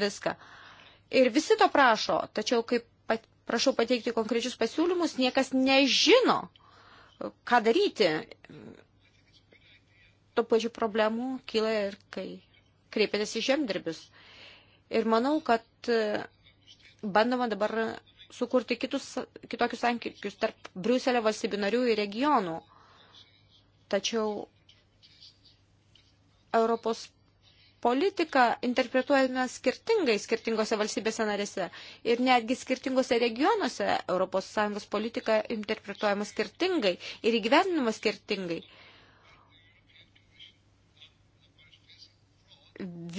viską. Ir visi to prašo, tačiau kaip prašau pateikti konkrečius pasiūlymus, niekas nežino, ką daryti. Tuo pačiu problemų kyla ir kai kreipėtės į žemdirbius. Ir manau, kad e, bandoma dabar sukurti kitus, kitokius santykius tarp Briuselio valstybių narių ir regionų. Tačiau Europos politiką interpretuojame skirtingai skirtingose valstybėse narėse ir netgi skirtingose regionuose ES politika interpretuojama skirtingai ir įgyvendinama skirtingai.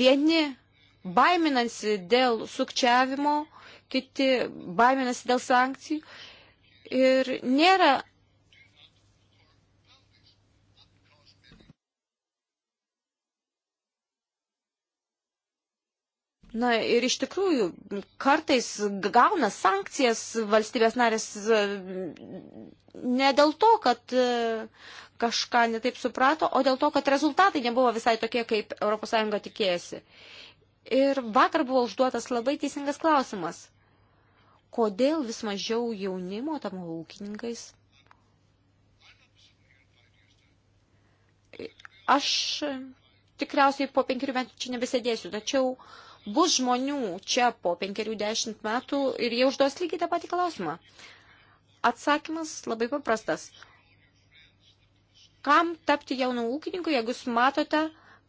Vieni baiminasi dėl sukčiavimo, kiti baiminasi dėl sankcijų ir nėra Na ir iš tikrųjų, kartais gauna sankcijas valstybės narės e, ne dėl to, kad e, kažką netaip suprato, o dėl to, kad rezultatai nebuvo visai tokie, kaip ES tikėjasi. Ir vakar buvo užduotas labai teisingas klausimas. Kodėl vis mažiau jaunimo tam ūkininkais? Aš tikriausiai po penkerių metų čia nebesėdėsiu, tačiau uh, bus žmonių čia po penkerių dešimt metų ir jie užduos lygiai tą patį klausimą. Atsakymas labai paprastas. Kam tapti jaunų ūkininkų, jeigu jūs matote,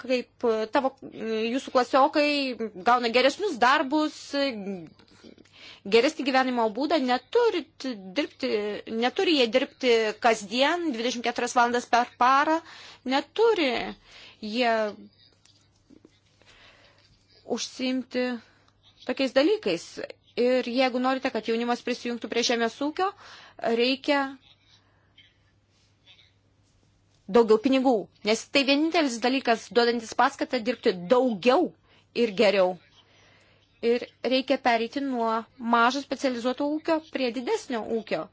kaip e, tavo, e, jūsų klasiokai gauna geresnius darbus, e, geresnį gyvenimo būdą, neturi, dirbti, neturi jie dirbti kasdien 24 valandas per parą, neturi jie užsimti tokiais dalykais. Ir jeigu norite, kad jaunimas prisijungtų prie žemės ūkio, reikia daugiau pinigų, nes tai vienintelis dalykas duodantis paskatą dirbti daugiau ir geriau. Ir reikia pereiti nuo mažo specializuoto ūkio prie didesnio ūkio.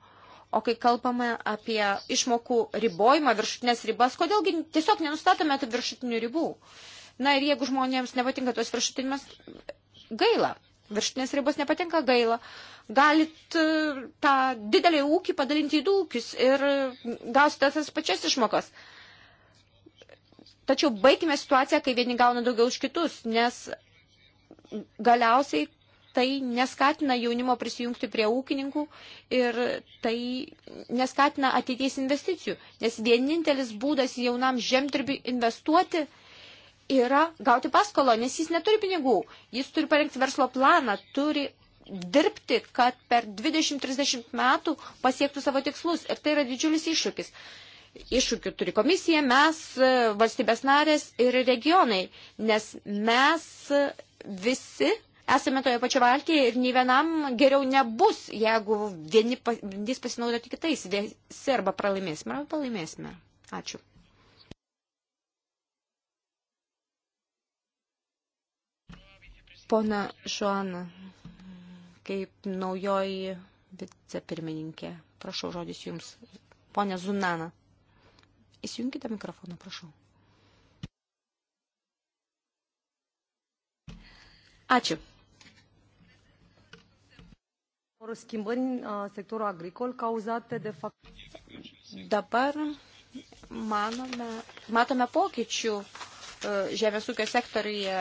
O kai kalbame apie išmokų ribojimą, viršutinės ribas, kodėlgi tiesiog nenustatome tų viršutinių ribų? Uh, Na ir jeigu žmonėms nepatinka tos viršutinės, gaila. Viršutinės ribos nepatinka, gaila. Galit e, tą didelį ūkį padalinti į du ūkius ir gausite tas pačias išmokas. Tačiau baigime situaciją, kai vieni gauna daugiau už kitus, nes galiausiai tai neskatina jaunimo prisijungti prie ūkininkų ir tai neskatina ateities investicijų, nes vienintelis būdas jaunam žemdirbiui investuoti – yra gauti paskolą, nes jis neturi pinigų. Jis turi parengti verslo planą, turi dirbti, kad per 20-30 metų pasiektų savo tikslus. Ir tai yra didžiulis iššūkis. Iššūkių turi komisija, mes, e, valstybės narės ir regionai, nes mes e, visi esame toje pačioje valtyje ir nei vienam geriau nebus, jeigu vieni bandys pasinaudoti kitais, visi arba pralaimėsime, arba pralaimėsime. Ačiū. Pona Šuana, kaip naujoji vicepirmininkė, prašau žodis jums. Pone Zunana, įsijunkite mikrofoną, prašau. Ačiū. Schimbări în uh, sectorul agricol cauzate de fapt. Dabar manome, matome pokyčių E, žemės ūkio sektoriuje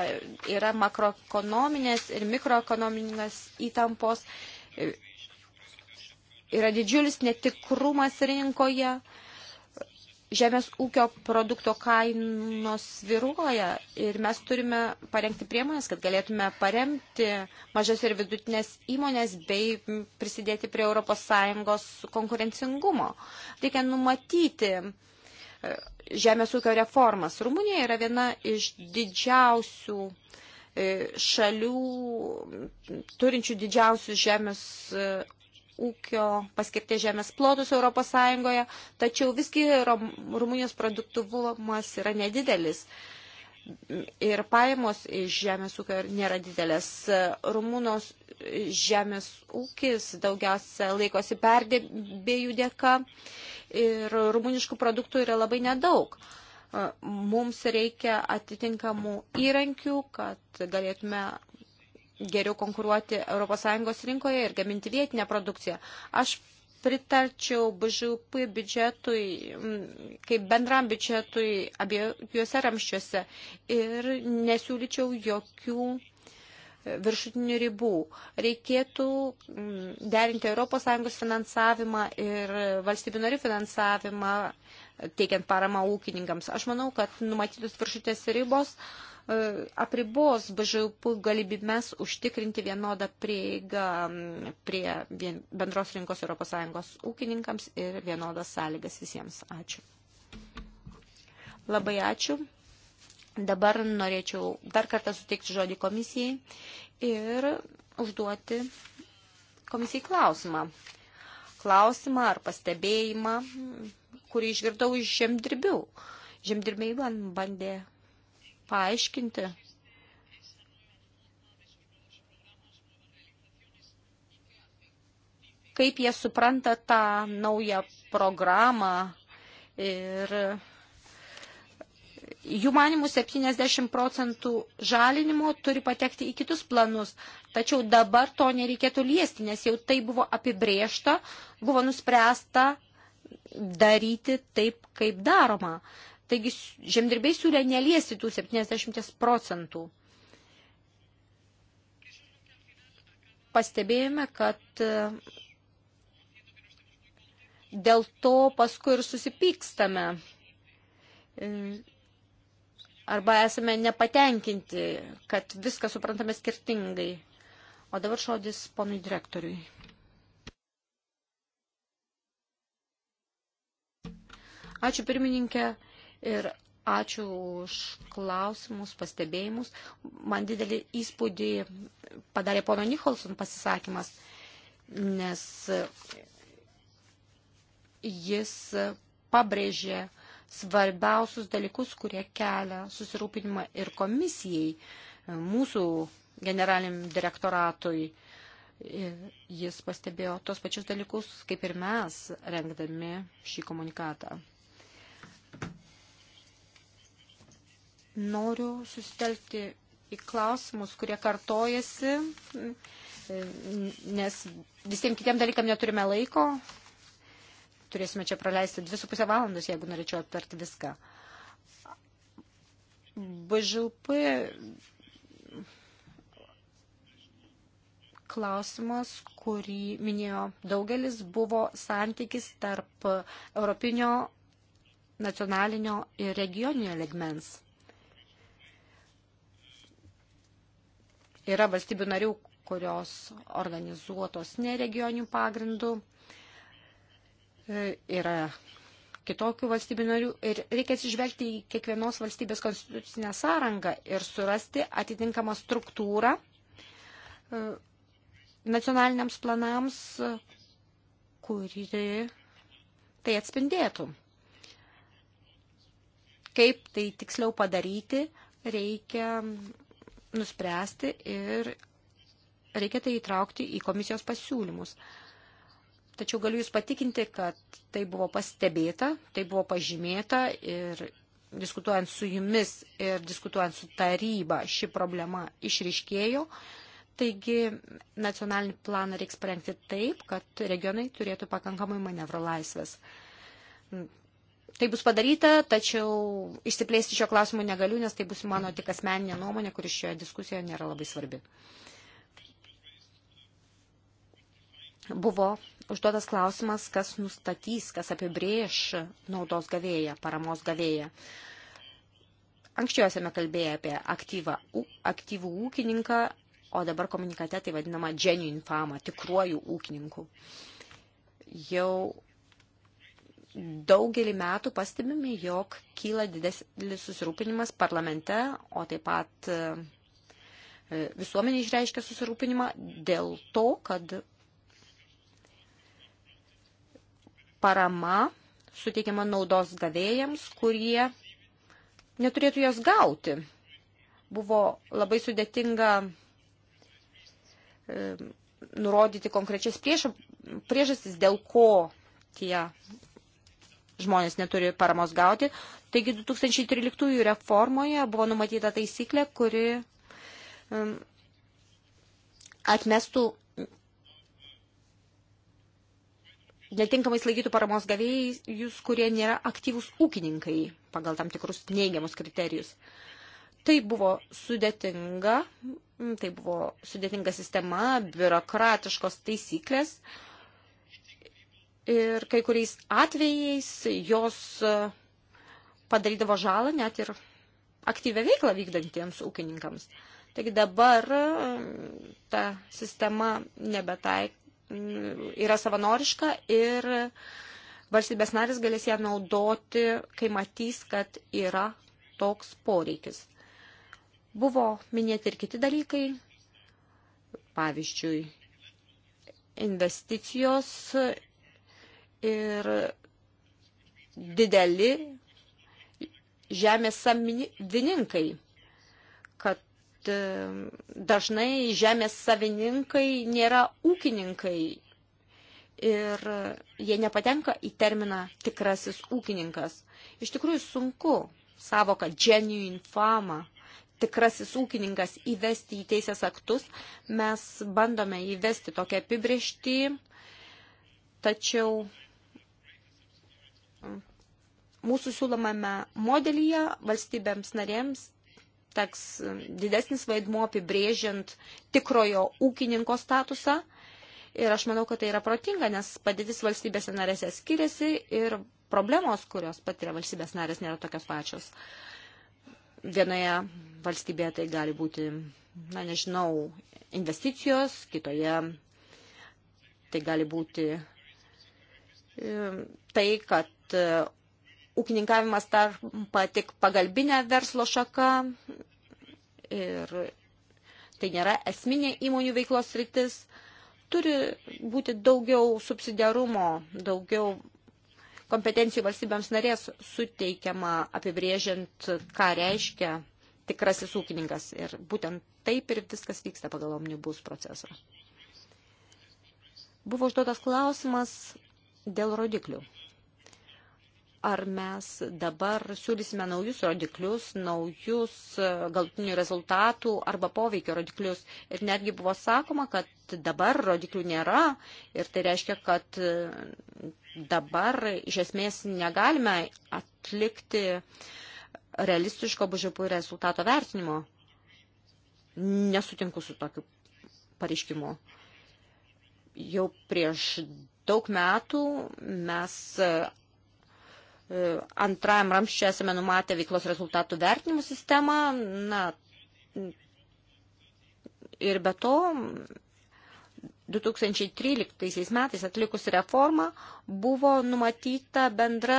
yra makroekonominės ir mikroekonominės įtampos, e, yra didžiulis netikrumas rinkoje, žemės ūkio produkto kainos sviruoja ir mes turime parengti priemonės, kad galėtume paremti mažas ir vidutinės įmonės bei prisidėti prie ES konkurencingumo. Reikia numatyti uh, žemės ūkio reformas. Rumunija yra viena iš didžiausių e, šalių, turinčių didžiausius žemės e, ūkio paskirtė žemės plotus Europos Sąjungoje, tačiau visgi Rumunijos produktuvumas yra nedidelis ir pajamos iš žemės ūkio nėra didelės. Rumunos žemės ūkis daugiausia laikosi perdėbėjų dėka ir rumuniškų produktų yra labai nedaug. Mums reikia atitinkamų įrankių, kad galėtume geriau konkuruoti ES rinkoje ir gaminti vietinę produkciją. Aš pritarčiau BŽUP biudžetui, kaip bendram biudžetui abiejose ramščiuose ir nesiūlyčiau jokių viršutinių ribų. Reikėtų mm, derinti ES finansavimą ir valstybių narių finansavimą, teikiant paramą ūkininkams. Aš manau, kad numatytos viršutės ribos e, apribos BŽUP galimybės užtikrinti vienodą prieigą mm, prie bendros rinkos ES ūkininkams ir vienodas sąlygas visiems. Ačiū. Labai ačiū. Dabar norėčiau dar kartą suteikti žodį komisijai ir užduoti komisijai klausimą. Klausimą ar pastebėjimą, kurį išgirdau iš žemdirbių. Žemdirbiai man bandė paaiškinti, kaip jie supranta tą naują programą ir Jų manimų 70 procentų žalinimo turi patekti į kitus planus, tačiau dabar to nereikėtų liesti, nes jau tai buvo apibriešta, buvo nuspręsta daryti taip, kaip daroma. Taigi žemdirbiai siūlė neliesti tų 70 procentų. Pastebėjome, kad e, dėl to paskui ir susipykstame. E, arba esame nepatenkinti, kad viską suprantame skirtingai. O dabar šodis ponui direktoriui. Ačiū pirmininkė ir ačiū už klausimus, pastebėjimus. Man didelį įspūdį padarė pono Nicholson pasisakymas, nes jis pabrėžė, svarbiausius dalykus, kurie kelia susirūpinimą ir komisijai, e, mūsų generaliniam direktoratui. Jis pastebėjo tos pačius dalykus, kaip ir mes, rengdami šį komunikatą. Noriu susitelkti į klausimus, kurie kartojasi, e, nes visiems kitiem dalykam neturime laiko, turėsime čia praleisti 2,5 valandos, jeigu norėčiau aptarti viską. BŽP klausimas, kurį minėjo daugelis, buvo santykis tarp europinio, nacionalinio ir regioninio legmens. Yra valstybių narių, kurios organizuotos neregionių pagrindų, yra kitokių valstybių narių ir reikia atsižvelgti į kiekvienos valstybės konstitucinę sąrangą ir surasti atitinkamą struktūrą e, nacionaliniams planams, kuri tai atspindėtų. Kaip tai tiksliau padaryti, reikia nuspręsti ir reikia tai įtraukti į komisijos pasiūlymus. Tačiau galiu Jūs patikinti, kad tai buvo pastebėta, tai buvo pažymėta ir diskutuojant su Jumis ir diskutuojant su taryba ši problema išriškėjo. Taigi nacionalinį planą reiks parengti taip, kad regionai turėtų pakankamai manevro laisvės. Tai bus padaryta, tačiau išsiplėsti šio klausimo negaliu, nes tai bus mano tik asmeninė nuomonė, kuris šioje diskusijoje nėra labai svarbi. Uh, buvo užduotas klausimas, kas nustatys, kas apibrėž naudos gavėją, paramos gavėją. Anksčiau esame kalbėję apie aktyvą, aktyvų ūkininką, o dabar komunikate tai vadinama genuine fama, tikruoju ūkininku. Jau daugelį metų pastebime, jog kyla didelis susirūpinimas parlamente, o taip pat e, visuomenė išreiškia susirūpinimą dėl to, kad parama suteikiama naudos gavėjams, kurie neturėtų jas gauti. Buvo labai sudėtinga e, nurodyti konkrečias prieš, priežastis, dėl ko tie žmonės neturi paramos gauti. Taigi 2013 reformoje buvo numatyta taisyklė, kuri um, atmestų netinkamai slaikytų paramos gavėjus, kurie nėra aktyvus ūkininkai pagal tam tikrus neigiamus kriterijus. Tai buvo sudėtinga, tai buvo sudėtinga sistema, biurokratiškos taisyklės ir kai kuriais atvejais jos e, padarydavo žalą net ir aktyvę veiklą vykdantiems ūkininkams. Taigi dabar e, ta sistema nebetaik Mm, yra savanoriška ir valstybės narės galės ją naudoti, kai matys, kad yra toks poreikis. Buvo minėti ir kiti dalykai, pavyzdžiui, investicijos ir dideli žemės samvininkai, kad E, dažnai žemės savininkai nėra ūkininkai ir jie nepatenka į terminą tikrasis ūkininkas. Iš tikrųjų sunku savoką genuine farmą, tikrasis ūkininkas įvesti į teisės aktus. Mes bandome įvesti tokią apibriežtį, tačiau mm, mūsų siūlomame modelyje valstybėms narėms teks didesnis vaidmuo apibrėžiant tikrojo ūkininko statusą. Ir aš manau, kad tai yra protinga, nes padėtis valstybėse narėse skiriasi ir problemos, kurios patiria valstybės narės, nėra tokios pačios. Vienoje valstybėje tai gali būti, na nežinau, investicijos, kitoje tai gali būti e, tai, kad e, ūkininkavimas tampa tik pagalbinė verslo šaka ir tai nėra esminė įmonių veiklos rytis. Turi būti daugiau subsidiarumo, daugiau kompetencijų valstybėms narės suteikiama apibrėžiant, ką reiškia tikrasis ūkininkas. Ir būtent taip ir viskas vyksta pagal omnibus procesą. Buvo užduotas klausimas dėl rodiklių ar mes dabar siūlysime naujus rodiklius, naujus e, galtinių rezultatų arba poveikio rodiklius. Ir netgi buvo sakoma, kad dabar rodiklių nėra ir tai reiškia, kad e, dabar iš esmės negalime atlikti realistiško BŽP rezultato vertinimo. Nesutinku su tokiu pareiškimu. Jau prieš daug metų mes E, antrajam ramščiui esame numatę veiklos rezultatų vertinimų sistemą. Na, ir be to, 2013 metais atlikus reformą buvo numatyta bendra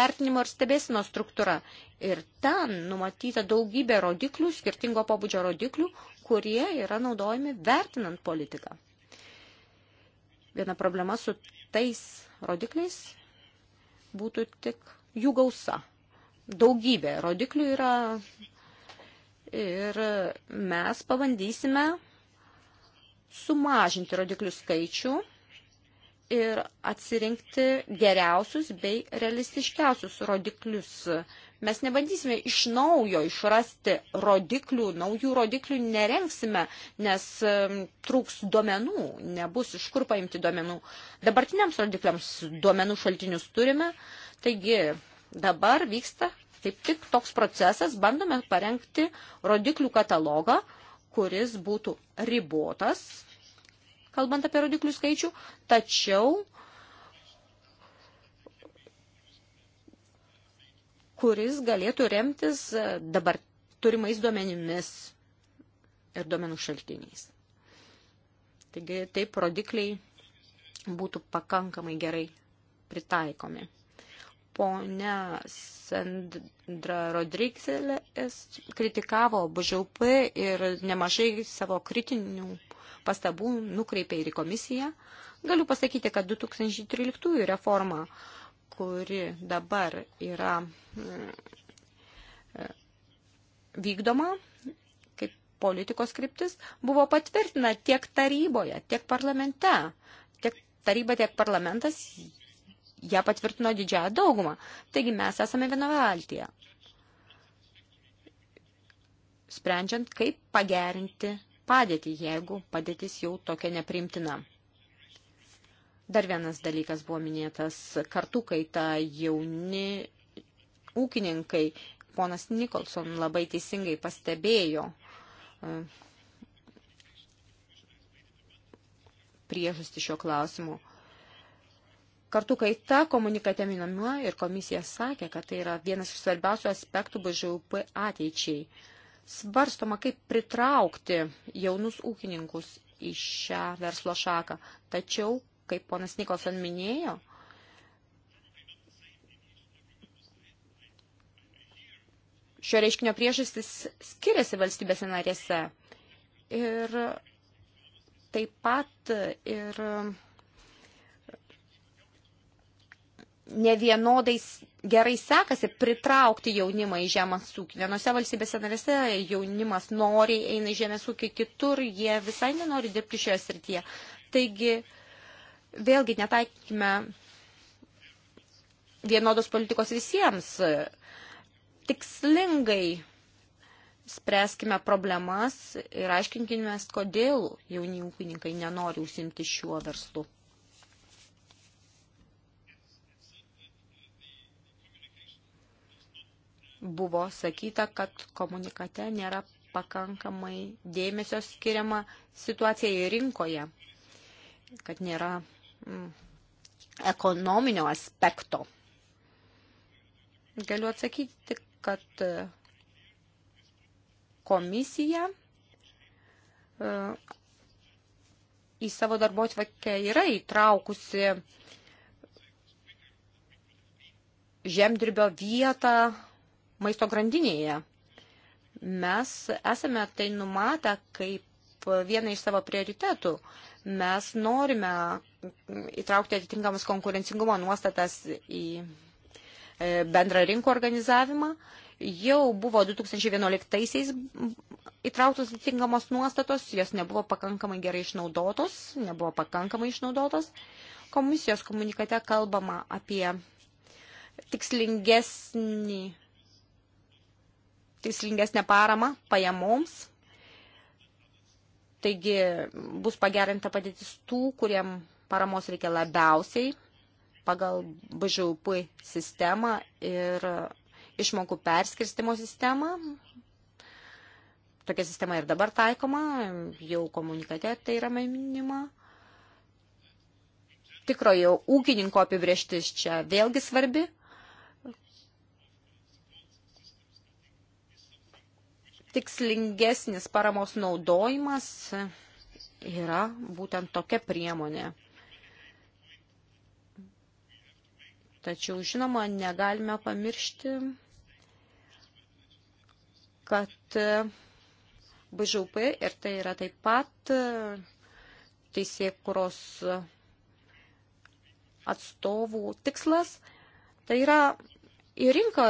vertinimo ir stebėsino struktūra. Ir ten numatyta daugybė rodiklių, skirtingo pobūdžio rodiklių, kurie yra naudojami vertinant politiką. Viena problema su tais rodikliais būtų tik jų gausa. Daugybė rodiklių yra ir mes pabandysime sumažinti rodiklių skaičių ir atsirinkti geriausius bei realistiškiausius rodiklius Mes nebandysime iš naujo išrasti rodiklių, naujų rodiklių nerenksime, nes trūks duomenų, nebus iš kur paimti duomenų. Dabartiniams rodikliams duomenų šaltinius turime, taigi dabar vyksta Taip tik toks procesas, bandome parengti rodiklių katalogą, kuris būtų ribotas, kalbant apie rodiklių skaičių, tačiau kuris galėtų remtis e, dabar turimais duomenimis ir duomenų šaltiniais. Taigi taip rodikliai būtų pakankamai gerai pritaikomi. Pone Sandra Rodrikselės kritikavo BŽP ir nemažai savo kritinių pastabų nukreipė ir į komisiją. Galiu pasakyti, kad 2013 reforma uh, kuri dabar yra mm, e, vykdoma kaip politikos kryptis, buvo patvirtina tiek taryboje, tiek parlamente. Tiek taryba, tiek parlamentas ją patvirtino didžiąją daugumą. Taigi mes esame vienoje valtyje. Sprendžiant, kaip pagerinti padėtį, jeigu padėtis jau tokia neprimtina. Dar vienas dalykas buvo minėtas kartų kaita jauni ūkininkai. Ponas Nikolson labai teisingai pastebėjo e, priežastį šio klausimo. Kartu kaita komunikate minama ir komisija sakė, kad tai yra vienas iš svarbiausių aspektų BŽUP ateičiai. Svarstoma, kaip pritraukti jaunus ūkininkus į šią verslo šaką, tačiau kaip ponas Nikolson minėjo, šio reiškinio priežastis skiriasi valstybėse narėse. Ir taip pat ir nevienodais gerai sekasi pritraukti jaunimą į žemės ūkį. Vienose valstybėse narėse jaunimas nori, eina į žemės ūkį, kitur jie visai nenori dirbti šioje srityje. Taigi, uh, vėlgi netaikykime vienodos politikos visiems. Tikslingai spręskime problemas ir aiškinkime, kodėl jauni ūkininkai nenori užsimti šiuo verslu. Buvo sakyta, kad komunikate nėra pakankamai dėmesio skiriama situacijai rinkoje, kad nėra ekonominio aspekto. Galiu atsakyti, kad e, komisija e, į savo darbo atvakę yra įtraukusi žemdirbio vietą maisto grandinėje. Mes esame tai numatę kaip vieną iš savo prioritetų. Mes norime, įtraukti atitinkamas konkurencingumo nuostatas į e, bendrą rinkų organizavimą. Jau buvo 2011-aisiais įtrauktos atitinkamos nuostatos, jos nebuvo pakankamai gerai išnaudotos, nebuvo pakankamai išnaudotos. Komisijos komunikate kalbama apie tikslingesnį, tikslingesnę paramą pajamoms. Taigi bus pagerinta padėtis tų, kuriem paramos reikia labiausiai pagal BŽUP sistemą ir išmokų perskirstimo sistemą. Tokia sistema ir dabar taikoma, jau komunikate tai yra minima. Tikrojo ūkininko apibrieštis čia vėlgi svarbi. Tikslingesnis paramos naudojimas yra būtent tokia priemonė. Tačiau, žinoma, negalime pamiršti, kad e, BŽP ir tai yra taip pat e, teisėkuros atstovų tikslas, tai yra į rinką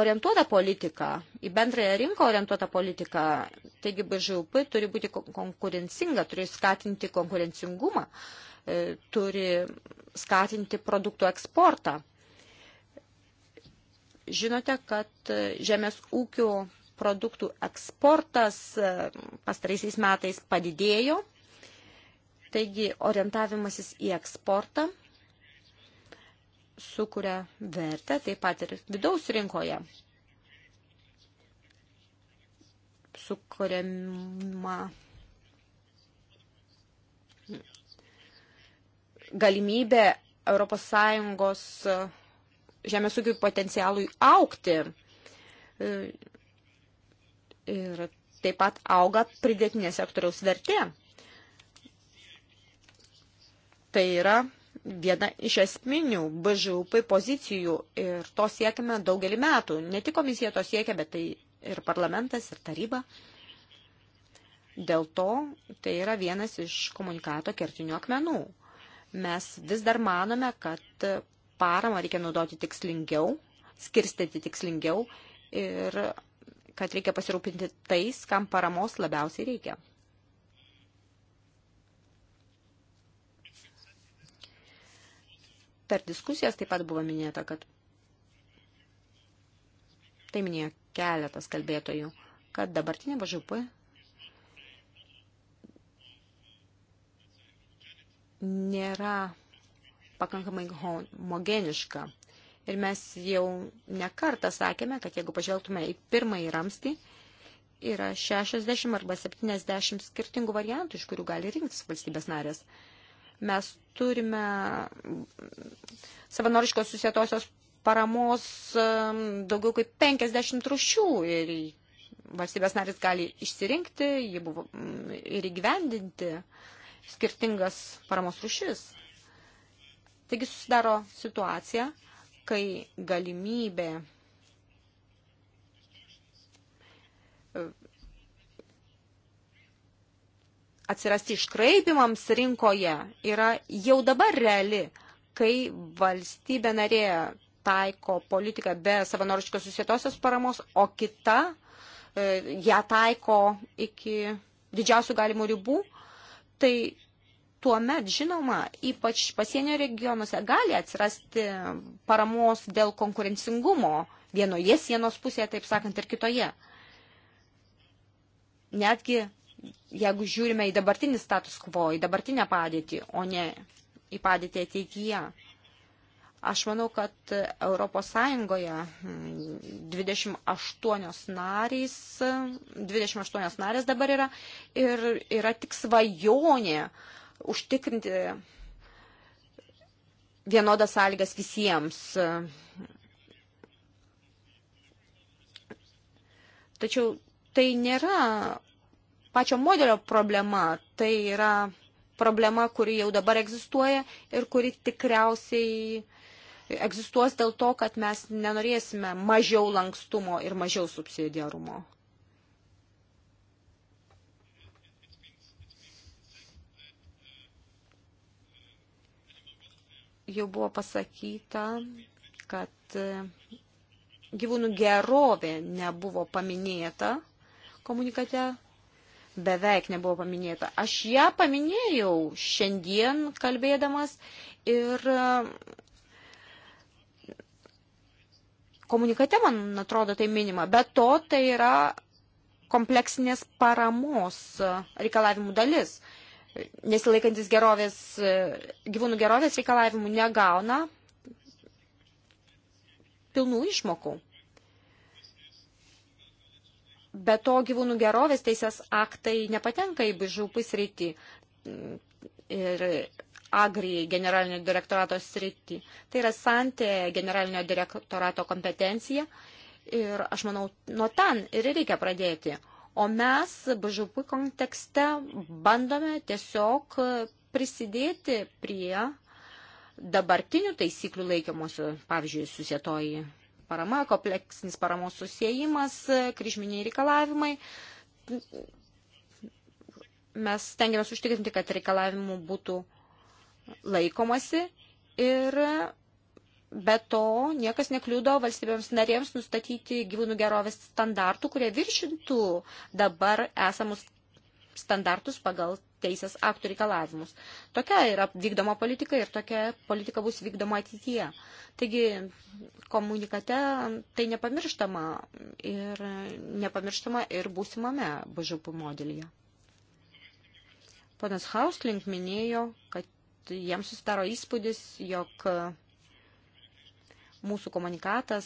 orientuota politika, į bendrąją rinką orientuota politika. Taigi BŽUP turi būti konkurencinga, turi skatinti konkurencingumą. E, turi skatinti produktų eksportą. Žinote, kad e, žemės ūkio produktų eksportas e, pastaraisiais metais padidėjo, taigi orientavimasis į eksportą sukuria vertę taip pat ir vidaus rinkoje. sukuriama galimybė ES e, žemės ūkių potencialui aukti. E, ir taip pat auga pridėtinė sektoriaus vertė. Tai yra viena iš esminių BŽUP pozicijų ir to siekime daugelį metų. Ne tik komisija to siekia, bet tai ir parlamentas, ir taryba. Dėl to tai yra vienas iš komunikato kertinių akmenų. Mes vis dar manome, kad paramą reikia naudoti tikslingiau, skirstyti tikslingiau ir kad reikia pasirūpinti tais, kam paramos labiausiai reikia. Per diskusijas taip pat buvo minėta, kad tai minėjo keletas kalbėtojų, kad dabartinė BŽP nėra pakankamai homogeniška. Ir mes jau nekartą sakėme, kad jeigu pažvelgtume į pirmąjį ramstį, yra 60 arba 70 skirtingų variantų, iš kurių gali rinktis valstybės narės. Mes turime savanoriškos susietosios paramos um, daugiau kaip 50 rušių ir valstybės narės gali išsirinkti, jį buvo mm, ir įgyvendinti. Uh, skirtingas paramos rušis. Taigi susidaro situacija, kai galimybė e, atsirasti iškraipimams rinkoje yra jau dabar reali, kai valstybė narė taiko politiką be savanoriškos susietosios paramos, o kita e, ją taiko iki didžiausių galimų ribų, tai tuomet, žinoma, ypač pasienio regionuose gali atsirasti paramos dėl konkurencingumo vienoje sienos pusėje, taip sakant, ir kitoje. Netgi, jeigu žiūrime į dabartinį status quo, į dabartinę padėtį, o ne į padėtį ateityje. Aš manau, kad Europos Sąjungoje 28 mm, narys, 28 narės dabar yra ir yra tik svajonė užtikrinti vienodas sąlygas visiems. Tačiau tai nėra pačio modelio problema, tai yra problema, kuri jau dabar egzistuoja ir kuri tikriausiai egzistuos dėl to, kad mes nenorėsime mažiau lankstumo ir mažiau subsidiarumo. Jau buvo pasakyta, kad e, gyvūnų gerovė nebuvo paminėta komunikate beveik nebuvo paminėta. Aš ją paminėjau šiandien kalbėdamas ir e, komunikate, man atrodo, tai minima. Be to, tai yra kompleksinės paramos reikalavimų dalis. Nesilaikantis gerovės, e, gyvūnų gerovės reikalavimų negauna pilnų išmokų. Be to gyvūnų gerovės teisės aktai nepatenka į BŽUP sritį ir Agri generalinio direktorato sritį. Tai yra Santė generalinio direktorato kompetencija ir aš manau, nuo ten ir reikia pradėti. O mes BŽUP kontekste bandome tiesiog prisidėti prie dabartinių taisyklių laikymusių, pavyzdžiui, susietoji parama, kompleksinis paramos susijimas, kryžminiai reikalavimai. Mes stengiamės užtikrinti, kad reikalavimų būtų laikomasi ir be to niekas nekliudo valstybėms narėms nustatyti gyvūnų gerovės standartų, kurie viršintų dabar esamus standartus pagal teisės aktų reikalavimus. Tokia yra vykdoma politika ir tokia politika bus vykdoma ateityje. Taigi komunikate tai nepamirštama ir nepamirštama ir būsimame BŽP modelyje. Ponas Hauslink minėjo, kad jam susidaro įspūdis, jog mūsų komunikatas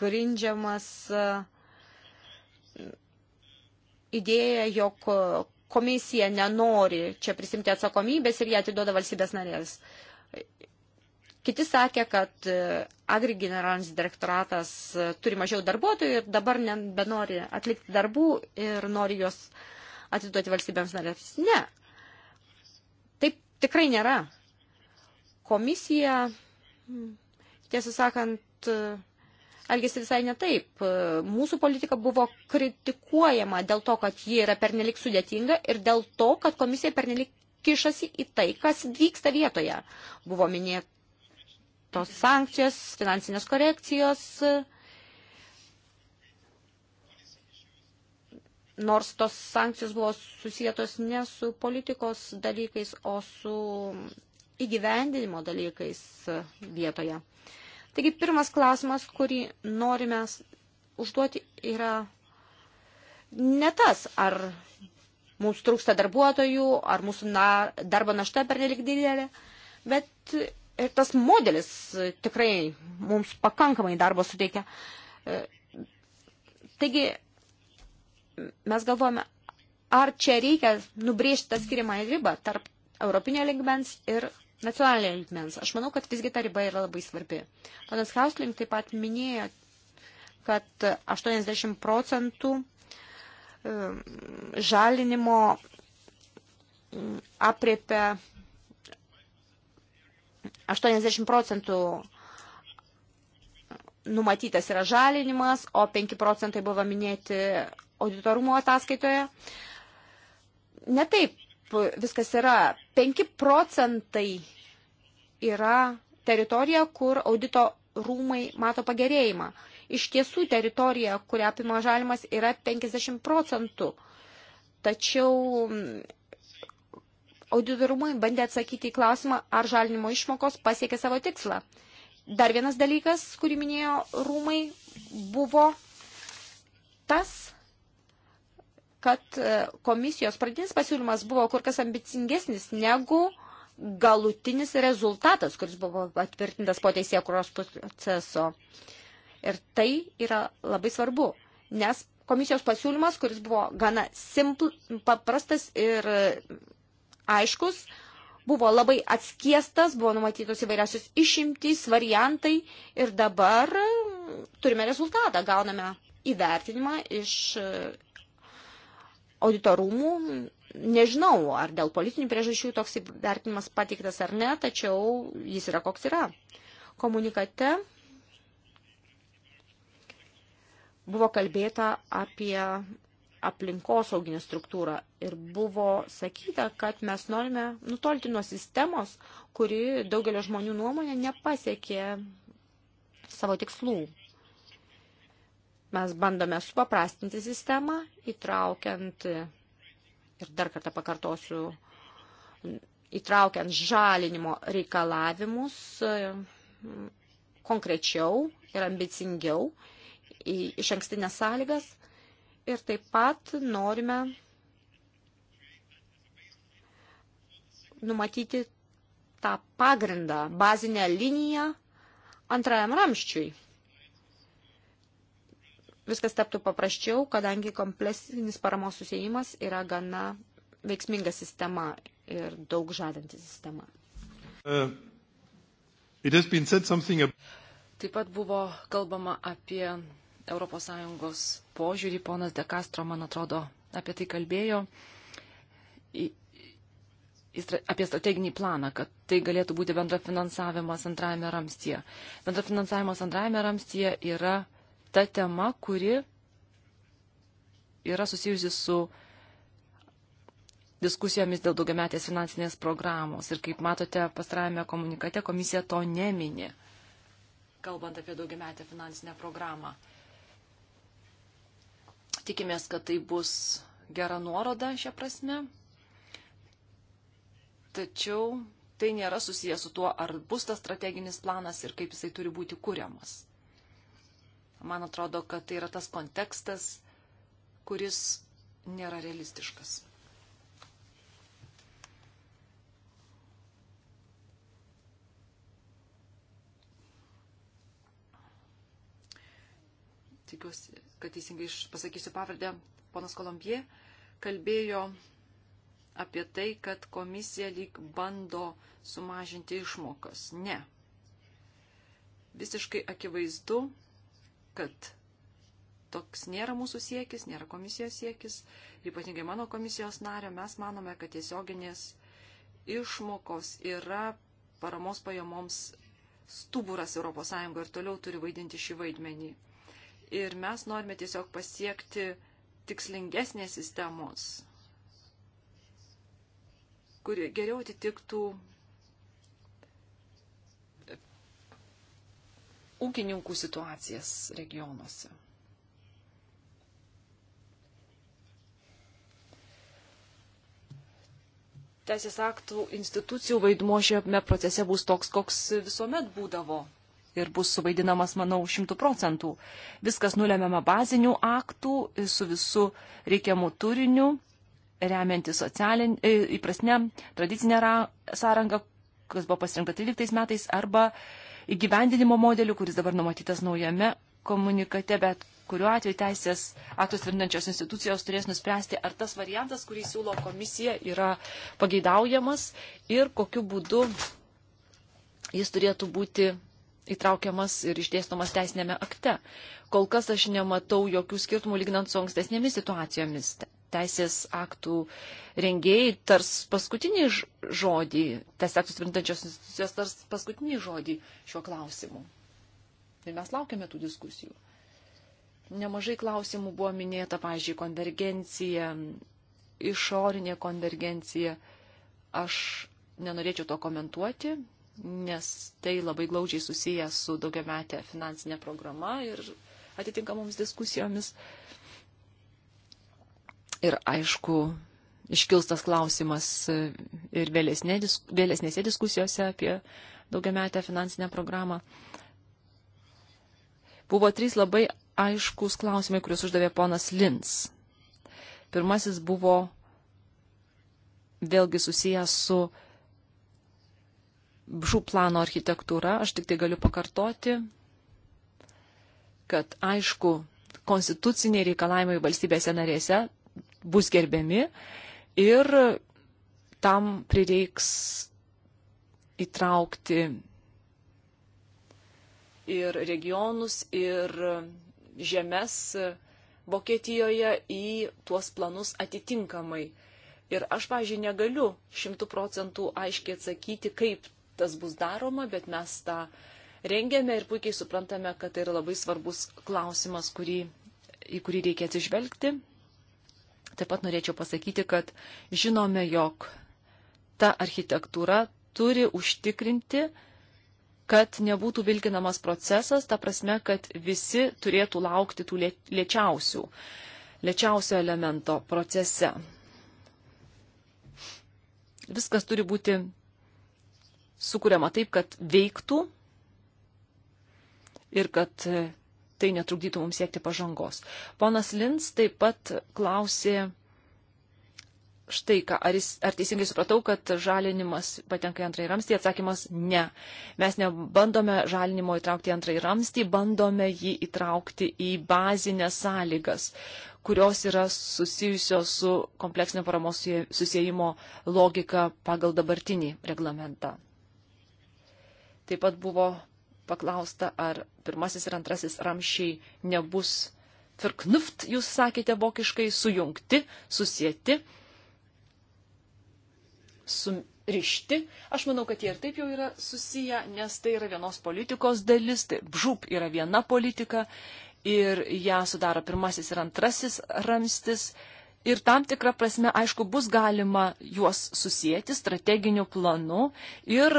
grindžiamas uh, idėja, jog komisija nenori čia prisimti atsakomybės ir jie atiduoda valstybės narės. Kiti sakė, kad e, Agri generalinis direktoratas e, turi mažiau darbuotojų ir dabar nebenori atlikti darbų ir nori juos atiduoti valstybėms narėms. Ne. Taip tikrai nėra. Komisija, tiesą sakant, e, elgėsi visai netaip. Mūsų politika buvo kritikuojama dėl to, kad ji yra pernelik sudėtinga ir dėl to, kad komisija pernelik kišasi į tai, kas vyksta vietoje. Buvo minėtos sankcijos, finansinės korekcijos. Nors tos sankcijos buvo susijėtos ne su politikos dalykais, o su įgyvendinimo dalykais vietoje. Taigi pirmas klausimas, kurį norime užduoti, yra ne tas, ar mums trūksta darbuotojų, ar mūsų na, darbo našta per nelik didelė, bet ir tas modelis tikrai mums pakankamai darbo suteikia. E, taigi, mes galvojame, ar čia reikia nubrėžti tą skiriamą ribą tarp europinio ligmens ir nacionalinio lygmens. Aš manau, kad visgi ta riba yra labai svarbi. Panas Hausling taip pat minėjo, kad 80 procentų um, žalinimo um, apriepia 80 procentų um, numatytas yra žalinimas, o 5 procentai buvo minėti auditorumo ataskaitoje. Ne taip viskas yra. 5 procentai yra teritorija, kur audito rūmai mato pagerėjimą. Iš tiesų teritorija, kurią apima žalimas, yra 50 procentų. Tačiau mm, auditorumai bandė atsakyti į klausimą, ar žalinimo išmokos pasiekė savo tikslą. Dar vienas dalykas, kurį minėjo rūmai, buvo tas, kad e, komisijos pradinis pasiūlymas buvo kur kas ambicingesnis negu galutinis rezultatas, kuris buvo patvirtintas po teisėkuros proceso. Ir tai yra labai svarbu, nes komisijos pasiūlymas, kuris buvo gana simpl, paprastas ir e, aiškus, buvo labai atskiestas, buvo numatytos įvairiausios išimtys, variantai ir dabar turime rezultatą, gauname įvertinimą iš e, auditorumų, nežinau, ar dėl politinių priežasčių toks vertinimas pateiktas ar ne, tačiau jis yra koks yra. Komunikate buvo kalbėta apie aplinkosauginę struktūrą ir buvo sakyta, kad mes norime nutolti nuo sistemos, kuri daugelio žmonių nuomonė nepasiekė savo tikslų. Mes bandome supaprastinti sistemą, įtraukiant, ir dar kartą pakartosiu, įtraukiant žalinimo reikalavimus konkrečiau ir ambicingiau į iš ankstinės sąlygas. Ir taip pat norime numatyti tą pagrindą, bazinę liniją antrajam ramščiui viskas taptų paprasčiau, kadangi kompleksinis paramos susijimas yra gana veiksminga sistema ir daug žadanti sistema. Uh, something... Taip pat buvo kalbama apie ES požiūrį, ponas De Castro, man atrodo, apie tai kalbėjo, į, į, apie strateginį planą, kad tai galėtų būti bendrafinansavimas antrajame ramstyje. Bendrafinansavimas antrajame ramstyje yra ta tema, kuri yra susijusi su diskusijomis dėl daugiametės finansinės programos. Ir kaip matote, pastarajame komunikate komisija to nemini, kalbant apie daugiametę finansinę programą. Tikimės, kad tai bus gera nuoroda šią prasme. Tačiau tai nėra susijęs su tuo, ar bus tas strateginis planas ir kaip jisai turi būti kuriamas. Man atrodo, kad tai yra tas kontekstas, kuris nėra realistiškas. tikiuosi, kad teisingai pasakysiu pavardę, ponas Kolombie kalbėjo apie tai, kad komisija lyg bando sumažinti išmokas. Ne. Visiškai akivaizdu, kad toks nėra mūsų siekis, nėra komisijos siekis, ypatingai mano komisijos nario, mes manome, kad tiesioginės išmokos yra paramos pajamoms stuburas ES ir toliau turi vaidinti šį vaidmenį. Ir mes norime tiesiog pasiekti tikslingesnės sistemos, kuri geriau atitiktų ūkininkų situacijas regionuose. Teisės aktų institucijų vaidmuo šiame procese bus toks, koks visuomet būdavo ir bus suvaidinamas, manau, šimtų procentų. Viskas nulemiama bazinių aktų su visu reikiamu turiniu, remianti e, įprasne tradicinę sąrangą, kas buvo pasirinkta 13 metais, arba įgyvendinimo modeliu, kuris dabar numatytas naujame komunikate, bet kuriuo atveju teisės aktus tvirtinančios institucijos turės nuspręsti, ar tas variantas, kurį siūlo komisija, yra pageidaujamas ir kokiu būdu jis turėtų būti įtraukiamas ir išdėstomas teisinėme akte. Kol kas aš nematau jokių skirtumų lyginant su ankstesnėmis situacijomis teisės aktų rengėjai tars paskutinį žodį, teisės aktų sprendančios institucijos tars paskutinį žodį šiuo klausimu. Ir mes laukiame tų diskusijų. Nemažai klausimų buvo minėta, pažiūrėjau, konvergencija, išorinė konvergencija. Aš nenorėčiau to komentuoti, nes tai labai glaudžiai susiję su daugiametė finansinė programa ir atitinkamoms diskusijomis. Uh, Ir aišku, iškilstas klausimas ir vėlesnė, vėlesnėse diskusijose apie daugiametę finansinę programą. Buvo trys labai aiškus klausimai, kuriuos uždavė ponas Lins. Pirmasis buvo vėlgi susijęs su žų plano architektūra. Aš tik tai galiu pakartoti, kad aišku, konstituciniai reikalavimai valstybėse narėse bus gerbiami ir tam prireiks įtraukti ir regionus, ir žemės Vokietijoje į tuos planus atitinkamai. Ir aš, pažiūrėjau, negaliu šimtų procentų aiškiai atsakyti, kaip tas bus daroma, bet mes tą rengėme ir puikiai suprantame, kad tai yra labai svarbus klausimas, kurį, į kurį reikia atsižvelgti taip pat norėčiau pasakyti, kad žinome, jog ta architektūra turi užtikrinti, kad nebūtų vilkinamas procesas, ta prasme, kad visi turėtų laukti tų lėčiausių, lėčiausio elemento procese. Viskas turi būti sukūriama taip, kad veiktų ir kad tai netrukdytų mums siekti pažangos. Ponas Lins taip pat klausė štai ką, ar, jis, ar teisingai supratau, kad žalinimas patenka į antrąjį ramstį, atsakymas ne. Mes nebandome žalinimo įtraukti į antrąjį ramstį, bandome jį įtraukti į bazinės sąlygas, kurios yra susijusios su kompleksinio paramos susijimo logika pagal dabartinį reglamentą. Taip pat buvo paklausta, ar pirmasis ir antrasis ramšiai nebus firknuft, jūs sakėte vokiškai, sujungti, susieti, surišti. Aš manau, kad jie ir taip jau yra susiję, nes tai yra vienos politikos dalis, tai bžūp yra viena politika ir ją sudaro pirmasis ir antrasis ramstis. Ir tam tikrą prasme, aišku, bus galima juos susijęti strateginiu planu ir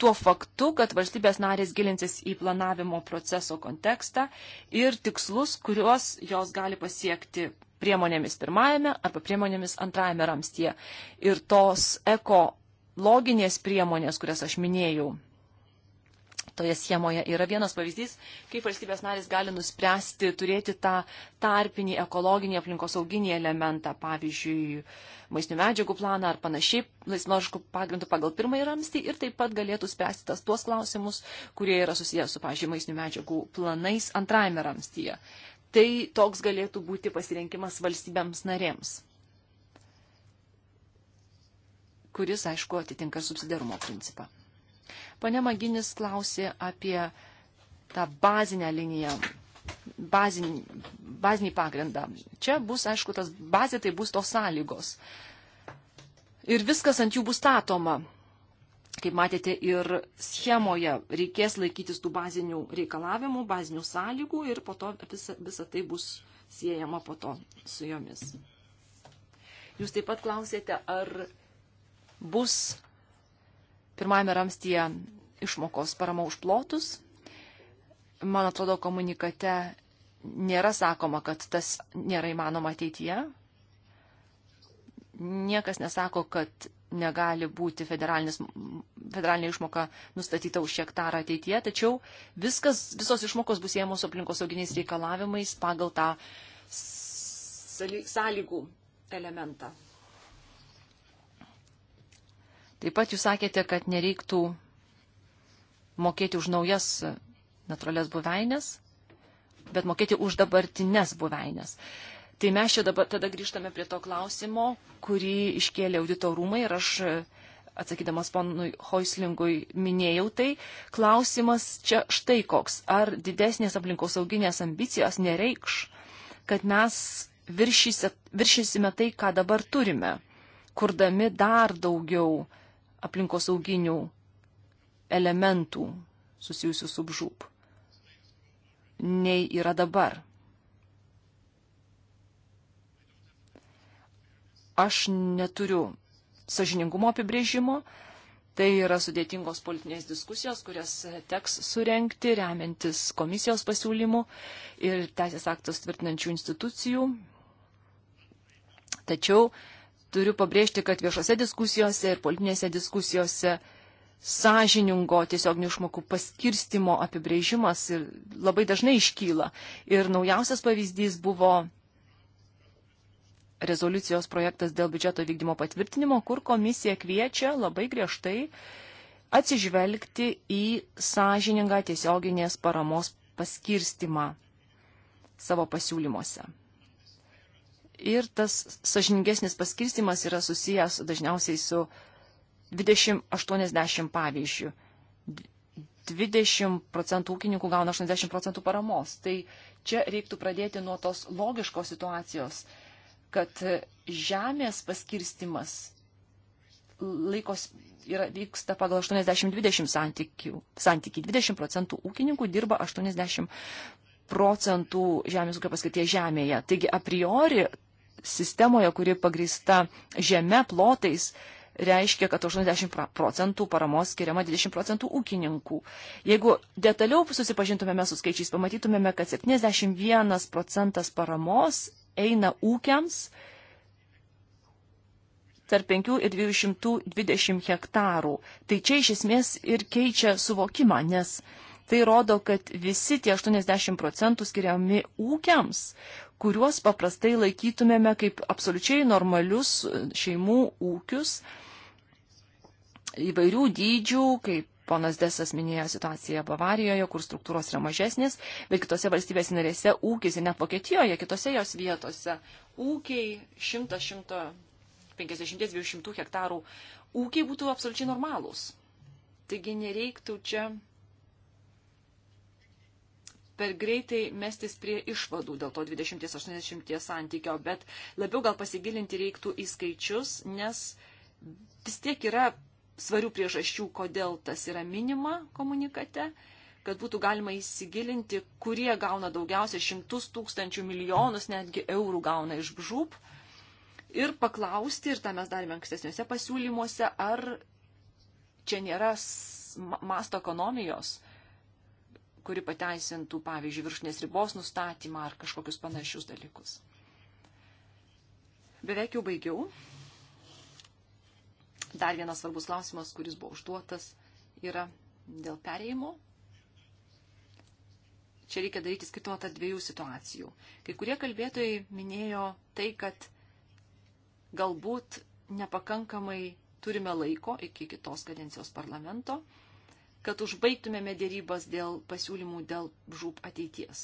tuo faktu, kad valstybės narės gilinsis į planavimo proceso kontekstą ir tikslus, kuriuos jos gali pasiekti priemonėmis pirmajame arba priemonėmis antrajame ramstie. Ir tos ekologinės priemonės, kurias aš minėjau, toje schemoje yra vienas pavyzdys, kaip valstybės narys gali nuspręsti turėti tą tarpinį ekologinį aplinkosauginį elementą, pavyzdžiui, maistinių medžiagų planą ar panašiai, laisvanoriškų pagrindų pagal pirmąjį ramstį ir taip pat galėtų spręsti tas tuos klausimus, kurie yra susijęs su, pavyzdžiui, maistinių medžiagų planais antrajame ramstyje. Tai toks galėtų būti pasirinkimas valstybėms narėms kuris, aišku, atitinka subsidarumo principą. Pane Maginis klausė apie tą bazinę liniją, bazinį, bazinį pagrindą. Čia bus, aišku, tas bazė tai bus tos sąlygos. Ir viskas ant jų bus statoma. Kaip matėte ir schemoje, reikės laikytis tų bazinių reikalavimų, bazinių sąlygų ir po to visa, visa tai bus siejama po to su jomis. Jūs taip pat klausėte, ar bus Pirmajame ramstyje išmokos parama už plotus. Man atrodo, komunikate nėra sakoma, kad tas nėra įmanoma ateityje. Niekas nesako, kad negali būti federalinė išmoka nustatyta už hektarą ateityje, tačiau viskas, visos išmokos bus siejamos su aplinkosauginiais reikalavimais pagal tą sąlygų elementą. Taip pat jūs sakėte, kad nereiktų mokėti už naujas natūralias buveinės, bet mokėti už dabartinės buveinės. Tai mes čia dabar tada grįžtame prie to klausimo, kurį iškėlė auditorumai ir aš e, atsakydamas ponui Hoislingui minėjau tai. Klausimas čia štai koks. Ar didesnės aplinkosauginės ambicijos nereikš, kad mes viršysime tai, ką dabar turime, kurdami dar daugiau aplinkosauginių elementų susijusių su bžūp, nei yra dabar. Aš neturiu sažiningumo apibrėžimo, Tai yra sudėtingos politinės diskusijos, kurias teks surenkti, remiantis komisijos pasiūlymų ir teisės aktos tvirtinančių institucijų. Tačiau turiu pabrėžti, kad viešose diskusijose ir politinėse diskusijose sąžiningo tiesioginių išmokų paskirstimo apibrėžimas labai dažnai iškyla. Ir naujausias pavyzdys buvo rezoliucijos projektas dėl biudžeto vykdymo patvirtinimo, kur komisija kviečia labai griežtai atsižvelgti į sąžiningą tiesioginės paramos paskirstimą savo pasiūlymuose ir tas sažiningesnis paskirstimas yra susijęs dažniausiai su 20-80 pavyzdžių. 20 procentų ūkininkų gauna 80 procentų paramos. Tai čia reiktų pradėti nuo tos logiškos situacijos, kad žemės paskirstimas laikos yra, vyksta pagal 80-20 santykių. Santykiai 20 procentų ūkininkų dirba 80 procentų žemės ūkio paskirties žemėje. Taigi a priori sistemoje, kuri pagrįsta žeme plotais, reiškia, kad 80 procentų paramos skiriama 20 procentų ūkininkų. Jeigu detaliau susipažintumėme su skaičiais, pamatytumėme, kad 71 procentas paramos eina ūkiams tarp 5 ir 220 hektarų. Tai čia iš esmės ir keičia suvokimą, nes tai rodo, kad visi tie 80 procentų skiriami ūkiams, kuriuos paprastai laikytumėme kaip absoliučiai normalius šeimų ūkius įvairių dydžių, kaip ponas Desas minėjo situaciją Bavarijoje, kur struktūros yra mažesnės, bet kitose valstybės narėse ūkis ir net Vokietijoje, kitose jos vietose ūkiai 100-150-200 hektarų ūkiai būtų absoliučiai normalūs. Taigi nereiktų čia per greitai mestis prie išvadų dėl to 20-80 santykio, bet labiau gal pasigilinti reiktų į skaičius, nes vis tiek yra svarių priežasčių, kodėl tas yra minima komunikate kad būtų galima įsigilinti, kurie gauna daugiausia šimtus tūkstančių milijonus, netgi eurų gauna iš žūp ir paklausti, ir tą mes darėme ankstesniuose pasiūlymuose, ar čia nėra masto ekonomijos, kuri pateisintų, pavyzdžiui, viršnės ribos nustatymą ar kažkokius panašius dalykus. Beveik jau baigiau. Dar vienas svarbus klausimas, kuris buvo užduotas, yra dėl pereimo. Čia reikia daryti skirtumą tarp dviejų situacijų. Kai kurie kalbėtojai minėjo tai, kad galbūt nepakankamai turime laiko iki kitos kadencijos parlamento kad užbaigtumėme dėrybas dėl pasiūlymų dėl žūb ateities.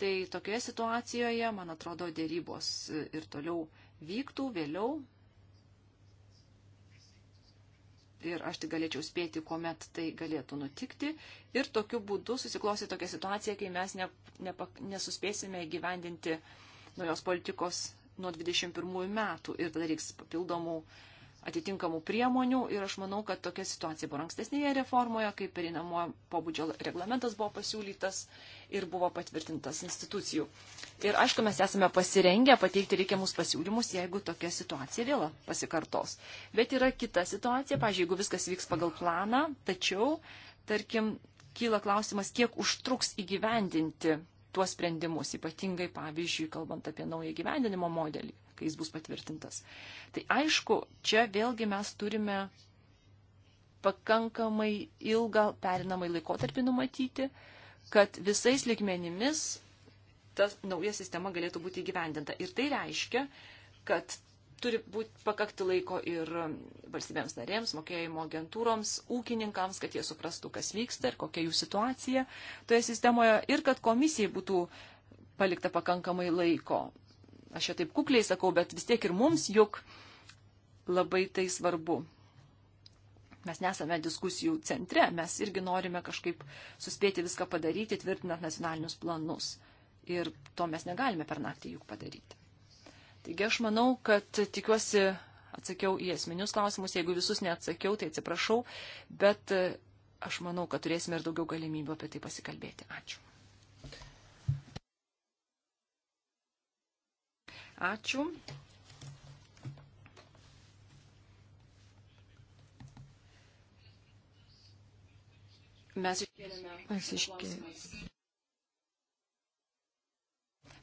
Tai tokioje situacijoje, man atrodo, dėrybos ir toliau vyktų vėliau. Ir aš tik galėčiau spėti, kuomet tai galėtų nutikti. Ir tokiu būdu susiklosi tokia situacija, kai mes ne, ne, nesuspėsime gyvendinti naujos politikos nuo 21 metų ir tada reiks papildomų uh, atitinkamų priemonių ir aš manau, kad tokia situacija buvo ankstesnėje reformoje, kai perinamojo pobūdžio reglamentas buvo pasiūlytas ir buvo patvirtintas institucijų. Ir aišku, mes esame pasirengę pateikti reikiamus pasiūlymus, jeigu tokia situacija vėl pasikartos. Bet yra kita situacija, pažiūrėjau, jeigu viskas vyks pagal planą, tačiau, tarkim, kyla klausimas, kiek užtruks įgyvendinti tuos sprendimus, ypatingai, pavyzdžiui, kalbant apie naują gyvendinimo modelį kai jis bus patvirtintas. Tai aišku, čia vėlgi mes turime pakankamai ilgą perinamai laikotarpį numatyti, kad visais ligmenimis ta nauja sistema galėtų būti įgyvendinta. Ir tai reiškia, kad turi būti pakakti laiko ir valstybėms narėms, mokėjimo agentūroms, ūkininkams, kad jie suprastų, kas vyksta ir kokia jų situacija toje sistemoje ir kad komisijai būtų palikta pakankamai laiko aš čia taip kukliai sakau, bet vis tiek ir mums juk labai tai svarbu. Mes nesame diskusijų centre, mes irgi norime kažkaip suspėti viską padaryti, tvirtinant nacionalinius planus. Ir to mes negalime per naktį juk padaryti. Taigi aš manau, kad tikiuosi atsakiau į esminius klausimus, jeigu visus neatsakiau, tai atsiprašau, bet e, aš manau, kad turėsime ir daugiau galimybių apie tai pasikalbėti. Ačiū. Ačiū. Mes iškėlėme,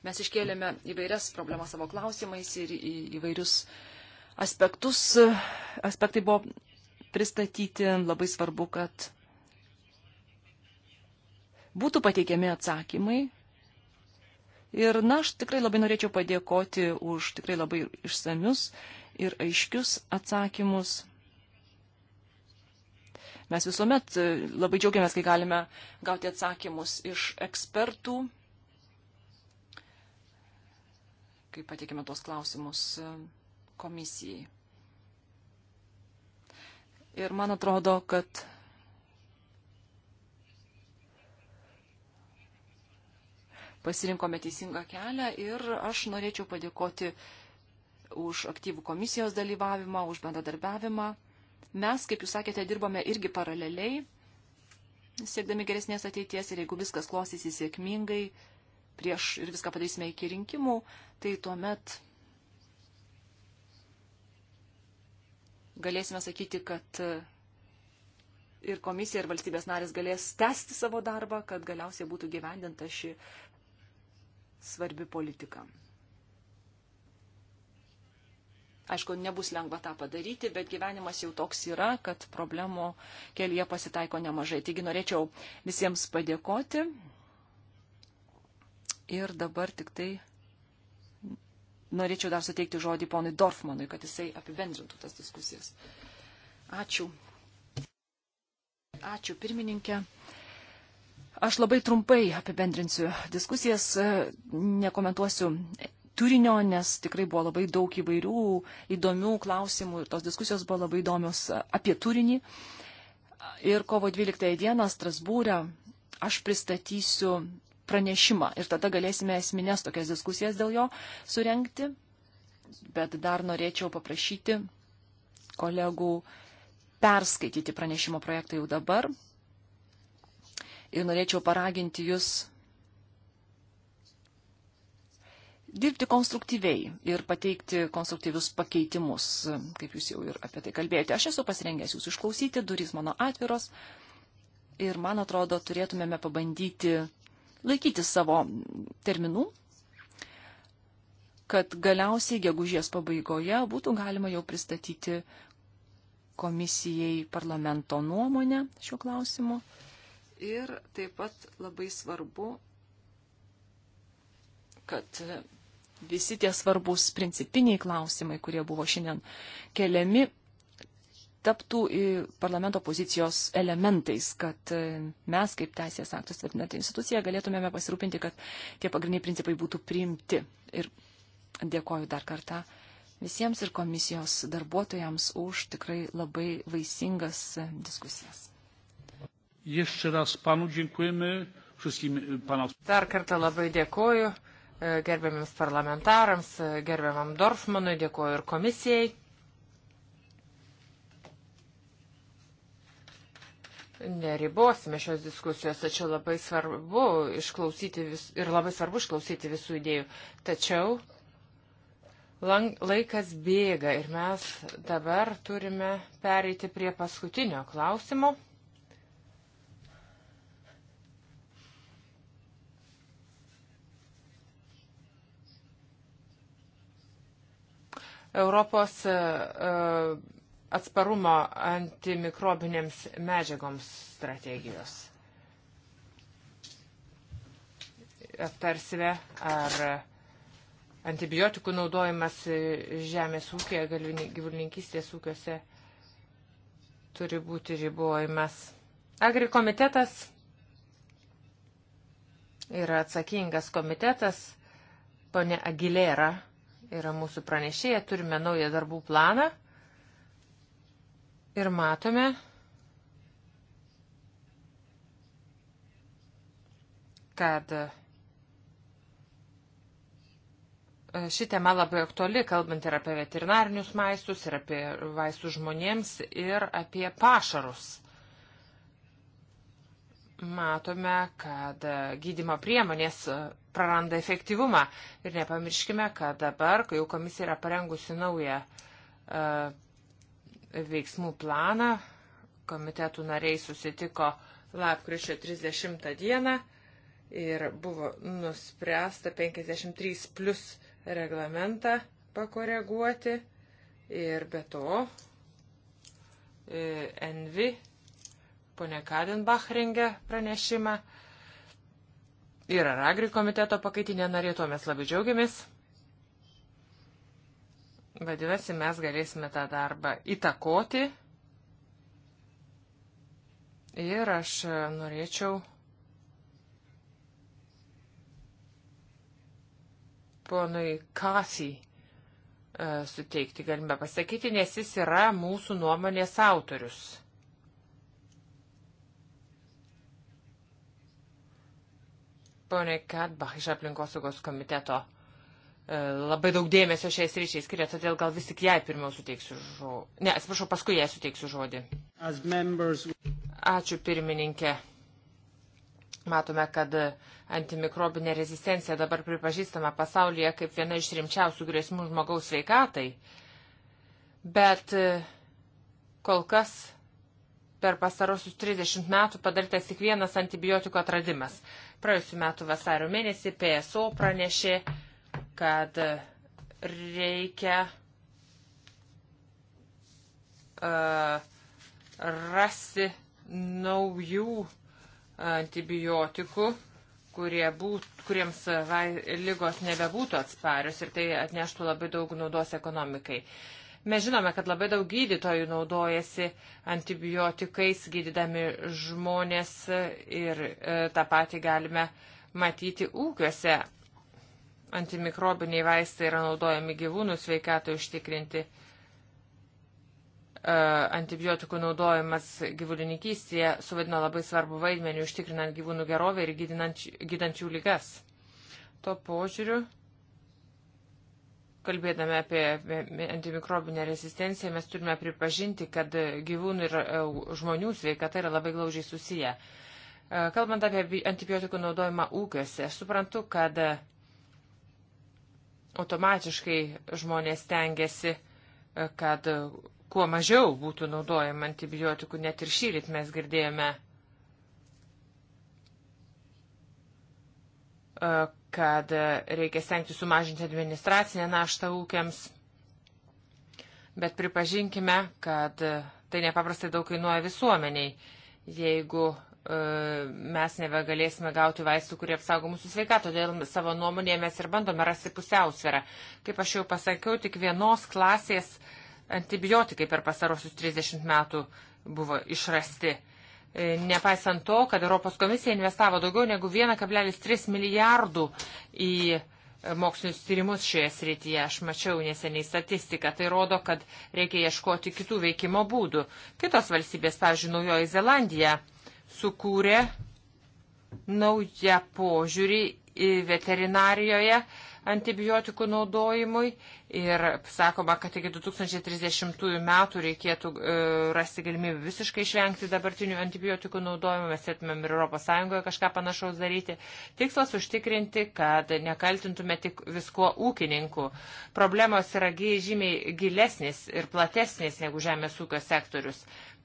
Mes iškėlėme įvairias problemas savo klausimais ir į, įvairius aspektus. Aspektai buvo pristatyti. Labai svarbu, kad būtų pateikiami atsakymai Ir, na, aš tikrai labai norėčiau padėkoti už tikrai labai išsamius ir aiškius atsakymus. Mes visuomet e, labai džiaugiamės, kai galime gauti atsakymus iš ekspertų, kai patikime tuos klausimus e, komisijai. Ir man atrodo, kad pasirinkome teisingą kelią ir aš norėčiau padėkoti už aktyvų komisijos dalyvavimą, už bendradarbiavimą. Mes, kaip jūs sakėte, dirbame irgi paraleliai, siekdami geresnės ateities ir jeigu viskas klostysis sėkmingai prieš ir viską padarysime iki rinkimų, tai tuomet galėsime sakyti, kad ir komisija, ir valstybės narės galės tęsti savo darbą, kad galiausiai būtų gyvendinta ši svarbi politika. Aišku, nebus lengva tą padaryti, bet gyvenimas jau toks yra, kad problemų kelyje pasitaiko nemažai. Taigi norėčiau visiems padėkoti. Ir dabar tik tai norėčiau dar suteikti žodį ponui Dorfmanui, kad jisai apibendrintų tas diskusijas. Ačiū. Ačiū pirmininkė. Aš labai trumpai apibendrinsiu diskusijas, e, nekomentuosiu turinio, nes tikrai buvo labai daug įvairių įdomių klausimų ir tos diskusijos buvo labai įdomios e, apie turinį. Ir kovo 12 dieną Strasbūrę aš pristatysiu pranešimą ir tada galėsime esminės tokias diskusijas dėl jo surenkti. Bet dar norėčiau paprašyti kolegų perskaityti pranešimo projektą jau dabar, ir norėčiau paraginti jūs dirbti konstruktyviai ir pateikti konstruktyvius pakeitimus, kaip jūs jau ir apie tai kalbėjote. Aš esu pasirengęs jūs išklausyti, durys mano atviros ir, man atrodo, turėtumėme pabandyti laikyti savo terminų, kad galiausiai gegužės pabaigoje būtų galima jau pristatyti komisijai parlamento nuomonę šiuo klausimu ir taip pat labai svarbu, kad visi tie svarbus principiniai klausimai, kurie buvo šiandien keliami, taptų parlamento pozicijos elementais, kad mes kaip teisės aktus tvirtinanti institucija galėtumėme pasirūpinti, kad tie pagrindiniai principai būtų priimti. Ir dėkoju dar kartą visiems ir komisijos darbuotojams už tikrai labai vaisingas diskusijas. Jeszcze raz panu dziękujemy. Wszystkim pana. Dar kartą labai dėkoju e, gerbiamiams parlamentarams, e, gerbiamam Dorfmanui, dėkoju ir komisijai. Neribosime šios diskusijos, tačiau labai svarbu išklausyti vis, ir labai svarbu išklausyti visų idėjų. Tačiau lang, laikas bėga ir mes dabar turime pereiti prie paskutinio klausimo. Europos e, e, atsparumo antimikrobinėms medžiagoms strategijos. Aptarsime, ar antibiotikų naudojimas žemės ūkėje, gyvulininkystės ūkiuose turi būti ribojimas. Agrikomitetas yra atsakingas komitetas, ponė Agilera yra mūsų pranešėja, turime naują darbų planą ir matome, kad e, ši tema labai aktuali, kalbant ir apie veterinarinius maistus, ir apie vaistus žmonėms, ir apie pašarus matome, kad e, gydimo priemonės e, praranda efektyvumą. Ir nepamirškime, kad dabar, kai jau komisija yra parengusi naują e, veiksmų planą, komitetų nariai susitiko lapkričio 30 dieną ir buvo nuspręsta 53 plus reglamentą pakoreguoti ir be to Envi Pone Kadenbach rengia pranešimą. Yra Ragri komiteto pakaitinė narė, tuo mes labai džiaugiamės. Vadinasi, mes galėsime tą darbą įtakoti. Ir aš norėčiau ponui Kasi e, suteikti galimybę pasakyti, nes jis yra mūsų nuomonės autorius. Pone Kadbach iš aplinkosaugos komiteto e, labai daug dėmesio šiais ryšiai skiria, todėl gal vis tik jai pirmiau suteiksiu žodį. Ne, atsiprašau, paskui jai suteiksiu žodį. Members... Ačiū pirmininkė. Matome, kad antimikrobinė rezistencija dabar pripažįstama pasaulyje kaip viena iš rimčiausių grėsmų žmogaus sveikatai. Bet e, kol kas per pastarosius 30 metų padarytas tik vienas antibiotikų atradimas. Praėjusiu metu vasario mėnesį PSO pranešė, kad reikia uh, rasti naujų antibiotikų, kurie būt, kuriems vai, lygos nebebūtų atsparius ir tai atneštų labai daug naudos ekonomikai. Uh, Mes žinome, kad labai daug gydytojų naudojasi antibiotikais gydydami žmonės ir e, tą patį galime matyti ūkiuose. Antimikrobiniai vaistai yra naudojami gyvūnų sveikatai užtikrinti. E, antibiotikų naudojimas gyvulininkystėje suvaidino labai svarbu vaidmenį užtikrinant gyvūnų gerovę ir gydinant, gydančių lygas. Tuo požiūriu Kalbėdami apie antimikrobinę rezistenciją, mes turime pripažinti, kad gyvūnų ir e, žmonių sveikata yra labai glaužiai susiję. E, kalbant apie antibiotikų naudojimą ūkiuose, aš suprantu, kad automatiškai žmonės tengiasi, e, kad kuo mažiau būtų naudojama antibiotikų, net ir šyrit mes girdėjome kad e, reikia stengti sumažinti administracinę naštą ūkiams. Bet pripažinkime, kad e, tai nepaprastai daug kainuoja visuomeniai, jeigu e, mes nebegalėsime gauti vaistų, kurie apsaugo mūsų sveikatą. Todėl savo nuomonėje mes ir bandome rasti pusiausvyrą. Kaip aš jau pasakiau, tik vienos klasės antibiotikai per pasarosius 30 metų buvo išrasti. E, nepaisant to, kad Europos komisija investavo daugiau negu 1,3 milijardų į e, mokslinius tyrimus šioje srityje. Aš mačiau neseniai statistiką. Tai rodo, kad reikia ieškoti kitų veikimo būdų. Kitos valstybės, pavyzdžiui, Naujoji Zelandija, sukūrė naują požiūrį veterinarijoje antibiotikų naudojimui ir sakoma, kad iki 2030 metų reikėtų e, rasti galimybę visiškai išvengti dabartinių antibiotikų naudojimą, mes sėtumėm ir ES kažką panašaus daryti. Tikslas užtikrinti, kad nekaltintume tik viskuo ūkininkų. Problemos yra žymiai gilesnės ir platesnės negu žemės ūkio sektorius.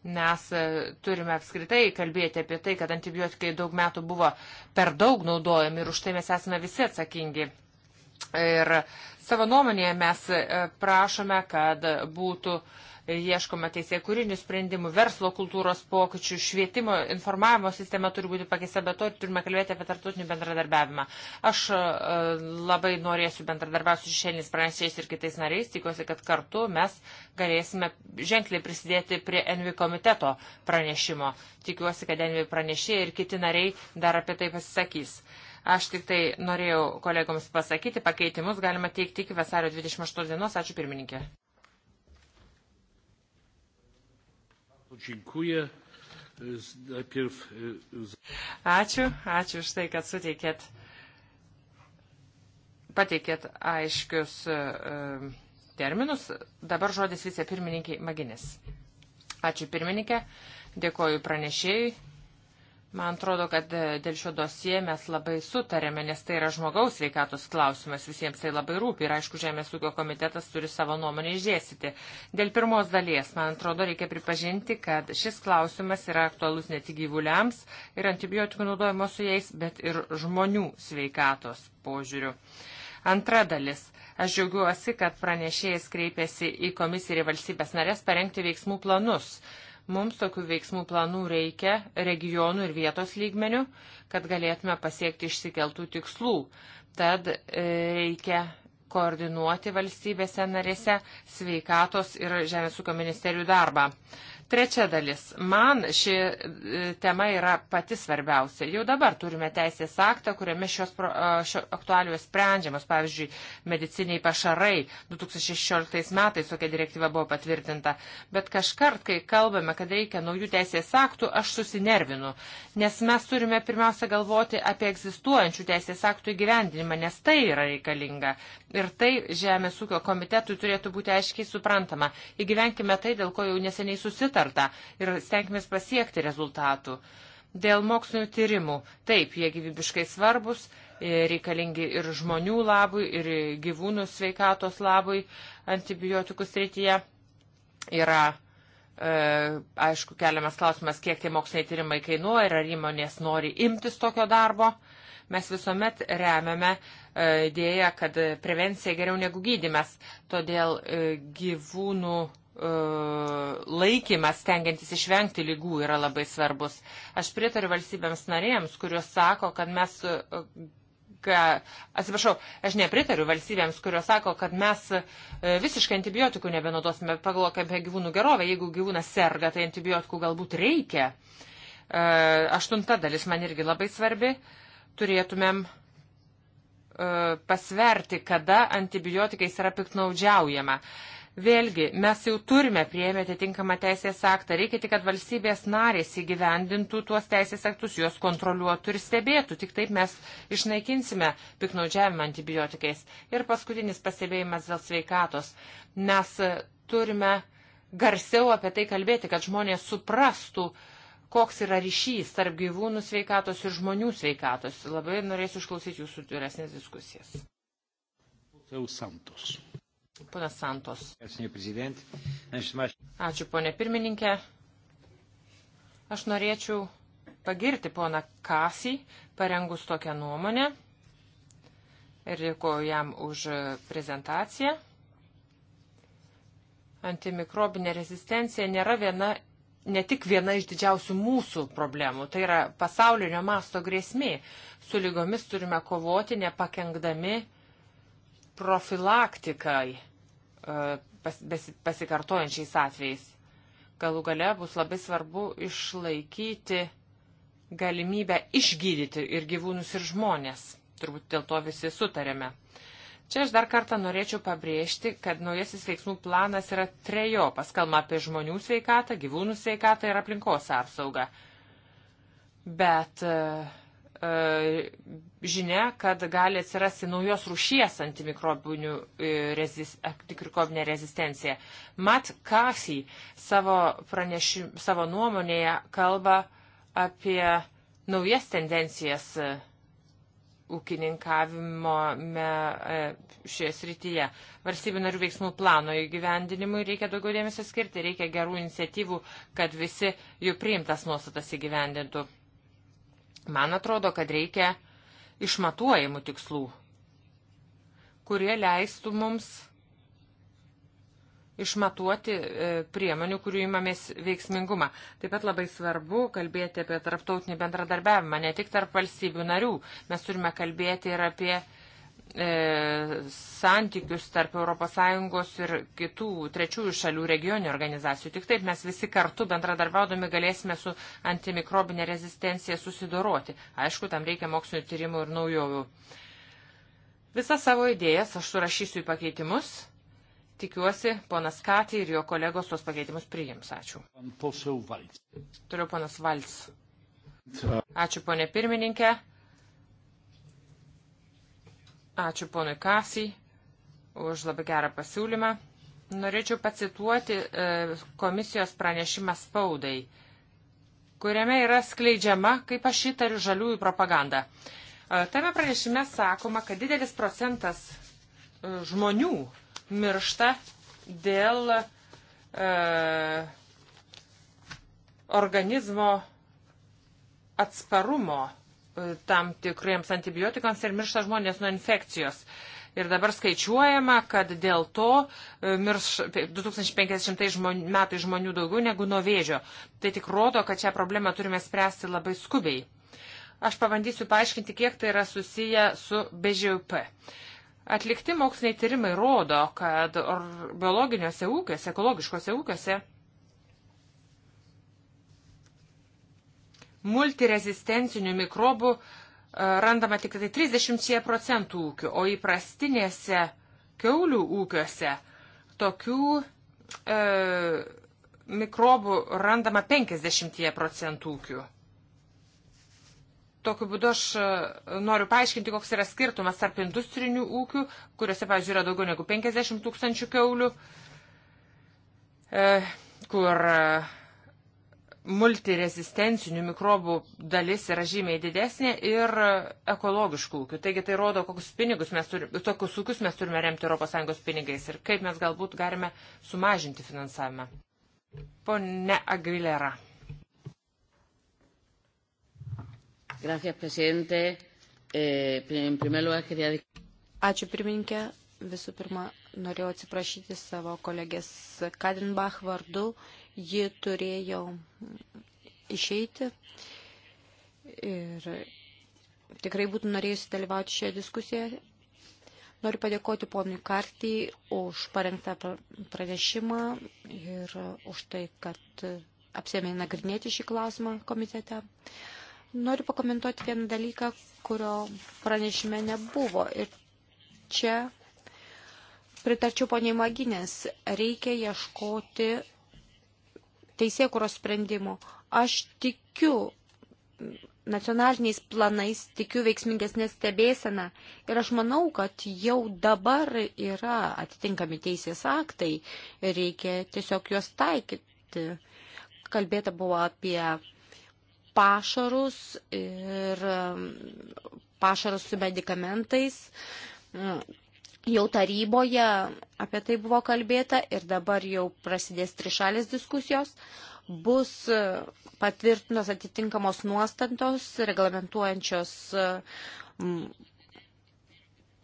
Mes e, turime apskritai kalbėti apie tai, kad antibiotikai daug metų buvo per daug naudojami ir už tai mes esame visi atsakingi. Ir savo nuomonėje mes e, prašome, kad būtų uh, ieškome teisėjų kūrinių sprendimų, verslo kultūros pokyčių, švietimo, informavimo sistema turi būti pakeista, bet to turime kalbėti apie tartutinį bendradarbiavimą. Aš e, labai norėsiu bendradarbiauti su šešėliniais pranešėjais ir kitais nariais, tikiuosi, kad kartu mes galėsime ženkliai prisidėti prie Envi komiteto pranešimo. Tikiuosi, kad Envi pranešėjai ir kiti nariai dar apie tai pasisakys. Aš tik tai norėjau kolegoms pasakyti, pakeitimus galima teikti iki vasario 28 dienos. Ačiū pirmininkė. Dziękuję. E, ačiū, ačiū už tai, kad suteikėt, pateikėt aiškius e, terminus. Dabar žodis vicepirmininkiai Maginis. Ačiū pirmininkė, dėkoju pranešėjai. Man atrodo, kad e, dėl šio dosie mes labai sutarėme, nes tai yra žmogaus veikatos klausimas, visiems tai labai rūpi ir aišku, Žemės ūkio komitetas turi savo nuomonę išdėstyti. Dėl pirmos dalies, man atrodo, reikia pripažinti, kad šis klausimas yra aktualus ne tik gyvuliams ir antibiotikų naudojimo su jais, bet ir žmonių sveikatos požiūriu. Antra dalis. Aš džiaugiuosi, kad pranešėjas kreipėsi į komisiją ir valstybės narės parengti veiksmų planus Mums tokių veiksmų planų reikia regionų ir vietos lygmenių, kad galėtume pasiekti išsikeltų tikslų. Tad e, reikia koordinuoti valstybėse narėse sveikatos ir Žemės ūkio ministerijų darbą. Trečia dalis. Man ši e, tema yra pati svarbiausia. Jau dabar turime teisės aktą, kuriame šios, e, šios aktualijos sprendžiamos. Pavyzdžiui, mediciniai pašarai 2016 metais tokia direktyva buvo patvirtinta. Bet kažkart, kai kalbame, kad reikia naujų teisės aktų, aš susinervinu. Nes mes turime pirmiausia galvoti apie egzistuojančių teisės aktų įgyvendinimą, nes tai yra reikalinga. Ir tai Žemės ūkio komitetui turėtų būti aiškiai suprantama. Įgyvenkime tai, dėl ko jau neseniai susitarėme sutarta ir stengiamės pasiekti rezultatų. Dėl mokslinių tyrimų, taip, jie gyvybiškai svarbus, e, reikalingi ir žmonių labui, ir gyvūnų sveikatos labui antibiotikų srityje. Yra, e, aišku, keliamas klausimas, kiek tie moksliniai tyrimai kainuoja ir ar įmonės nori imtis tokio darbo mes visuomet remiame e, idėją, kad prevencija geriau negu gydimas. Todėl e, gyvūnų E, laikymas, tengiantis išvengti lygų, yra labai svarbus. Aš pritariu valstybėms narėms, kurios sako, kad mes. E, ka, atsiprašau, aš nepritariu valstybėms, kurios sako, kad mes e, visiškai antibiotikų nebenaudosime, pagalvokime apie gyvūnų gerovę, jeigu gyvūnas serga, tai antibiotikų galbūt reikia. Aštunta dalis man irgi labai svarbi. Turėtumėm pasverti, kada antibiotikais yra piknaudžiaujama. Vėlgi, mes jau turime prieimę atitinkamą teisės aktą. Reikia tik, kad valstybės narės įgyvendintų tuos teisės aktus, juos kontroliuotų ir stebėtų. Tik taip mes išnaikinsime piknaudžiavimą antibiotikais. Ir paskutinis pastebėjimas dėl sveikatos. Mes turime garsiau apie tai kalbėti, kad žmonės suprastų, koks yra ryšys tarp gyvūnų sveikatos ir žmonių sveikatos. Labai norėsiu išklausyti jūsų vyresnės diskusijas. Santos. Ponas Santos. Ačiū, ponė pirmininkė. Aš norėčiau pagirti poną Kasį, parengus tokią nuomonę. Ir dėkoju jam už prezentaciją. Antimikrobinė rezistencija nėra viena, ne tik viena iš didžiausių mūsų problemų, tai yra pasaulinio masto grėsmė. Su lygomis turime kovoti nepakengdami profilaktikai E, pas, pasikartojančiais atvejais. Galų gale bus labai svarbu išlaikyti galimybę išgydyti ir gyvūnus, ir žmonės. Turbūt dėl to visi sutarėme. Čia aš dar kartą norėčiau pabrėžti, kad naujasis veiksmų planas yra trejopas. Kalba apie žmonių sveikatą, gyvūnų sveikatą ir aplinkos apsaugą. Bet uh, E, žinia, kad gali atsirasti naujos rūšies e, antimikrobinė rezis, rezistencija. Mat Kasi savo, praneši, savo nuomonėje kalba apie naujas tendencijas e, ūkininkavimo šioje srityje. Varstybių narių veiksmų plano įgyvendinimui reikia daugiau dėmesio skirti, reikia gerų iniciatyvų, kad visi jų priimtas nuostatas įgyvendintų. Man atrodo, kad reikia išmatuojamų tikslų, kurie leistų mums išmatuoti e, priemonių, kurių įmamės veiksmingumą. Taip pat labai svarbu kalbėti apie tarptautinį bendradarbiavimą, ne tik tarp valstybių narių. Mes turime kalbėti ir apie e, santykius tarp ES ir kitų trečiųjų šalių regionių organizacijų. Tik taip mes visi kartu bendradarbiaudami galėsime su antimikrobinė rezistencija susidoroti. Aišku, tam reikia mokslinio tyrimų ir naujovių. Visas savo idėjas aš surašysiu į pakeitimus. Tikiuosi, ponas Katį ir jo kolegos tuos pakeitimus priims. Ačiū. Toliau ponas Valts. Ačiū, ponė pirmininkė. Ačiū ponui Kasį už labai gerą pasiūlymą. Norėčiau pacituoti e, komisijos pranešimą spaudai, kuriame yra skleidžiama, kaip aš įtariu, žaliųjų propaganda. E, tame pranešime sakoma, kad didelis procentas e, žmonių miršta dėl e, organizmo atsparumo tam tikriems antibiotikams ir miršta žmonės nuo infekcijos. Ir dabar skaičiuojama, kad dėl to e, mirš 2500 žmonių, metų žmonių daugiau negu nuo vėžio. Tai tik rodo, kad šią problemą turime spręsti labai skubiai. Aš pabandysiu paaiškinti, kiek tai yra susiję su BŽUP. Atlikti moksliniai tyrimai rodo, kad biologiniuose ūkiuose, ekologiškose ūkiuose multiresistencinių mikrobų e, randama tik tai 30 procentų ūkių, o įprastinėse keulių ūkiuose tokių e, mikrobų randama 50 procentų ūkių. Tokiu būdu aš e, noriu paaiškinti, koks yra skirtumas tarp industrinių ūkių, kuriuose, pavyzdžiui, yra daugiau negu 50 tūkstančių keulių, e, kur e, multiresistencinių mikrobų dalis yra žymiai didesnė ir ekologiškų ūkių. Taigi tai rodo, kokius pinigus mes turime, tokius ūkius mes turime remti ES pinigais ir kaip mes galbūt galime sumažinti finansavimą. Pone Aguilera. Gracias, presidente. Eh, en primer lugar, quería... Ačiū, pirmininkė. Visų pirma, norėjau atsiprašyti savo kolegės Kadenbach vardu ji turėjo išeiti ir tikrai būtų norėjusi dalyvauti šioje diskusijoje. Noriu padėkoti ponui Kartį už parengtą pranešimą ir už tai, kad apsėmė nagrinėti šį klausimą komitete. Noriu pakomentuoti vieną dalyką, kurio pranešime nebuvo. Ir čia pritarčiau poniai Maginės. Reikia ieškoti teisėkuros sprendimų. Aš tikiu nacionaliniais planais, tikiu veiksmingesnė stebėsena ir aš manau, kad jau dabar yra atitinkami teisės aktai, reikia tiesiog juos taikyti. Kalbėta buvo apie pašarus ir pašarus su medikamentais. Jau taryboje apie tai buvo kalbėta ir dabar jau prasidės trišalės diskusijos. Bus patvirtinos atitinkamos nuostatos reglamentuojančios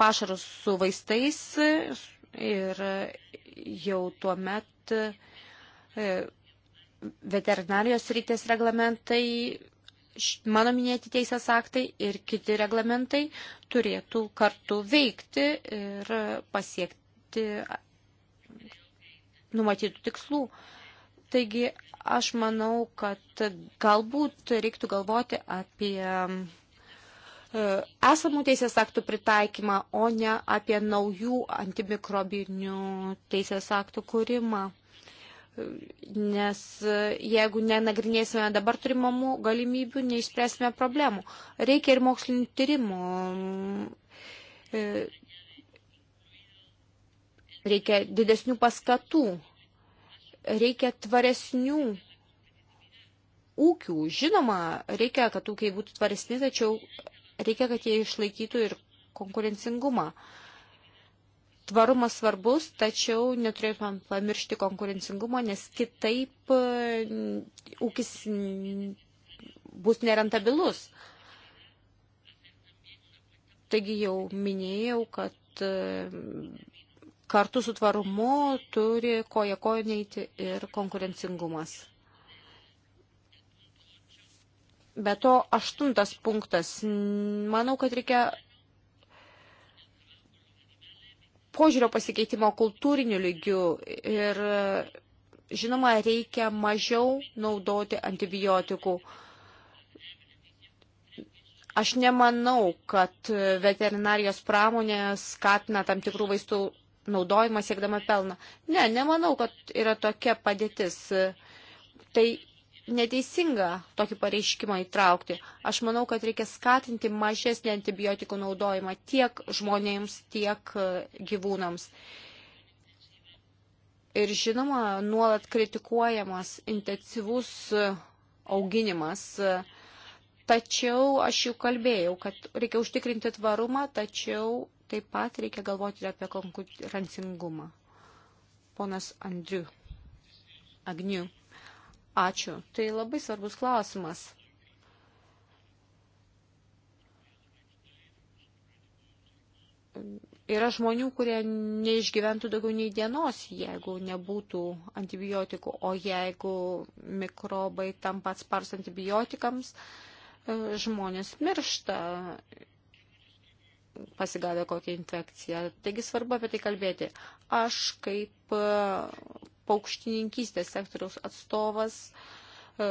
pašarus su vaistais ir jau tuo met e, veterinarijos ryties reglamentai mano minėti teisės aktai ir kiti reglamentai turėtų kartu veikti ir pasiekti numatytų tikslų. Taigi aš manau, kad galbūt reiktų galvoti apie e, esamų teisės aktų pritaikymą, o ne apie naujų antimikrobinių teisės aktų kūrimą. Nes e, jeigu nenagrinėsime dabar turimamų galimybių, neišspręsime problemų. Reikia ir mokslinių tyrimų. E, reikia didesnių paskatų. Reikia tvaresnių ūkių. Žinoma, reikia, kad ūkiai būtų tvaresni, tačiau reikia, kad jie išlaikytų ir konkurencingumą. Uh, tvarumas svarbus, tačiau neturėtumėm pamiršti konkurencingumo, nes kitaip e, ūkis bus nerentabilus. Taigi jau minėjau, kad e, kartu su tvarumu turi koja koja neiti ir konkurencingumas. Be to, aštuntas punktas. Manau, kad reikia požiūrio pasikeitimo kultūriniu lygiu ir žinoma reikia mažiau naudoti antibiotikų. Aš nemanau, kad veterinarijos pramonė skatina tam tikrų vaistų naudojimą siekdama pelną. Ne, nemanau, kad yra tokia padėtis. Tai neteisinga tokį pareiškimą įtraukti. Aš manau, kad reikia skatinti mažesnį antibiotikų naudojimą tiek žmonėms, tiek e, gyvūnams. Ir žinoma, nuolat kritikuojamas intensyvus e, auginimas. E, tačiau aš jau kalbėjau, kad reikia užtikrinti tvarumą, tačiau taip pat reikia galvoti ir apie konkurencingumą. Ponas Andriu. Agniu. Ačiū. Tai labai svarbus klausimas. Yra žmonių, kurie neišgyventų daugiau nei dienos, jeigu nebūtų antibiotikų, o jeigu mikrobai tam pats spars antibiotikams, e, žmonės miršta pasigavę kokią infekciją. Taigi svarbu apie tai kalbėti. Aš kaip e, paukštininkystės sektoriaus atstovas, e,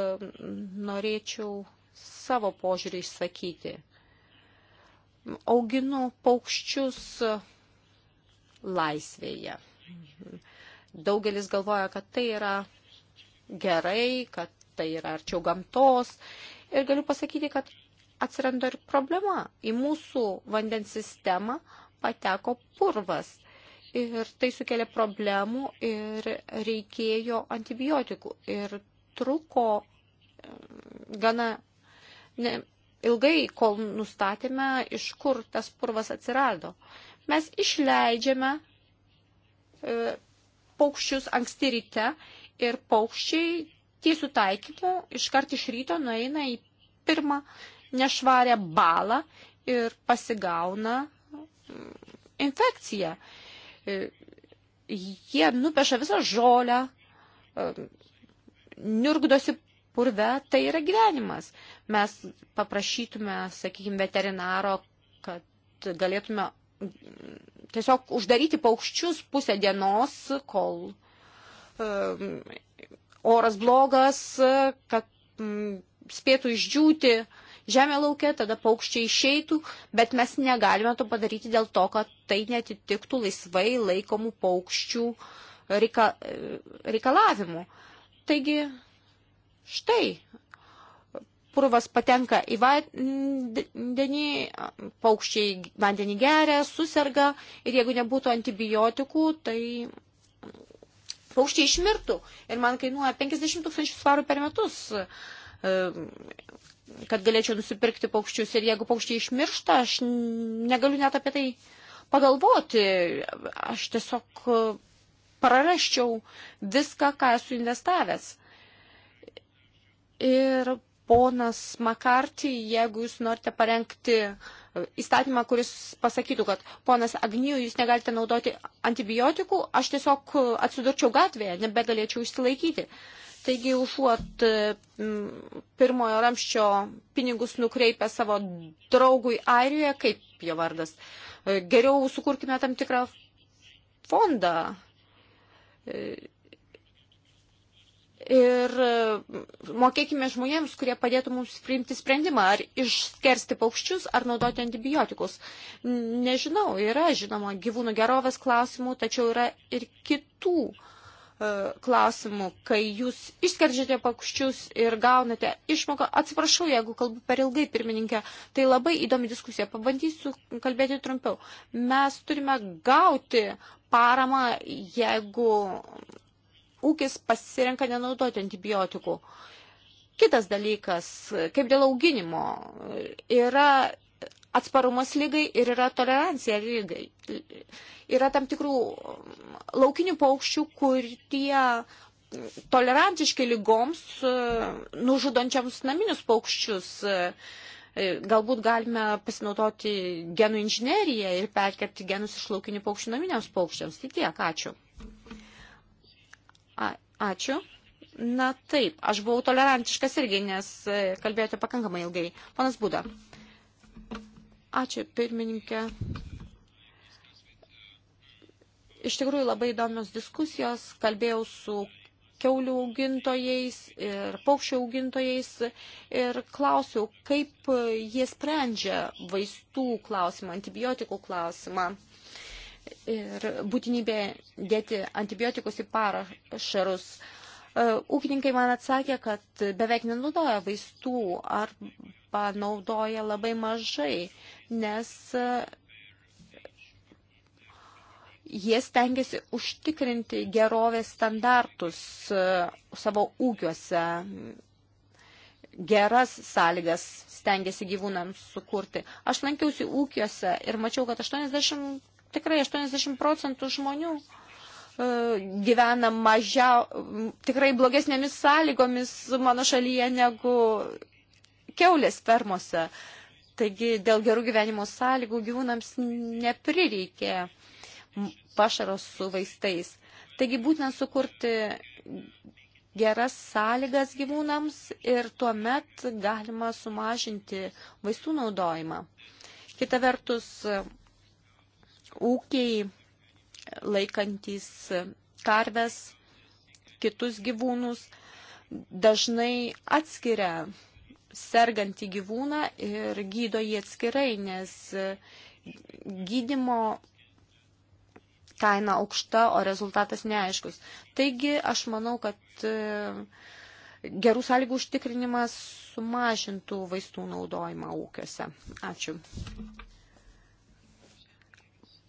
norėčiau savo požiūrį išsakyti. Auginu paukščius laisvėje. Daugelis galvoja, kad tai yra gerai, kad tai yra arčiau gamtos. Ir galiu pasakyti, kad atsiranda ir problema. Į mūsų vandens sistemą pateko purvas ir tai sukelia problemų ir reikėjo antibiotikų ir truko e, gana ne, ilgai, kol nustatėme, iš kur tas purvas atsirado. Mes išleidžiame e, paukščius anksti ryte ir paukščiai tiesių taikymų iškart iš ryto nueina į pirmą nešvarę balą ir pasigauna mm, infekciją. E, E, jie nupeša visą žolę, e, nurgdosi purve, tai yra gyvenimas. Mes paprašytume, sakykime, veterinaro, kad galėtume tiesiog uždaryti paukščius pusę dienos, kol e, oras blogas, kad spėtų išdžiūti žemė laukia, tada paukščiai išeitų, bet mes negalime to padaryti dėl to, kad tai netitiktų laisvai laikomų paukščių reika, reikalavimų. Taigi, štai, purvas patenka į vandenį, paukščiai vandenį geria, susirga ir jeigu nebūtų antibiotikų, tai paukščiai išmirtų ir man kainuoja 50 tūkstančių svarų per metus E, kad galėčiau nusipirkti paukščius ir jeigu paukščiai išmiršta, aš negaliu net apie tai pagalvoti. Aš tiesiog e, prarasčiau viską, ką esu investavęs. Ir ponas Makartį, jeigu jūs norite parengti įstatymą, kuris pasakytų, kad ponas Agnijų, jūs negalite naudoti antibiotikų, aš tiesiog atsidurčiau gatvėje, nebegalėčiau išsilaikyti. Uh, Taigi užuot e, pirmojo ramščio pinigus nukreipę savo draugui Airijoje, kaip jo vardas, e, geriau sukurkime tam tikrą fondą. E, ir mokėkime žmonėms, kurie padėtų mums priimti sprendimą, ar išskersti paukščius, ar naudoti antibiotikus. Nežinau, yra žinoma gyvūnų gerovės klausimų, tačiau yra ir kitų uh, E, klausimų, kai jūs išskerdžiate paukščius ir gaunate išmoką. Atsiprašau, jeigu kalbu per ilgai, pirmininkė, tai labai įdomi diskusija. Pabandysiu kalbėti trumpiau. Mes turime gauti paramą, jeigu ūkis pasirenka nenaudoti antibiotikų. Kitas dalykas, kaip dėl auginimo, yra atsparumas lygai ir yra tolerancija lygai. Yra tam tikrų laukinių paukščių, kurie tolerantiški lygoms, e, nužudančiams naminius paukščius. E, galbūt galime pasinaudoti genų inžineriją ir perkerti genus iš laukinių paukščių naminiams paukščiams. Tai tiek, ačiū. A, ačiū. Na taip, aš buvau tolerantiškas irgi, nes e, kalbėjote pakankamai ilgai. Panas Būda. Ačiū, pirmininkė. Iš tikrųjų labai įdomios diskusijos. Kalbėjau su keulių augintojais ir paukščių augintojais ir klausiau, kaip jie sprendžia vaistų klausimą, antibiotikų klausimą ir būtinybė dėti antibiotikus į parašarus. E, ūkininkai man atsakė, kad beveik nenaudoja vaistų arba naudoja labai mažai nes e, jie stengiasi užtikrinti gerovės standartus e, savo ūkiuose, geras sąlygas stengiasi gyvūnams sukurti. Aš lankiausi ūkiuose ir mačiau, kad 80, tikrai 80 procentų žmonių e, gyvena mažiau, tikrai blogesnėmis sąlygomis mano šalyje negu keulės fermose. Uh, Taigi dėl gerų gyvenimo sąlygų gyvūnams neprireikė pašaros su vaistais. Taigi būtent sukurti geras sąlygas gyvūnams ir tuomet galima sumažinti vaistų naudojimą. Kita vertus, ūkiai laikantys karves, kitus gyvūnus dažnai atskiria sergantį gyvūną ir gydo jį atskirai, nes gydimo kaina aukšta, o rezultatas neaiškus. Taigi aš manau, kad e, gerų sąlygų užtikrinimas sumažintų vaistų naudojimą ūkiuose. Ačiū.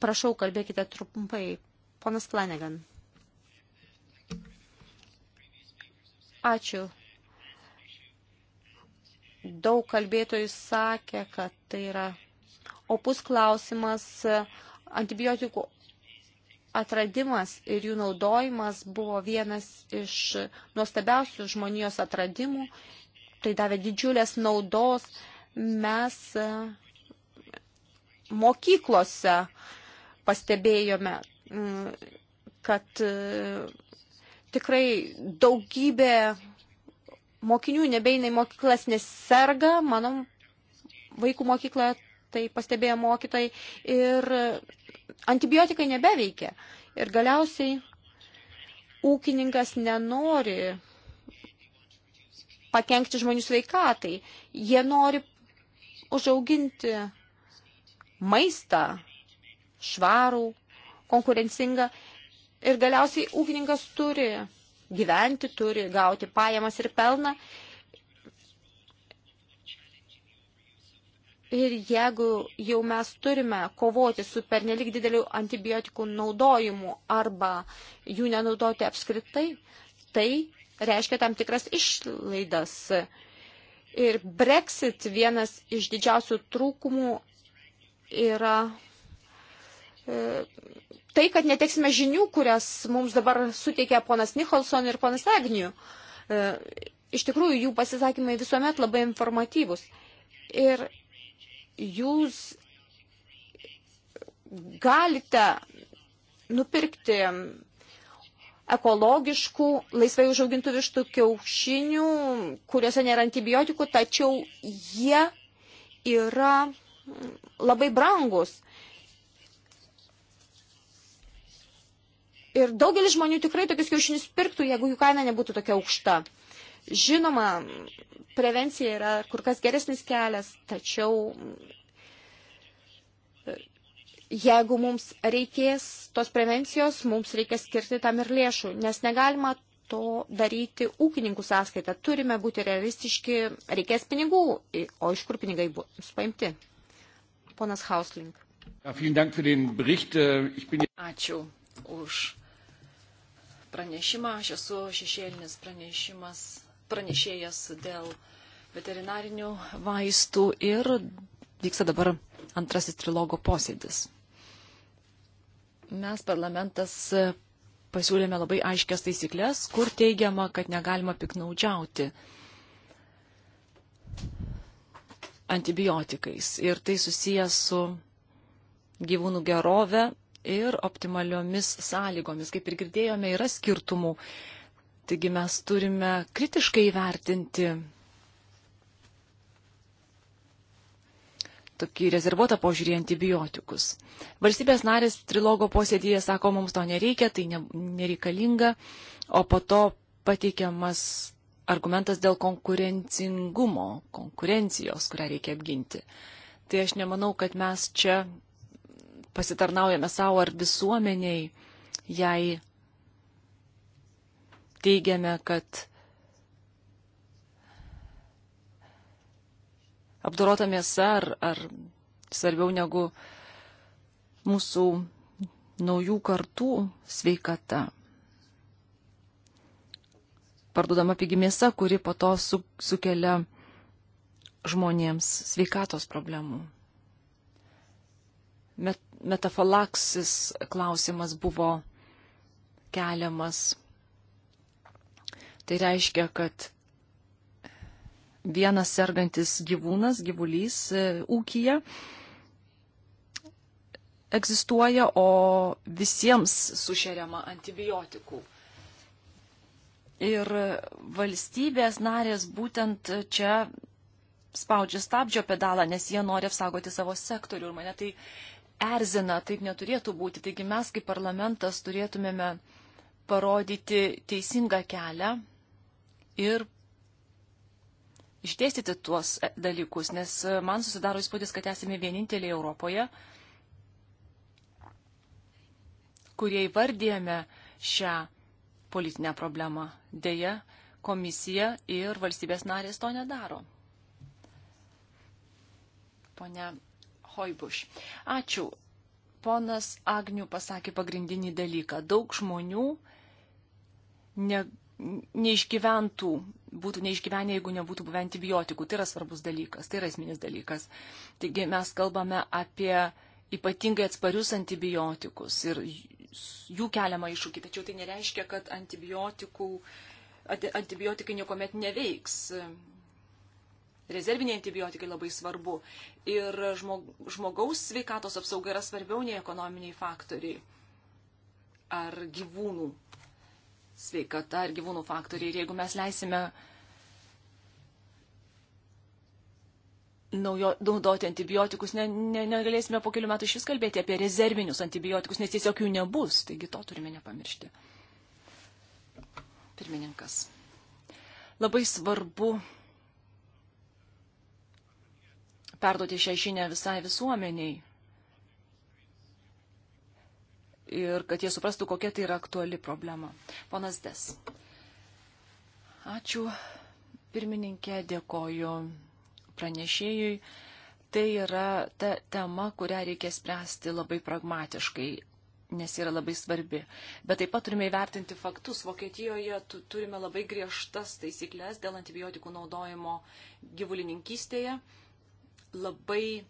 Prašau, kalbėkite trumpai. Ponas Flanagan. Ačiū. Daug kalbėtojų sakė, kad tai yra opus klausimas, antibiotikų atradimas ir jų naudojimas buvo vienas iš nuostabiausių žmonijos atradimų, tai davė didžiulės naudos. Mes e, mokyklose pastebėjome, kad e, tikrai daugybė mokinių nebeina į mokyklas, nes serga, mano vaikų mokykloje tai pastebėjo mokytojai ir antibiotikai nebeveikia. Ir galiausiai ūkininkas nenori pakengti žmonių sveikatai. Jie nori užauginti maistą švarų, konkurencingą ir galiausiai ūkininkas turi gyventi, turi gauti pajamas ir pelną. Ir jeigu jau mes turime kovoti su pernelik dideliu antibiotikų naudojimu arba jų nenaudoti apskritai, tai reiškia tam tikras išlaidas. Ir Brexit vienas iš didžiausių trūkumų yra e, tai, kad neteksime žinių, kurias mums dabar suteikia ponas Nicholson ir ponas Agnių. E, iš tikrųjų, jų pasisakymai visuomet labai informatyvus. Ir jūs galite nupirkti ekologiškų, laisvai užaugintų vištų kiaušinių, kuriuose nėra antibiotikų, tačiau jie yra labai brangus. Ir daugelis žmonių tikrai tokius kiaušinius pirktų, jeigu jų kaina nebūtų tokia aukšta. Žinoma, prevencija yra kur kas geresnis kelias, tačiau e, jeigu mums reikės tos prevencijos, mums reikia skirti tam ir lėšų, nes negalima to daryti ūkininkų sąskaitą. Turime būti realistiški, reikės pinigų, o iš kur pinigai bus paimti? Ponas Hausling. Äh, Ačiū už pranešimą. Aš esu šešėlinis pranešimas, pranešėjas dėl veterinarinių vaistų ir vyksta dabar antrasis trilogo posėdis. Mes parlamentas pasiūlėme labai aiškias taisyklės, kur teigiama, kad negalima piknaudžiauti antibiotikais. Ir tai susijęs su gyvūnų gerove ir optimaliomis sąlygomis. Kaip ir girdėjome, yra skirtumų. Taigi mes turime kritiškai vertinti tokį rezervuotą požiūrį antibiotikus. Valstybės narės trilogo posėdėje sako, mums to nereikia, tai ne, nereikalinga, o po to pateikiamas argumentas dėl konkurencingumo, konkurencijos, kurią reikia apginti. Tai aš nemanau, kad mes čia pasitarnaujame savo ar visuomeniai, jei teigiame, kad apdorota mėsa ar, ar svarbiau negu mūsų naujų kartų sveikata. Parduodama pigi mėsa, kuri po to su, sukelia žmonėms sveikatos problemų. Met, metafalaksis klausimas buvo keliamas. Tai reiškia, kad vienas sergantis gyvūnas, gyvulys e, ūkija egzistuoja, o visiems sušeriama antibiotikų. Ir valstybės narės būtent čia spaudžia stabdžio pedalą, nes jie nori apsaugoti savo sektorių. Ir mane tai erzina, taip neturėtų būti. Taigi mes kaip parlamentas turėtumėme parodyti teisingą kelią ir išdėstyti tuos dalykus, nes man susidaro įspūdis, kad esame vieninteliai Europoje, kurie įvardėjame šią politinę problemą. Deja, komisija ir valstybės narės to nedaro. Pone Hoibuš. Ačiū. Ponas Agnių pasakė pagrindinį dalyką. Daug žmonių ne, neišgyventų, būtų neišgyvenę, jeigu nebūtų buvę antibiotikų. Tai yra svarbus dalykas, tai yra esminis dalykas. Taigi mes kalbame apie ypatingai atsparius antibiotikus ir jų keliamą iššūkį. Tačiau tai nereiškia, kad antibiotikų, antibiotikai niekuomet neveiks rezerviniai antibiotikai labai svarbu. Ir žmogaus sveikatos apsauga yra svarbiau nei ekonominiai faktoriai. Ar gyvūnų sveikata, ar gyvūnų faktoriai. Ir jeigu mes leisime naujo, naudoti antibiotikus, ne, ne, negalėsime po kelių metų iš vis kalbėti apie rezervinius antibiotikus, nes tiesiog jų nebus. Taigi to turime nepamiršti. Pirmininkas. Labai svarbu perduoti šią žinę visai visuomeniai. Ir kad jie suprastų, kokia tai yra aktuali problema. Ponas Des. Ačiū pirmininkė, dėkoju pranešėjui. Tai yra ta tema, kurią reikia spręsti labai pragmatiškai, nes yra labai svarbi. Bet taip pat turime įvertinti faktus. Vokietijoje turime labai griežtas taisyklės dėl antibiotikų naudojimo gyvulininkystėje labai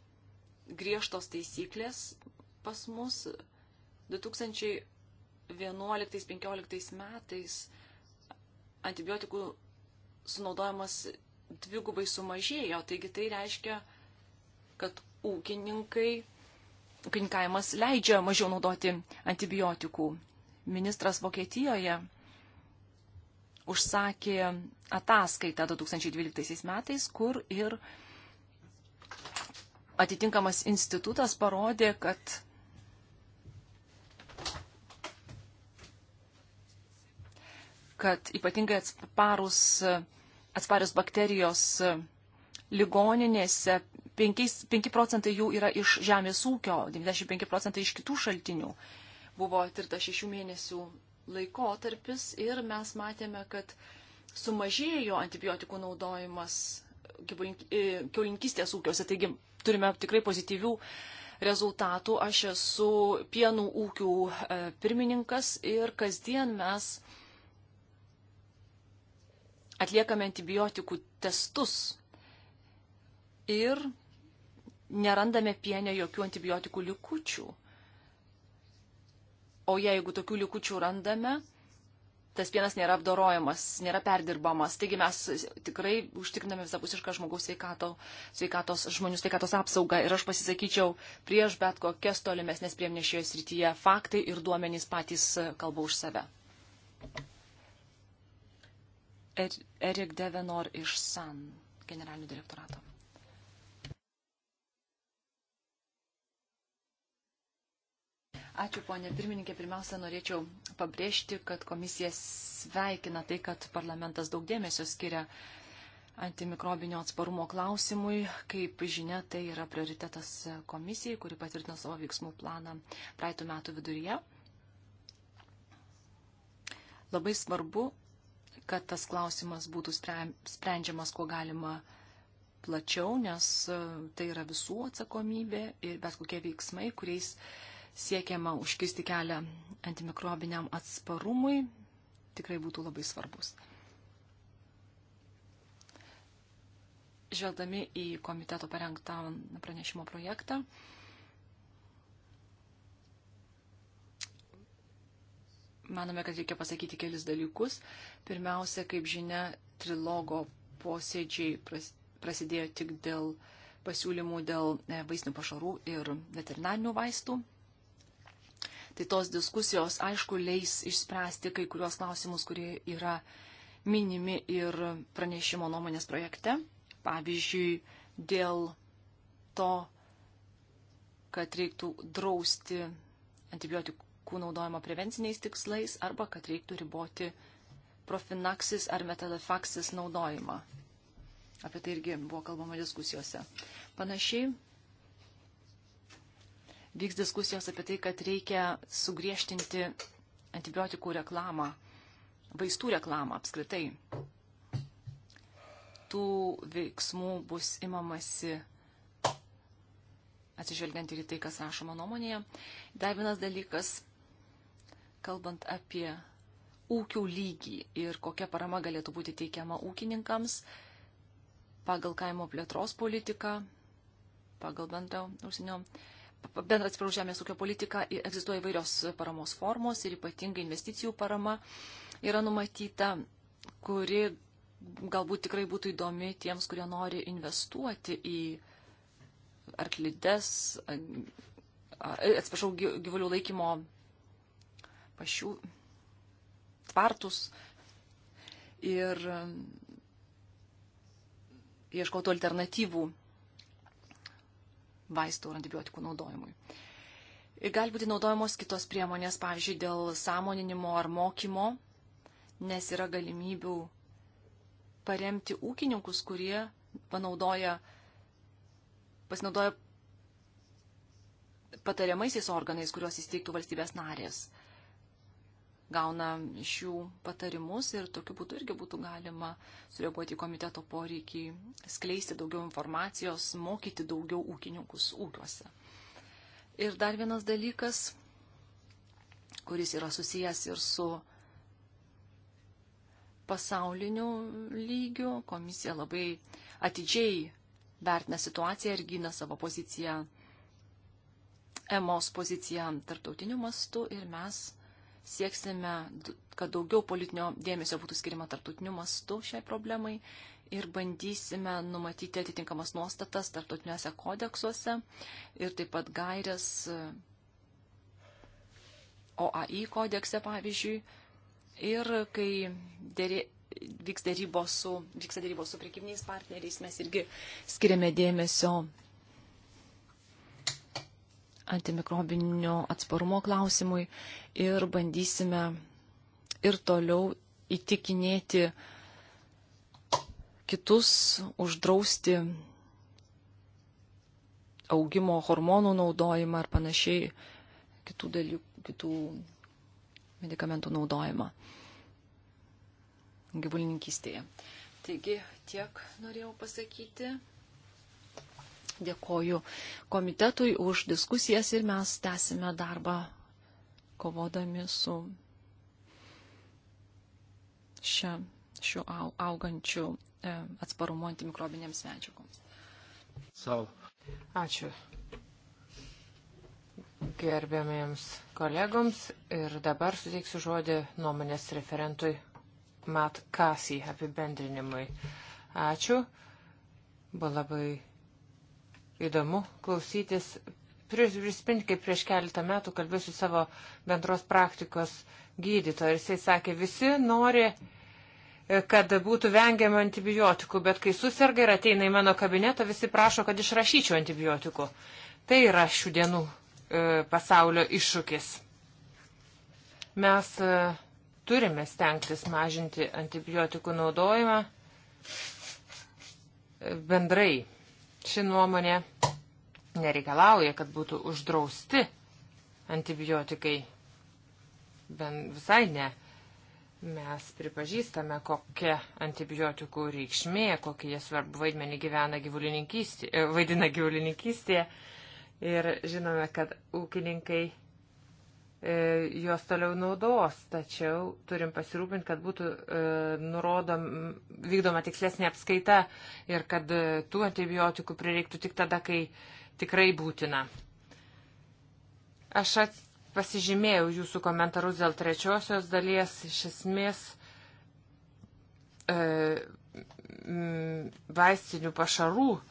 griežtos taisyklės pas mus. 2011-2015 metais antibiotikų sunaudojimas dvigubai sumažėjo, taigi tai reiškia, kad ūkininkai, ūkininkavimas leidžia mažiau naudoti antibiotikų. Ministras Vokietijoje užsakė ataskaitą 2012 metais, kur ir atitinkamas institutas parodė, kad kad ypatingai atsparus, atsparus bakterijos ligoninėse 5, 5 procentai jų yra iš žemės ūkio, 95 procentai iš kitų šaltinių. Buvo tirta šešių mėnesių laikotarpis ir mes matėme, kad sumažėjo antibiotikų naudojimas E, kiaulinkistės ūkiuose. Taigi turime tikrai pozityvių rezultatų. Aš esu pienų ūkių e, pirmininkas ir kasdien mes atliekame antibiotikų testus ir nerandame pienė jokių antibiotikų likučių. O jeigu tokių likučių randame, tas pienas nėra apdorojamas, nėra perdirbamas. Taigi mes tikrai užtikriname visapusišką žmogaus sveikato, sveikatos, žmonių sveikatos apsaugą. Ir aš pasisakyčiau prieš bet kokias tolimesnės priemonės šioje srityje. Faktai ir duomenys patys kalba už save. Er, Erik Devenor iš SAN generalinio direktorato. Ačiū, ponė pirmininkė. Pirmiausia, norėčiau pabrėžti, kad komisija sveikina tai, kad parlamentas daug dėmesio skiria antimikrobinio atsparumo klausimui. Kaip žinia, tai yra prioritetas komisijai, kuri patvirtino savo veiksmų planą praeitų metų viduryje. Labai svarbu, kad tas klausimas būtų sprendžiamas, kuo galima plačiau, nes e, tai yra visų atsakomybė ir bet kokie veiksmai, kuriais siekiama užkisti kelią antimikrobiniam atsparumui, tikrai būtų labai svarbus. Žvelgdami į komiteto parengtą pranešimo projektą, manome, kad reikia pasakyti kelis dalykus. Pirmiausia, kaip žinia, trilogo posėdžiai prasidėjo tik dėl pasiūlymų dėl e, vaistinių pašarų ir veterinarinių vaistų. Tai tos diskusijos, aišku, leis išspręsti kai kuriuos klausimus, kurie yra minimi ir pranešimo nuomonės projekte. Pavyzdžiui, dėl to, kad reiktų drausti antibiotikų naudojimo prevenciniais tikslais arba kad reiktų riboti profilaksis ar metalofaksis naudojimą. Apie tai irgi buvo kalbama diskusijose. Panašiai vyks diskusijos apie tai, kad reikia sugriežtinti antibiotikų reklamą, vaistų reklamą apskritai. Tų veiksmų bus imamasi atsižvelgiant ir į tai, kas rašoma nuomonėje. Dar vienas dalykas, kalbant apie ūkių lygį ir kokia parama galėtų būti teikiama ūkininkams pagal kaimo plėtros politiką, pagal bendrą užsienio politiką bendrą atsiprašau žemės ūkio politiką, egzistuoja įvairios paramos formos ir ypatingai investicijų parama yra numatyta, kuri galbūt tikrai būtų įdomi tiems, kurie nori investuoti į arklides, atsiprašau, gyvulių laikymo pašių tvartus ir ieškotų alternatyvų vaistų ir antibiotikų naudojimui. Gali būti naudojamos kitos priemonės, pavyzdžiui, dėl sąmoninimo ar mokymo, nes yra galimybių paremti ūkininkus, kurie panaudoja, pasinaudoja patariamaisiais organais, kuriuos įsteigtų valstybės narės gauna šių patarimus ir tokiu būdu irgi būtų galima sureaguoti į komiteto poreikį, skleisti daugiau informacijos, mokyti daugiau ūkininkus ūkiuose. Ir dar vienas dalykas, kuris yra susijęs ir su pasauliniu lygiu, komisija labai atidžiai vertina situaciją ir gina savo poziciją, EMOS poziciją tarptautiniu mastu ir mes sieksime, kad daugiau politinio dėmesio būtų skirima tarptautiniu mastu šiai problemai ir bandysime numatyti atitinkamas nuostatas tarptautiniuose kodeksuose ir taip pat gairias e, OAI kodekse, pavyzdžiui. Ir kai dėrė, vyks dėrybos su, vyksta dėrybos su priekybiniais partneriais, mes irgi skiriame dėmesio antimikrobinio atsparumo klausimui ir bandysime ir toliau įtikinėti kitus uždrausti augimo hormonų naudojimą ar panašiai kitų, dalykų, kitų medikamentų naudojimą gyvulininkystėje. Taigi tiek norėjau pasakyti. Dėkoju komitetui už diskusijas ir mes tęsime darbą kovodami su šia, šiuo augančiu e, atsparumu antimikrobinėms medžiagoms. Savo. Ačiū gerbiamiems kolegoms ir dabar suteiksiu žodį nuomonės referentui Mat Kasį apibendrinimui. Ačiū. Buvo labai įdomu klausytis. Prispint, kaip prieš keletą metų kalbėjau su savo bendros praktikos gydytoju ir jisai sakė, visi nori, e, kad būtų vengiama antibiotikų, bet kai susirga ir ateina į mano kabinetą, visi prašo, kad išrašyčiau antibiotikų. Tai yra šių dienų e, pasaulio iššūkis. Mes e, turime stengtis mažinti antibiotikų naudojimą e, bendrai Ši nuomonė nereikalauja, kad būtų uždrausti antibiotikai. Ben visai ne. Mes pripažįstame, kokia antibiotikų reikšmė, kokie jie svarbu vaidmenį gyvulininkystė, vaidina gyvulininkystėje. Ir žinome, kad ūkininkai E, juos toliau naudos, tačiau turim pasirūpinti, kad būtų e, nurodom, vykdoma tikslesnė apskaita ir kad e, tų antibiotikų prireiktų tik tada, kai tikrai būtina. Aš at, pasižymėjau jūsų komentarus dėl trečiosios dalies, iš esmės e, m, vaistinių pašarų e,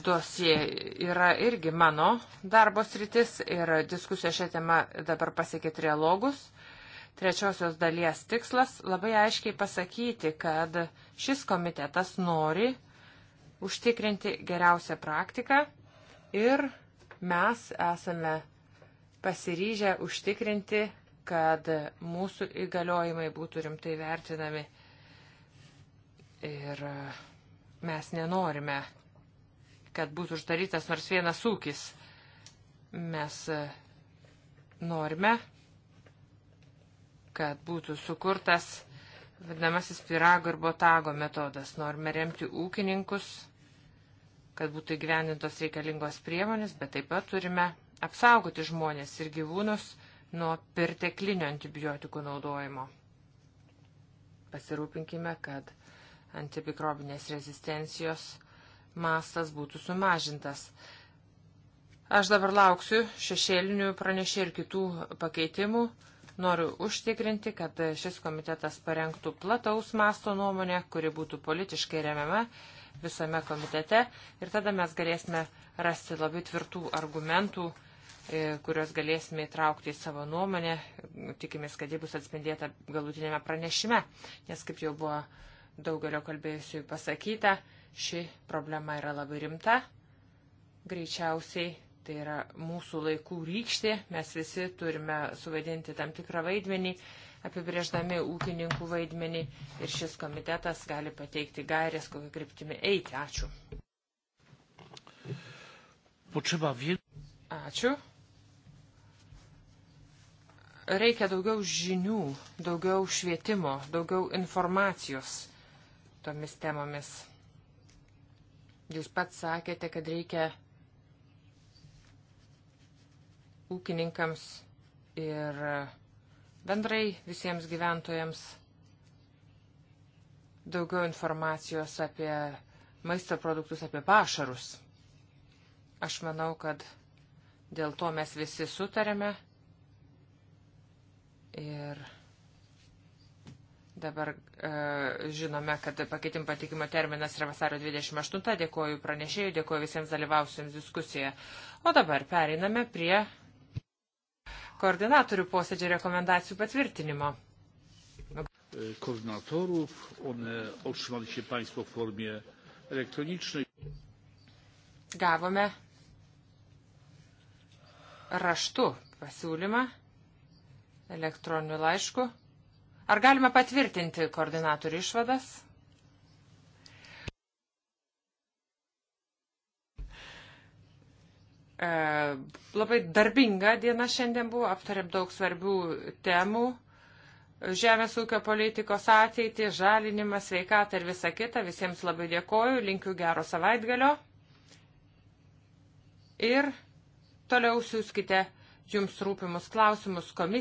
dosie yra irgi mano darbo sritis ir diskusija šią temą dabar pasiekė trialogus. Trečiosios dalies tikslas labai aiškiai pasakyti, kad šis komitetas nori užtikrinti geriausią praktiką ir mes esame pasiryžę užtikrinti, kad mūsų įgaliojimai būtų rimtai vertinami. Ir mes nenorime kad būtų uždarytas nors vienas ūkis. Mes e, norime, kad būtų sukurtas vadinamasis pirago ir botago metodas. Norime remti ūkininkus, kad būtų įgyvendintos reikalingos priemonės, bet taip pat turime apsaugoti žmonės ir gyvūnus nuo perteklinio antibiotikų naudojimo. Pasirūpinkime, kad antimikrobinės rezistencijos mastas būtų sumažintas. Aš dabar lauksiu šešėlinių pranešė ir kitų pakeitimų. Noriu užtikrinti, kad šis komitetas parengtų plataus masto nuomonę, kuri būtų politiškai remiama visame komitete ir tada mes galėsime rasti labai tvirtų argumentų, e, kuriuos galėsime įtraukti į savo nuomonę. Tikimės, kad ji bus atspindėta galutinėme pranešime, nes kaip jau buvo daugelio kalbėjusių pasakyta, Ši problema yra labai rimta. Greičiausiai tai yra mūsų laikų rykštė. Mes visi turime suvaidinti tam tikrą vaidmenį, apibrėždami ūkininkų vaidmenį ir šis komitetas gali pateikti gairės, kokią kryptimį eiti. Ačiū. Ačiū reikia daugiau žinių, daugiau švietimo, daugiau informacijos tomis temomis. Jūs pats sakėte, kad reikia ūkininkams ir bendrai visiems gyventojams daugiau informacijos apie maisto produktus, apie pašarus. Aš manau, kad dėl to mes visi sutarėme ir Dabar e, žinome, kad pakeitim patikimo terminas yra vasario 28. Dėkuoju pranešėjų, dėkuoju visiems dalyvausiems diskusijoje. O dabar pereiname prie koordinatorių posėdžio rekomendacijų patvirtinimo. E, Koordinatorów, one otrzymaliście Państwo w formie elektronicznej. Gavome raštu pasiūlymą elektroniniu laišku Ar galime patvirtinti koordinatorių išvadas? E, labai darbinga diena šiandien buvo, aptarėm daug svarbių temų. Žemės ūkio politikos ateitį, žalinimą, sveikatą ir visą kitą. Visiems labai dėkoju, linkiu gero savaitgalio. Ir toliau siūskite jums rūpimus klausimus komisijai.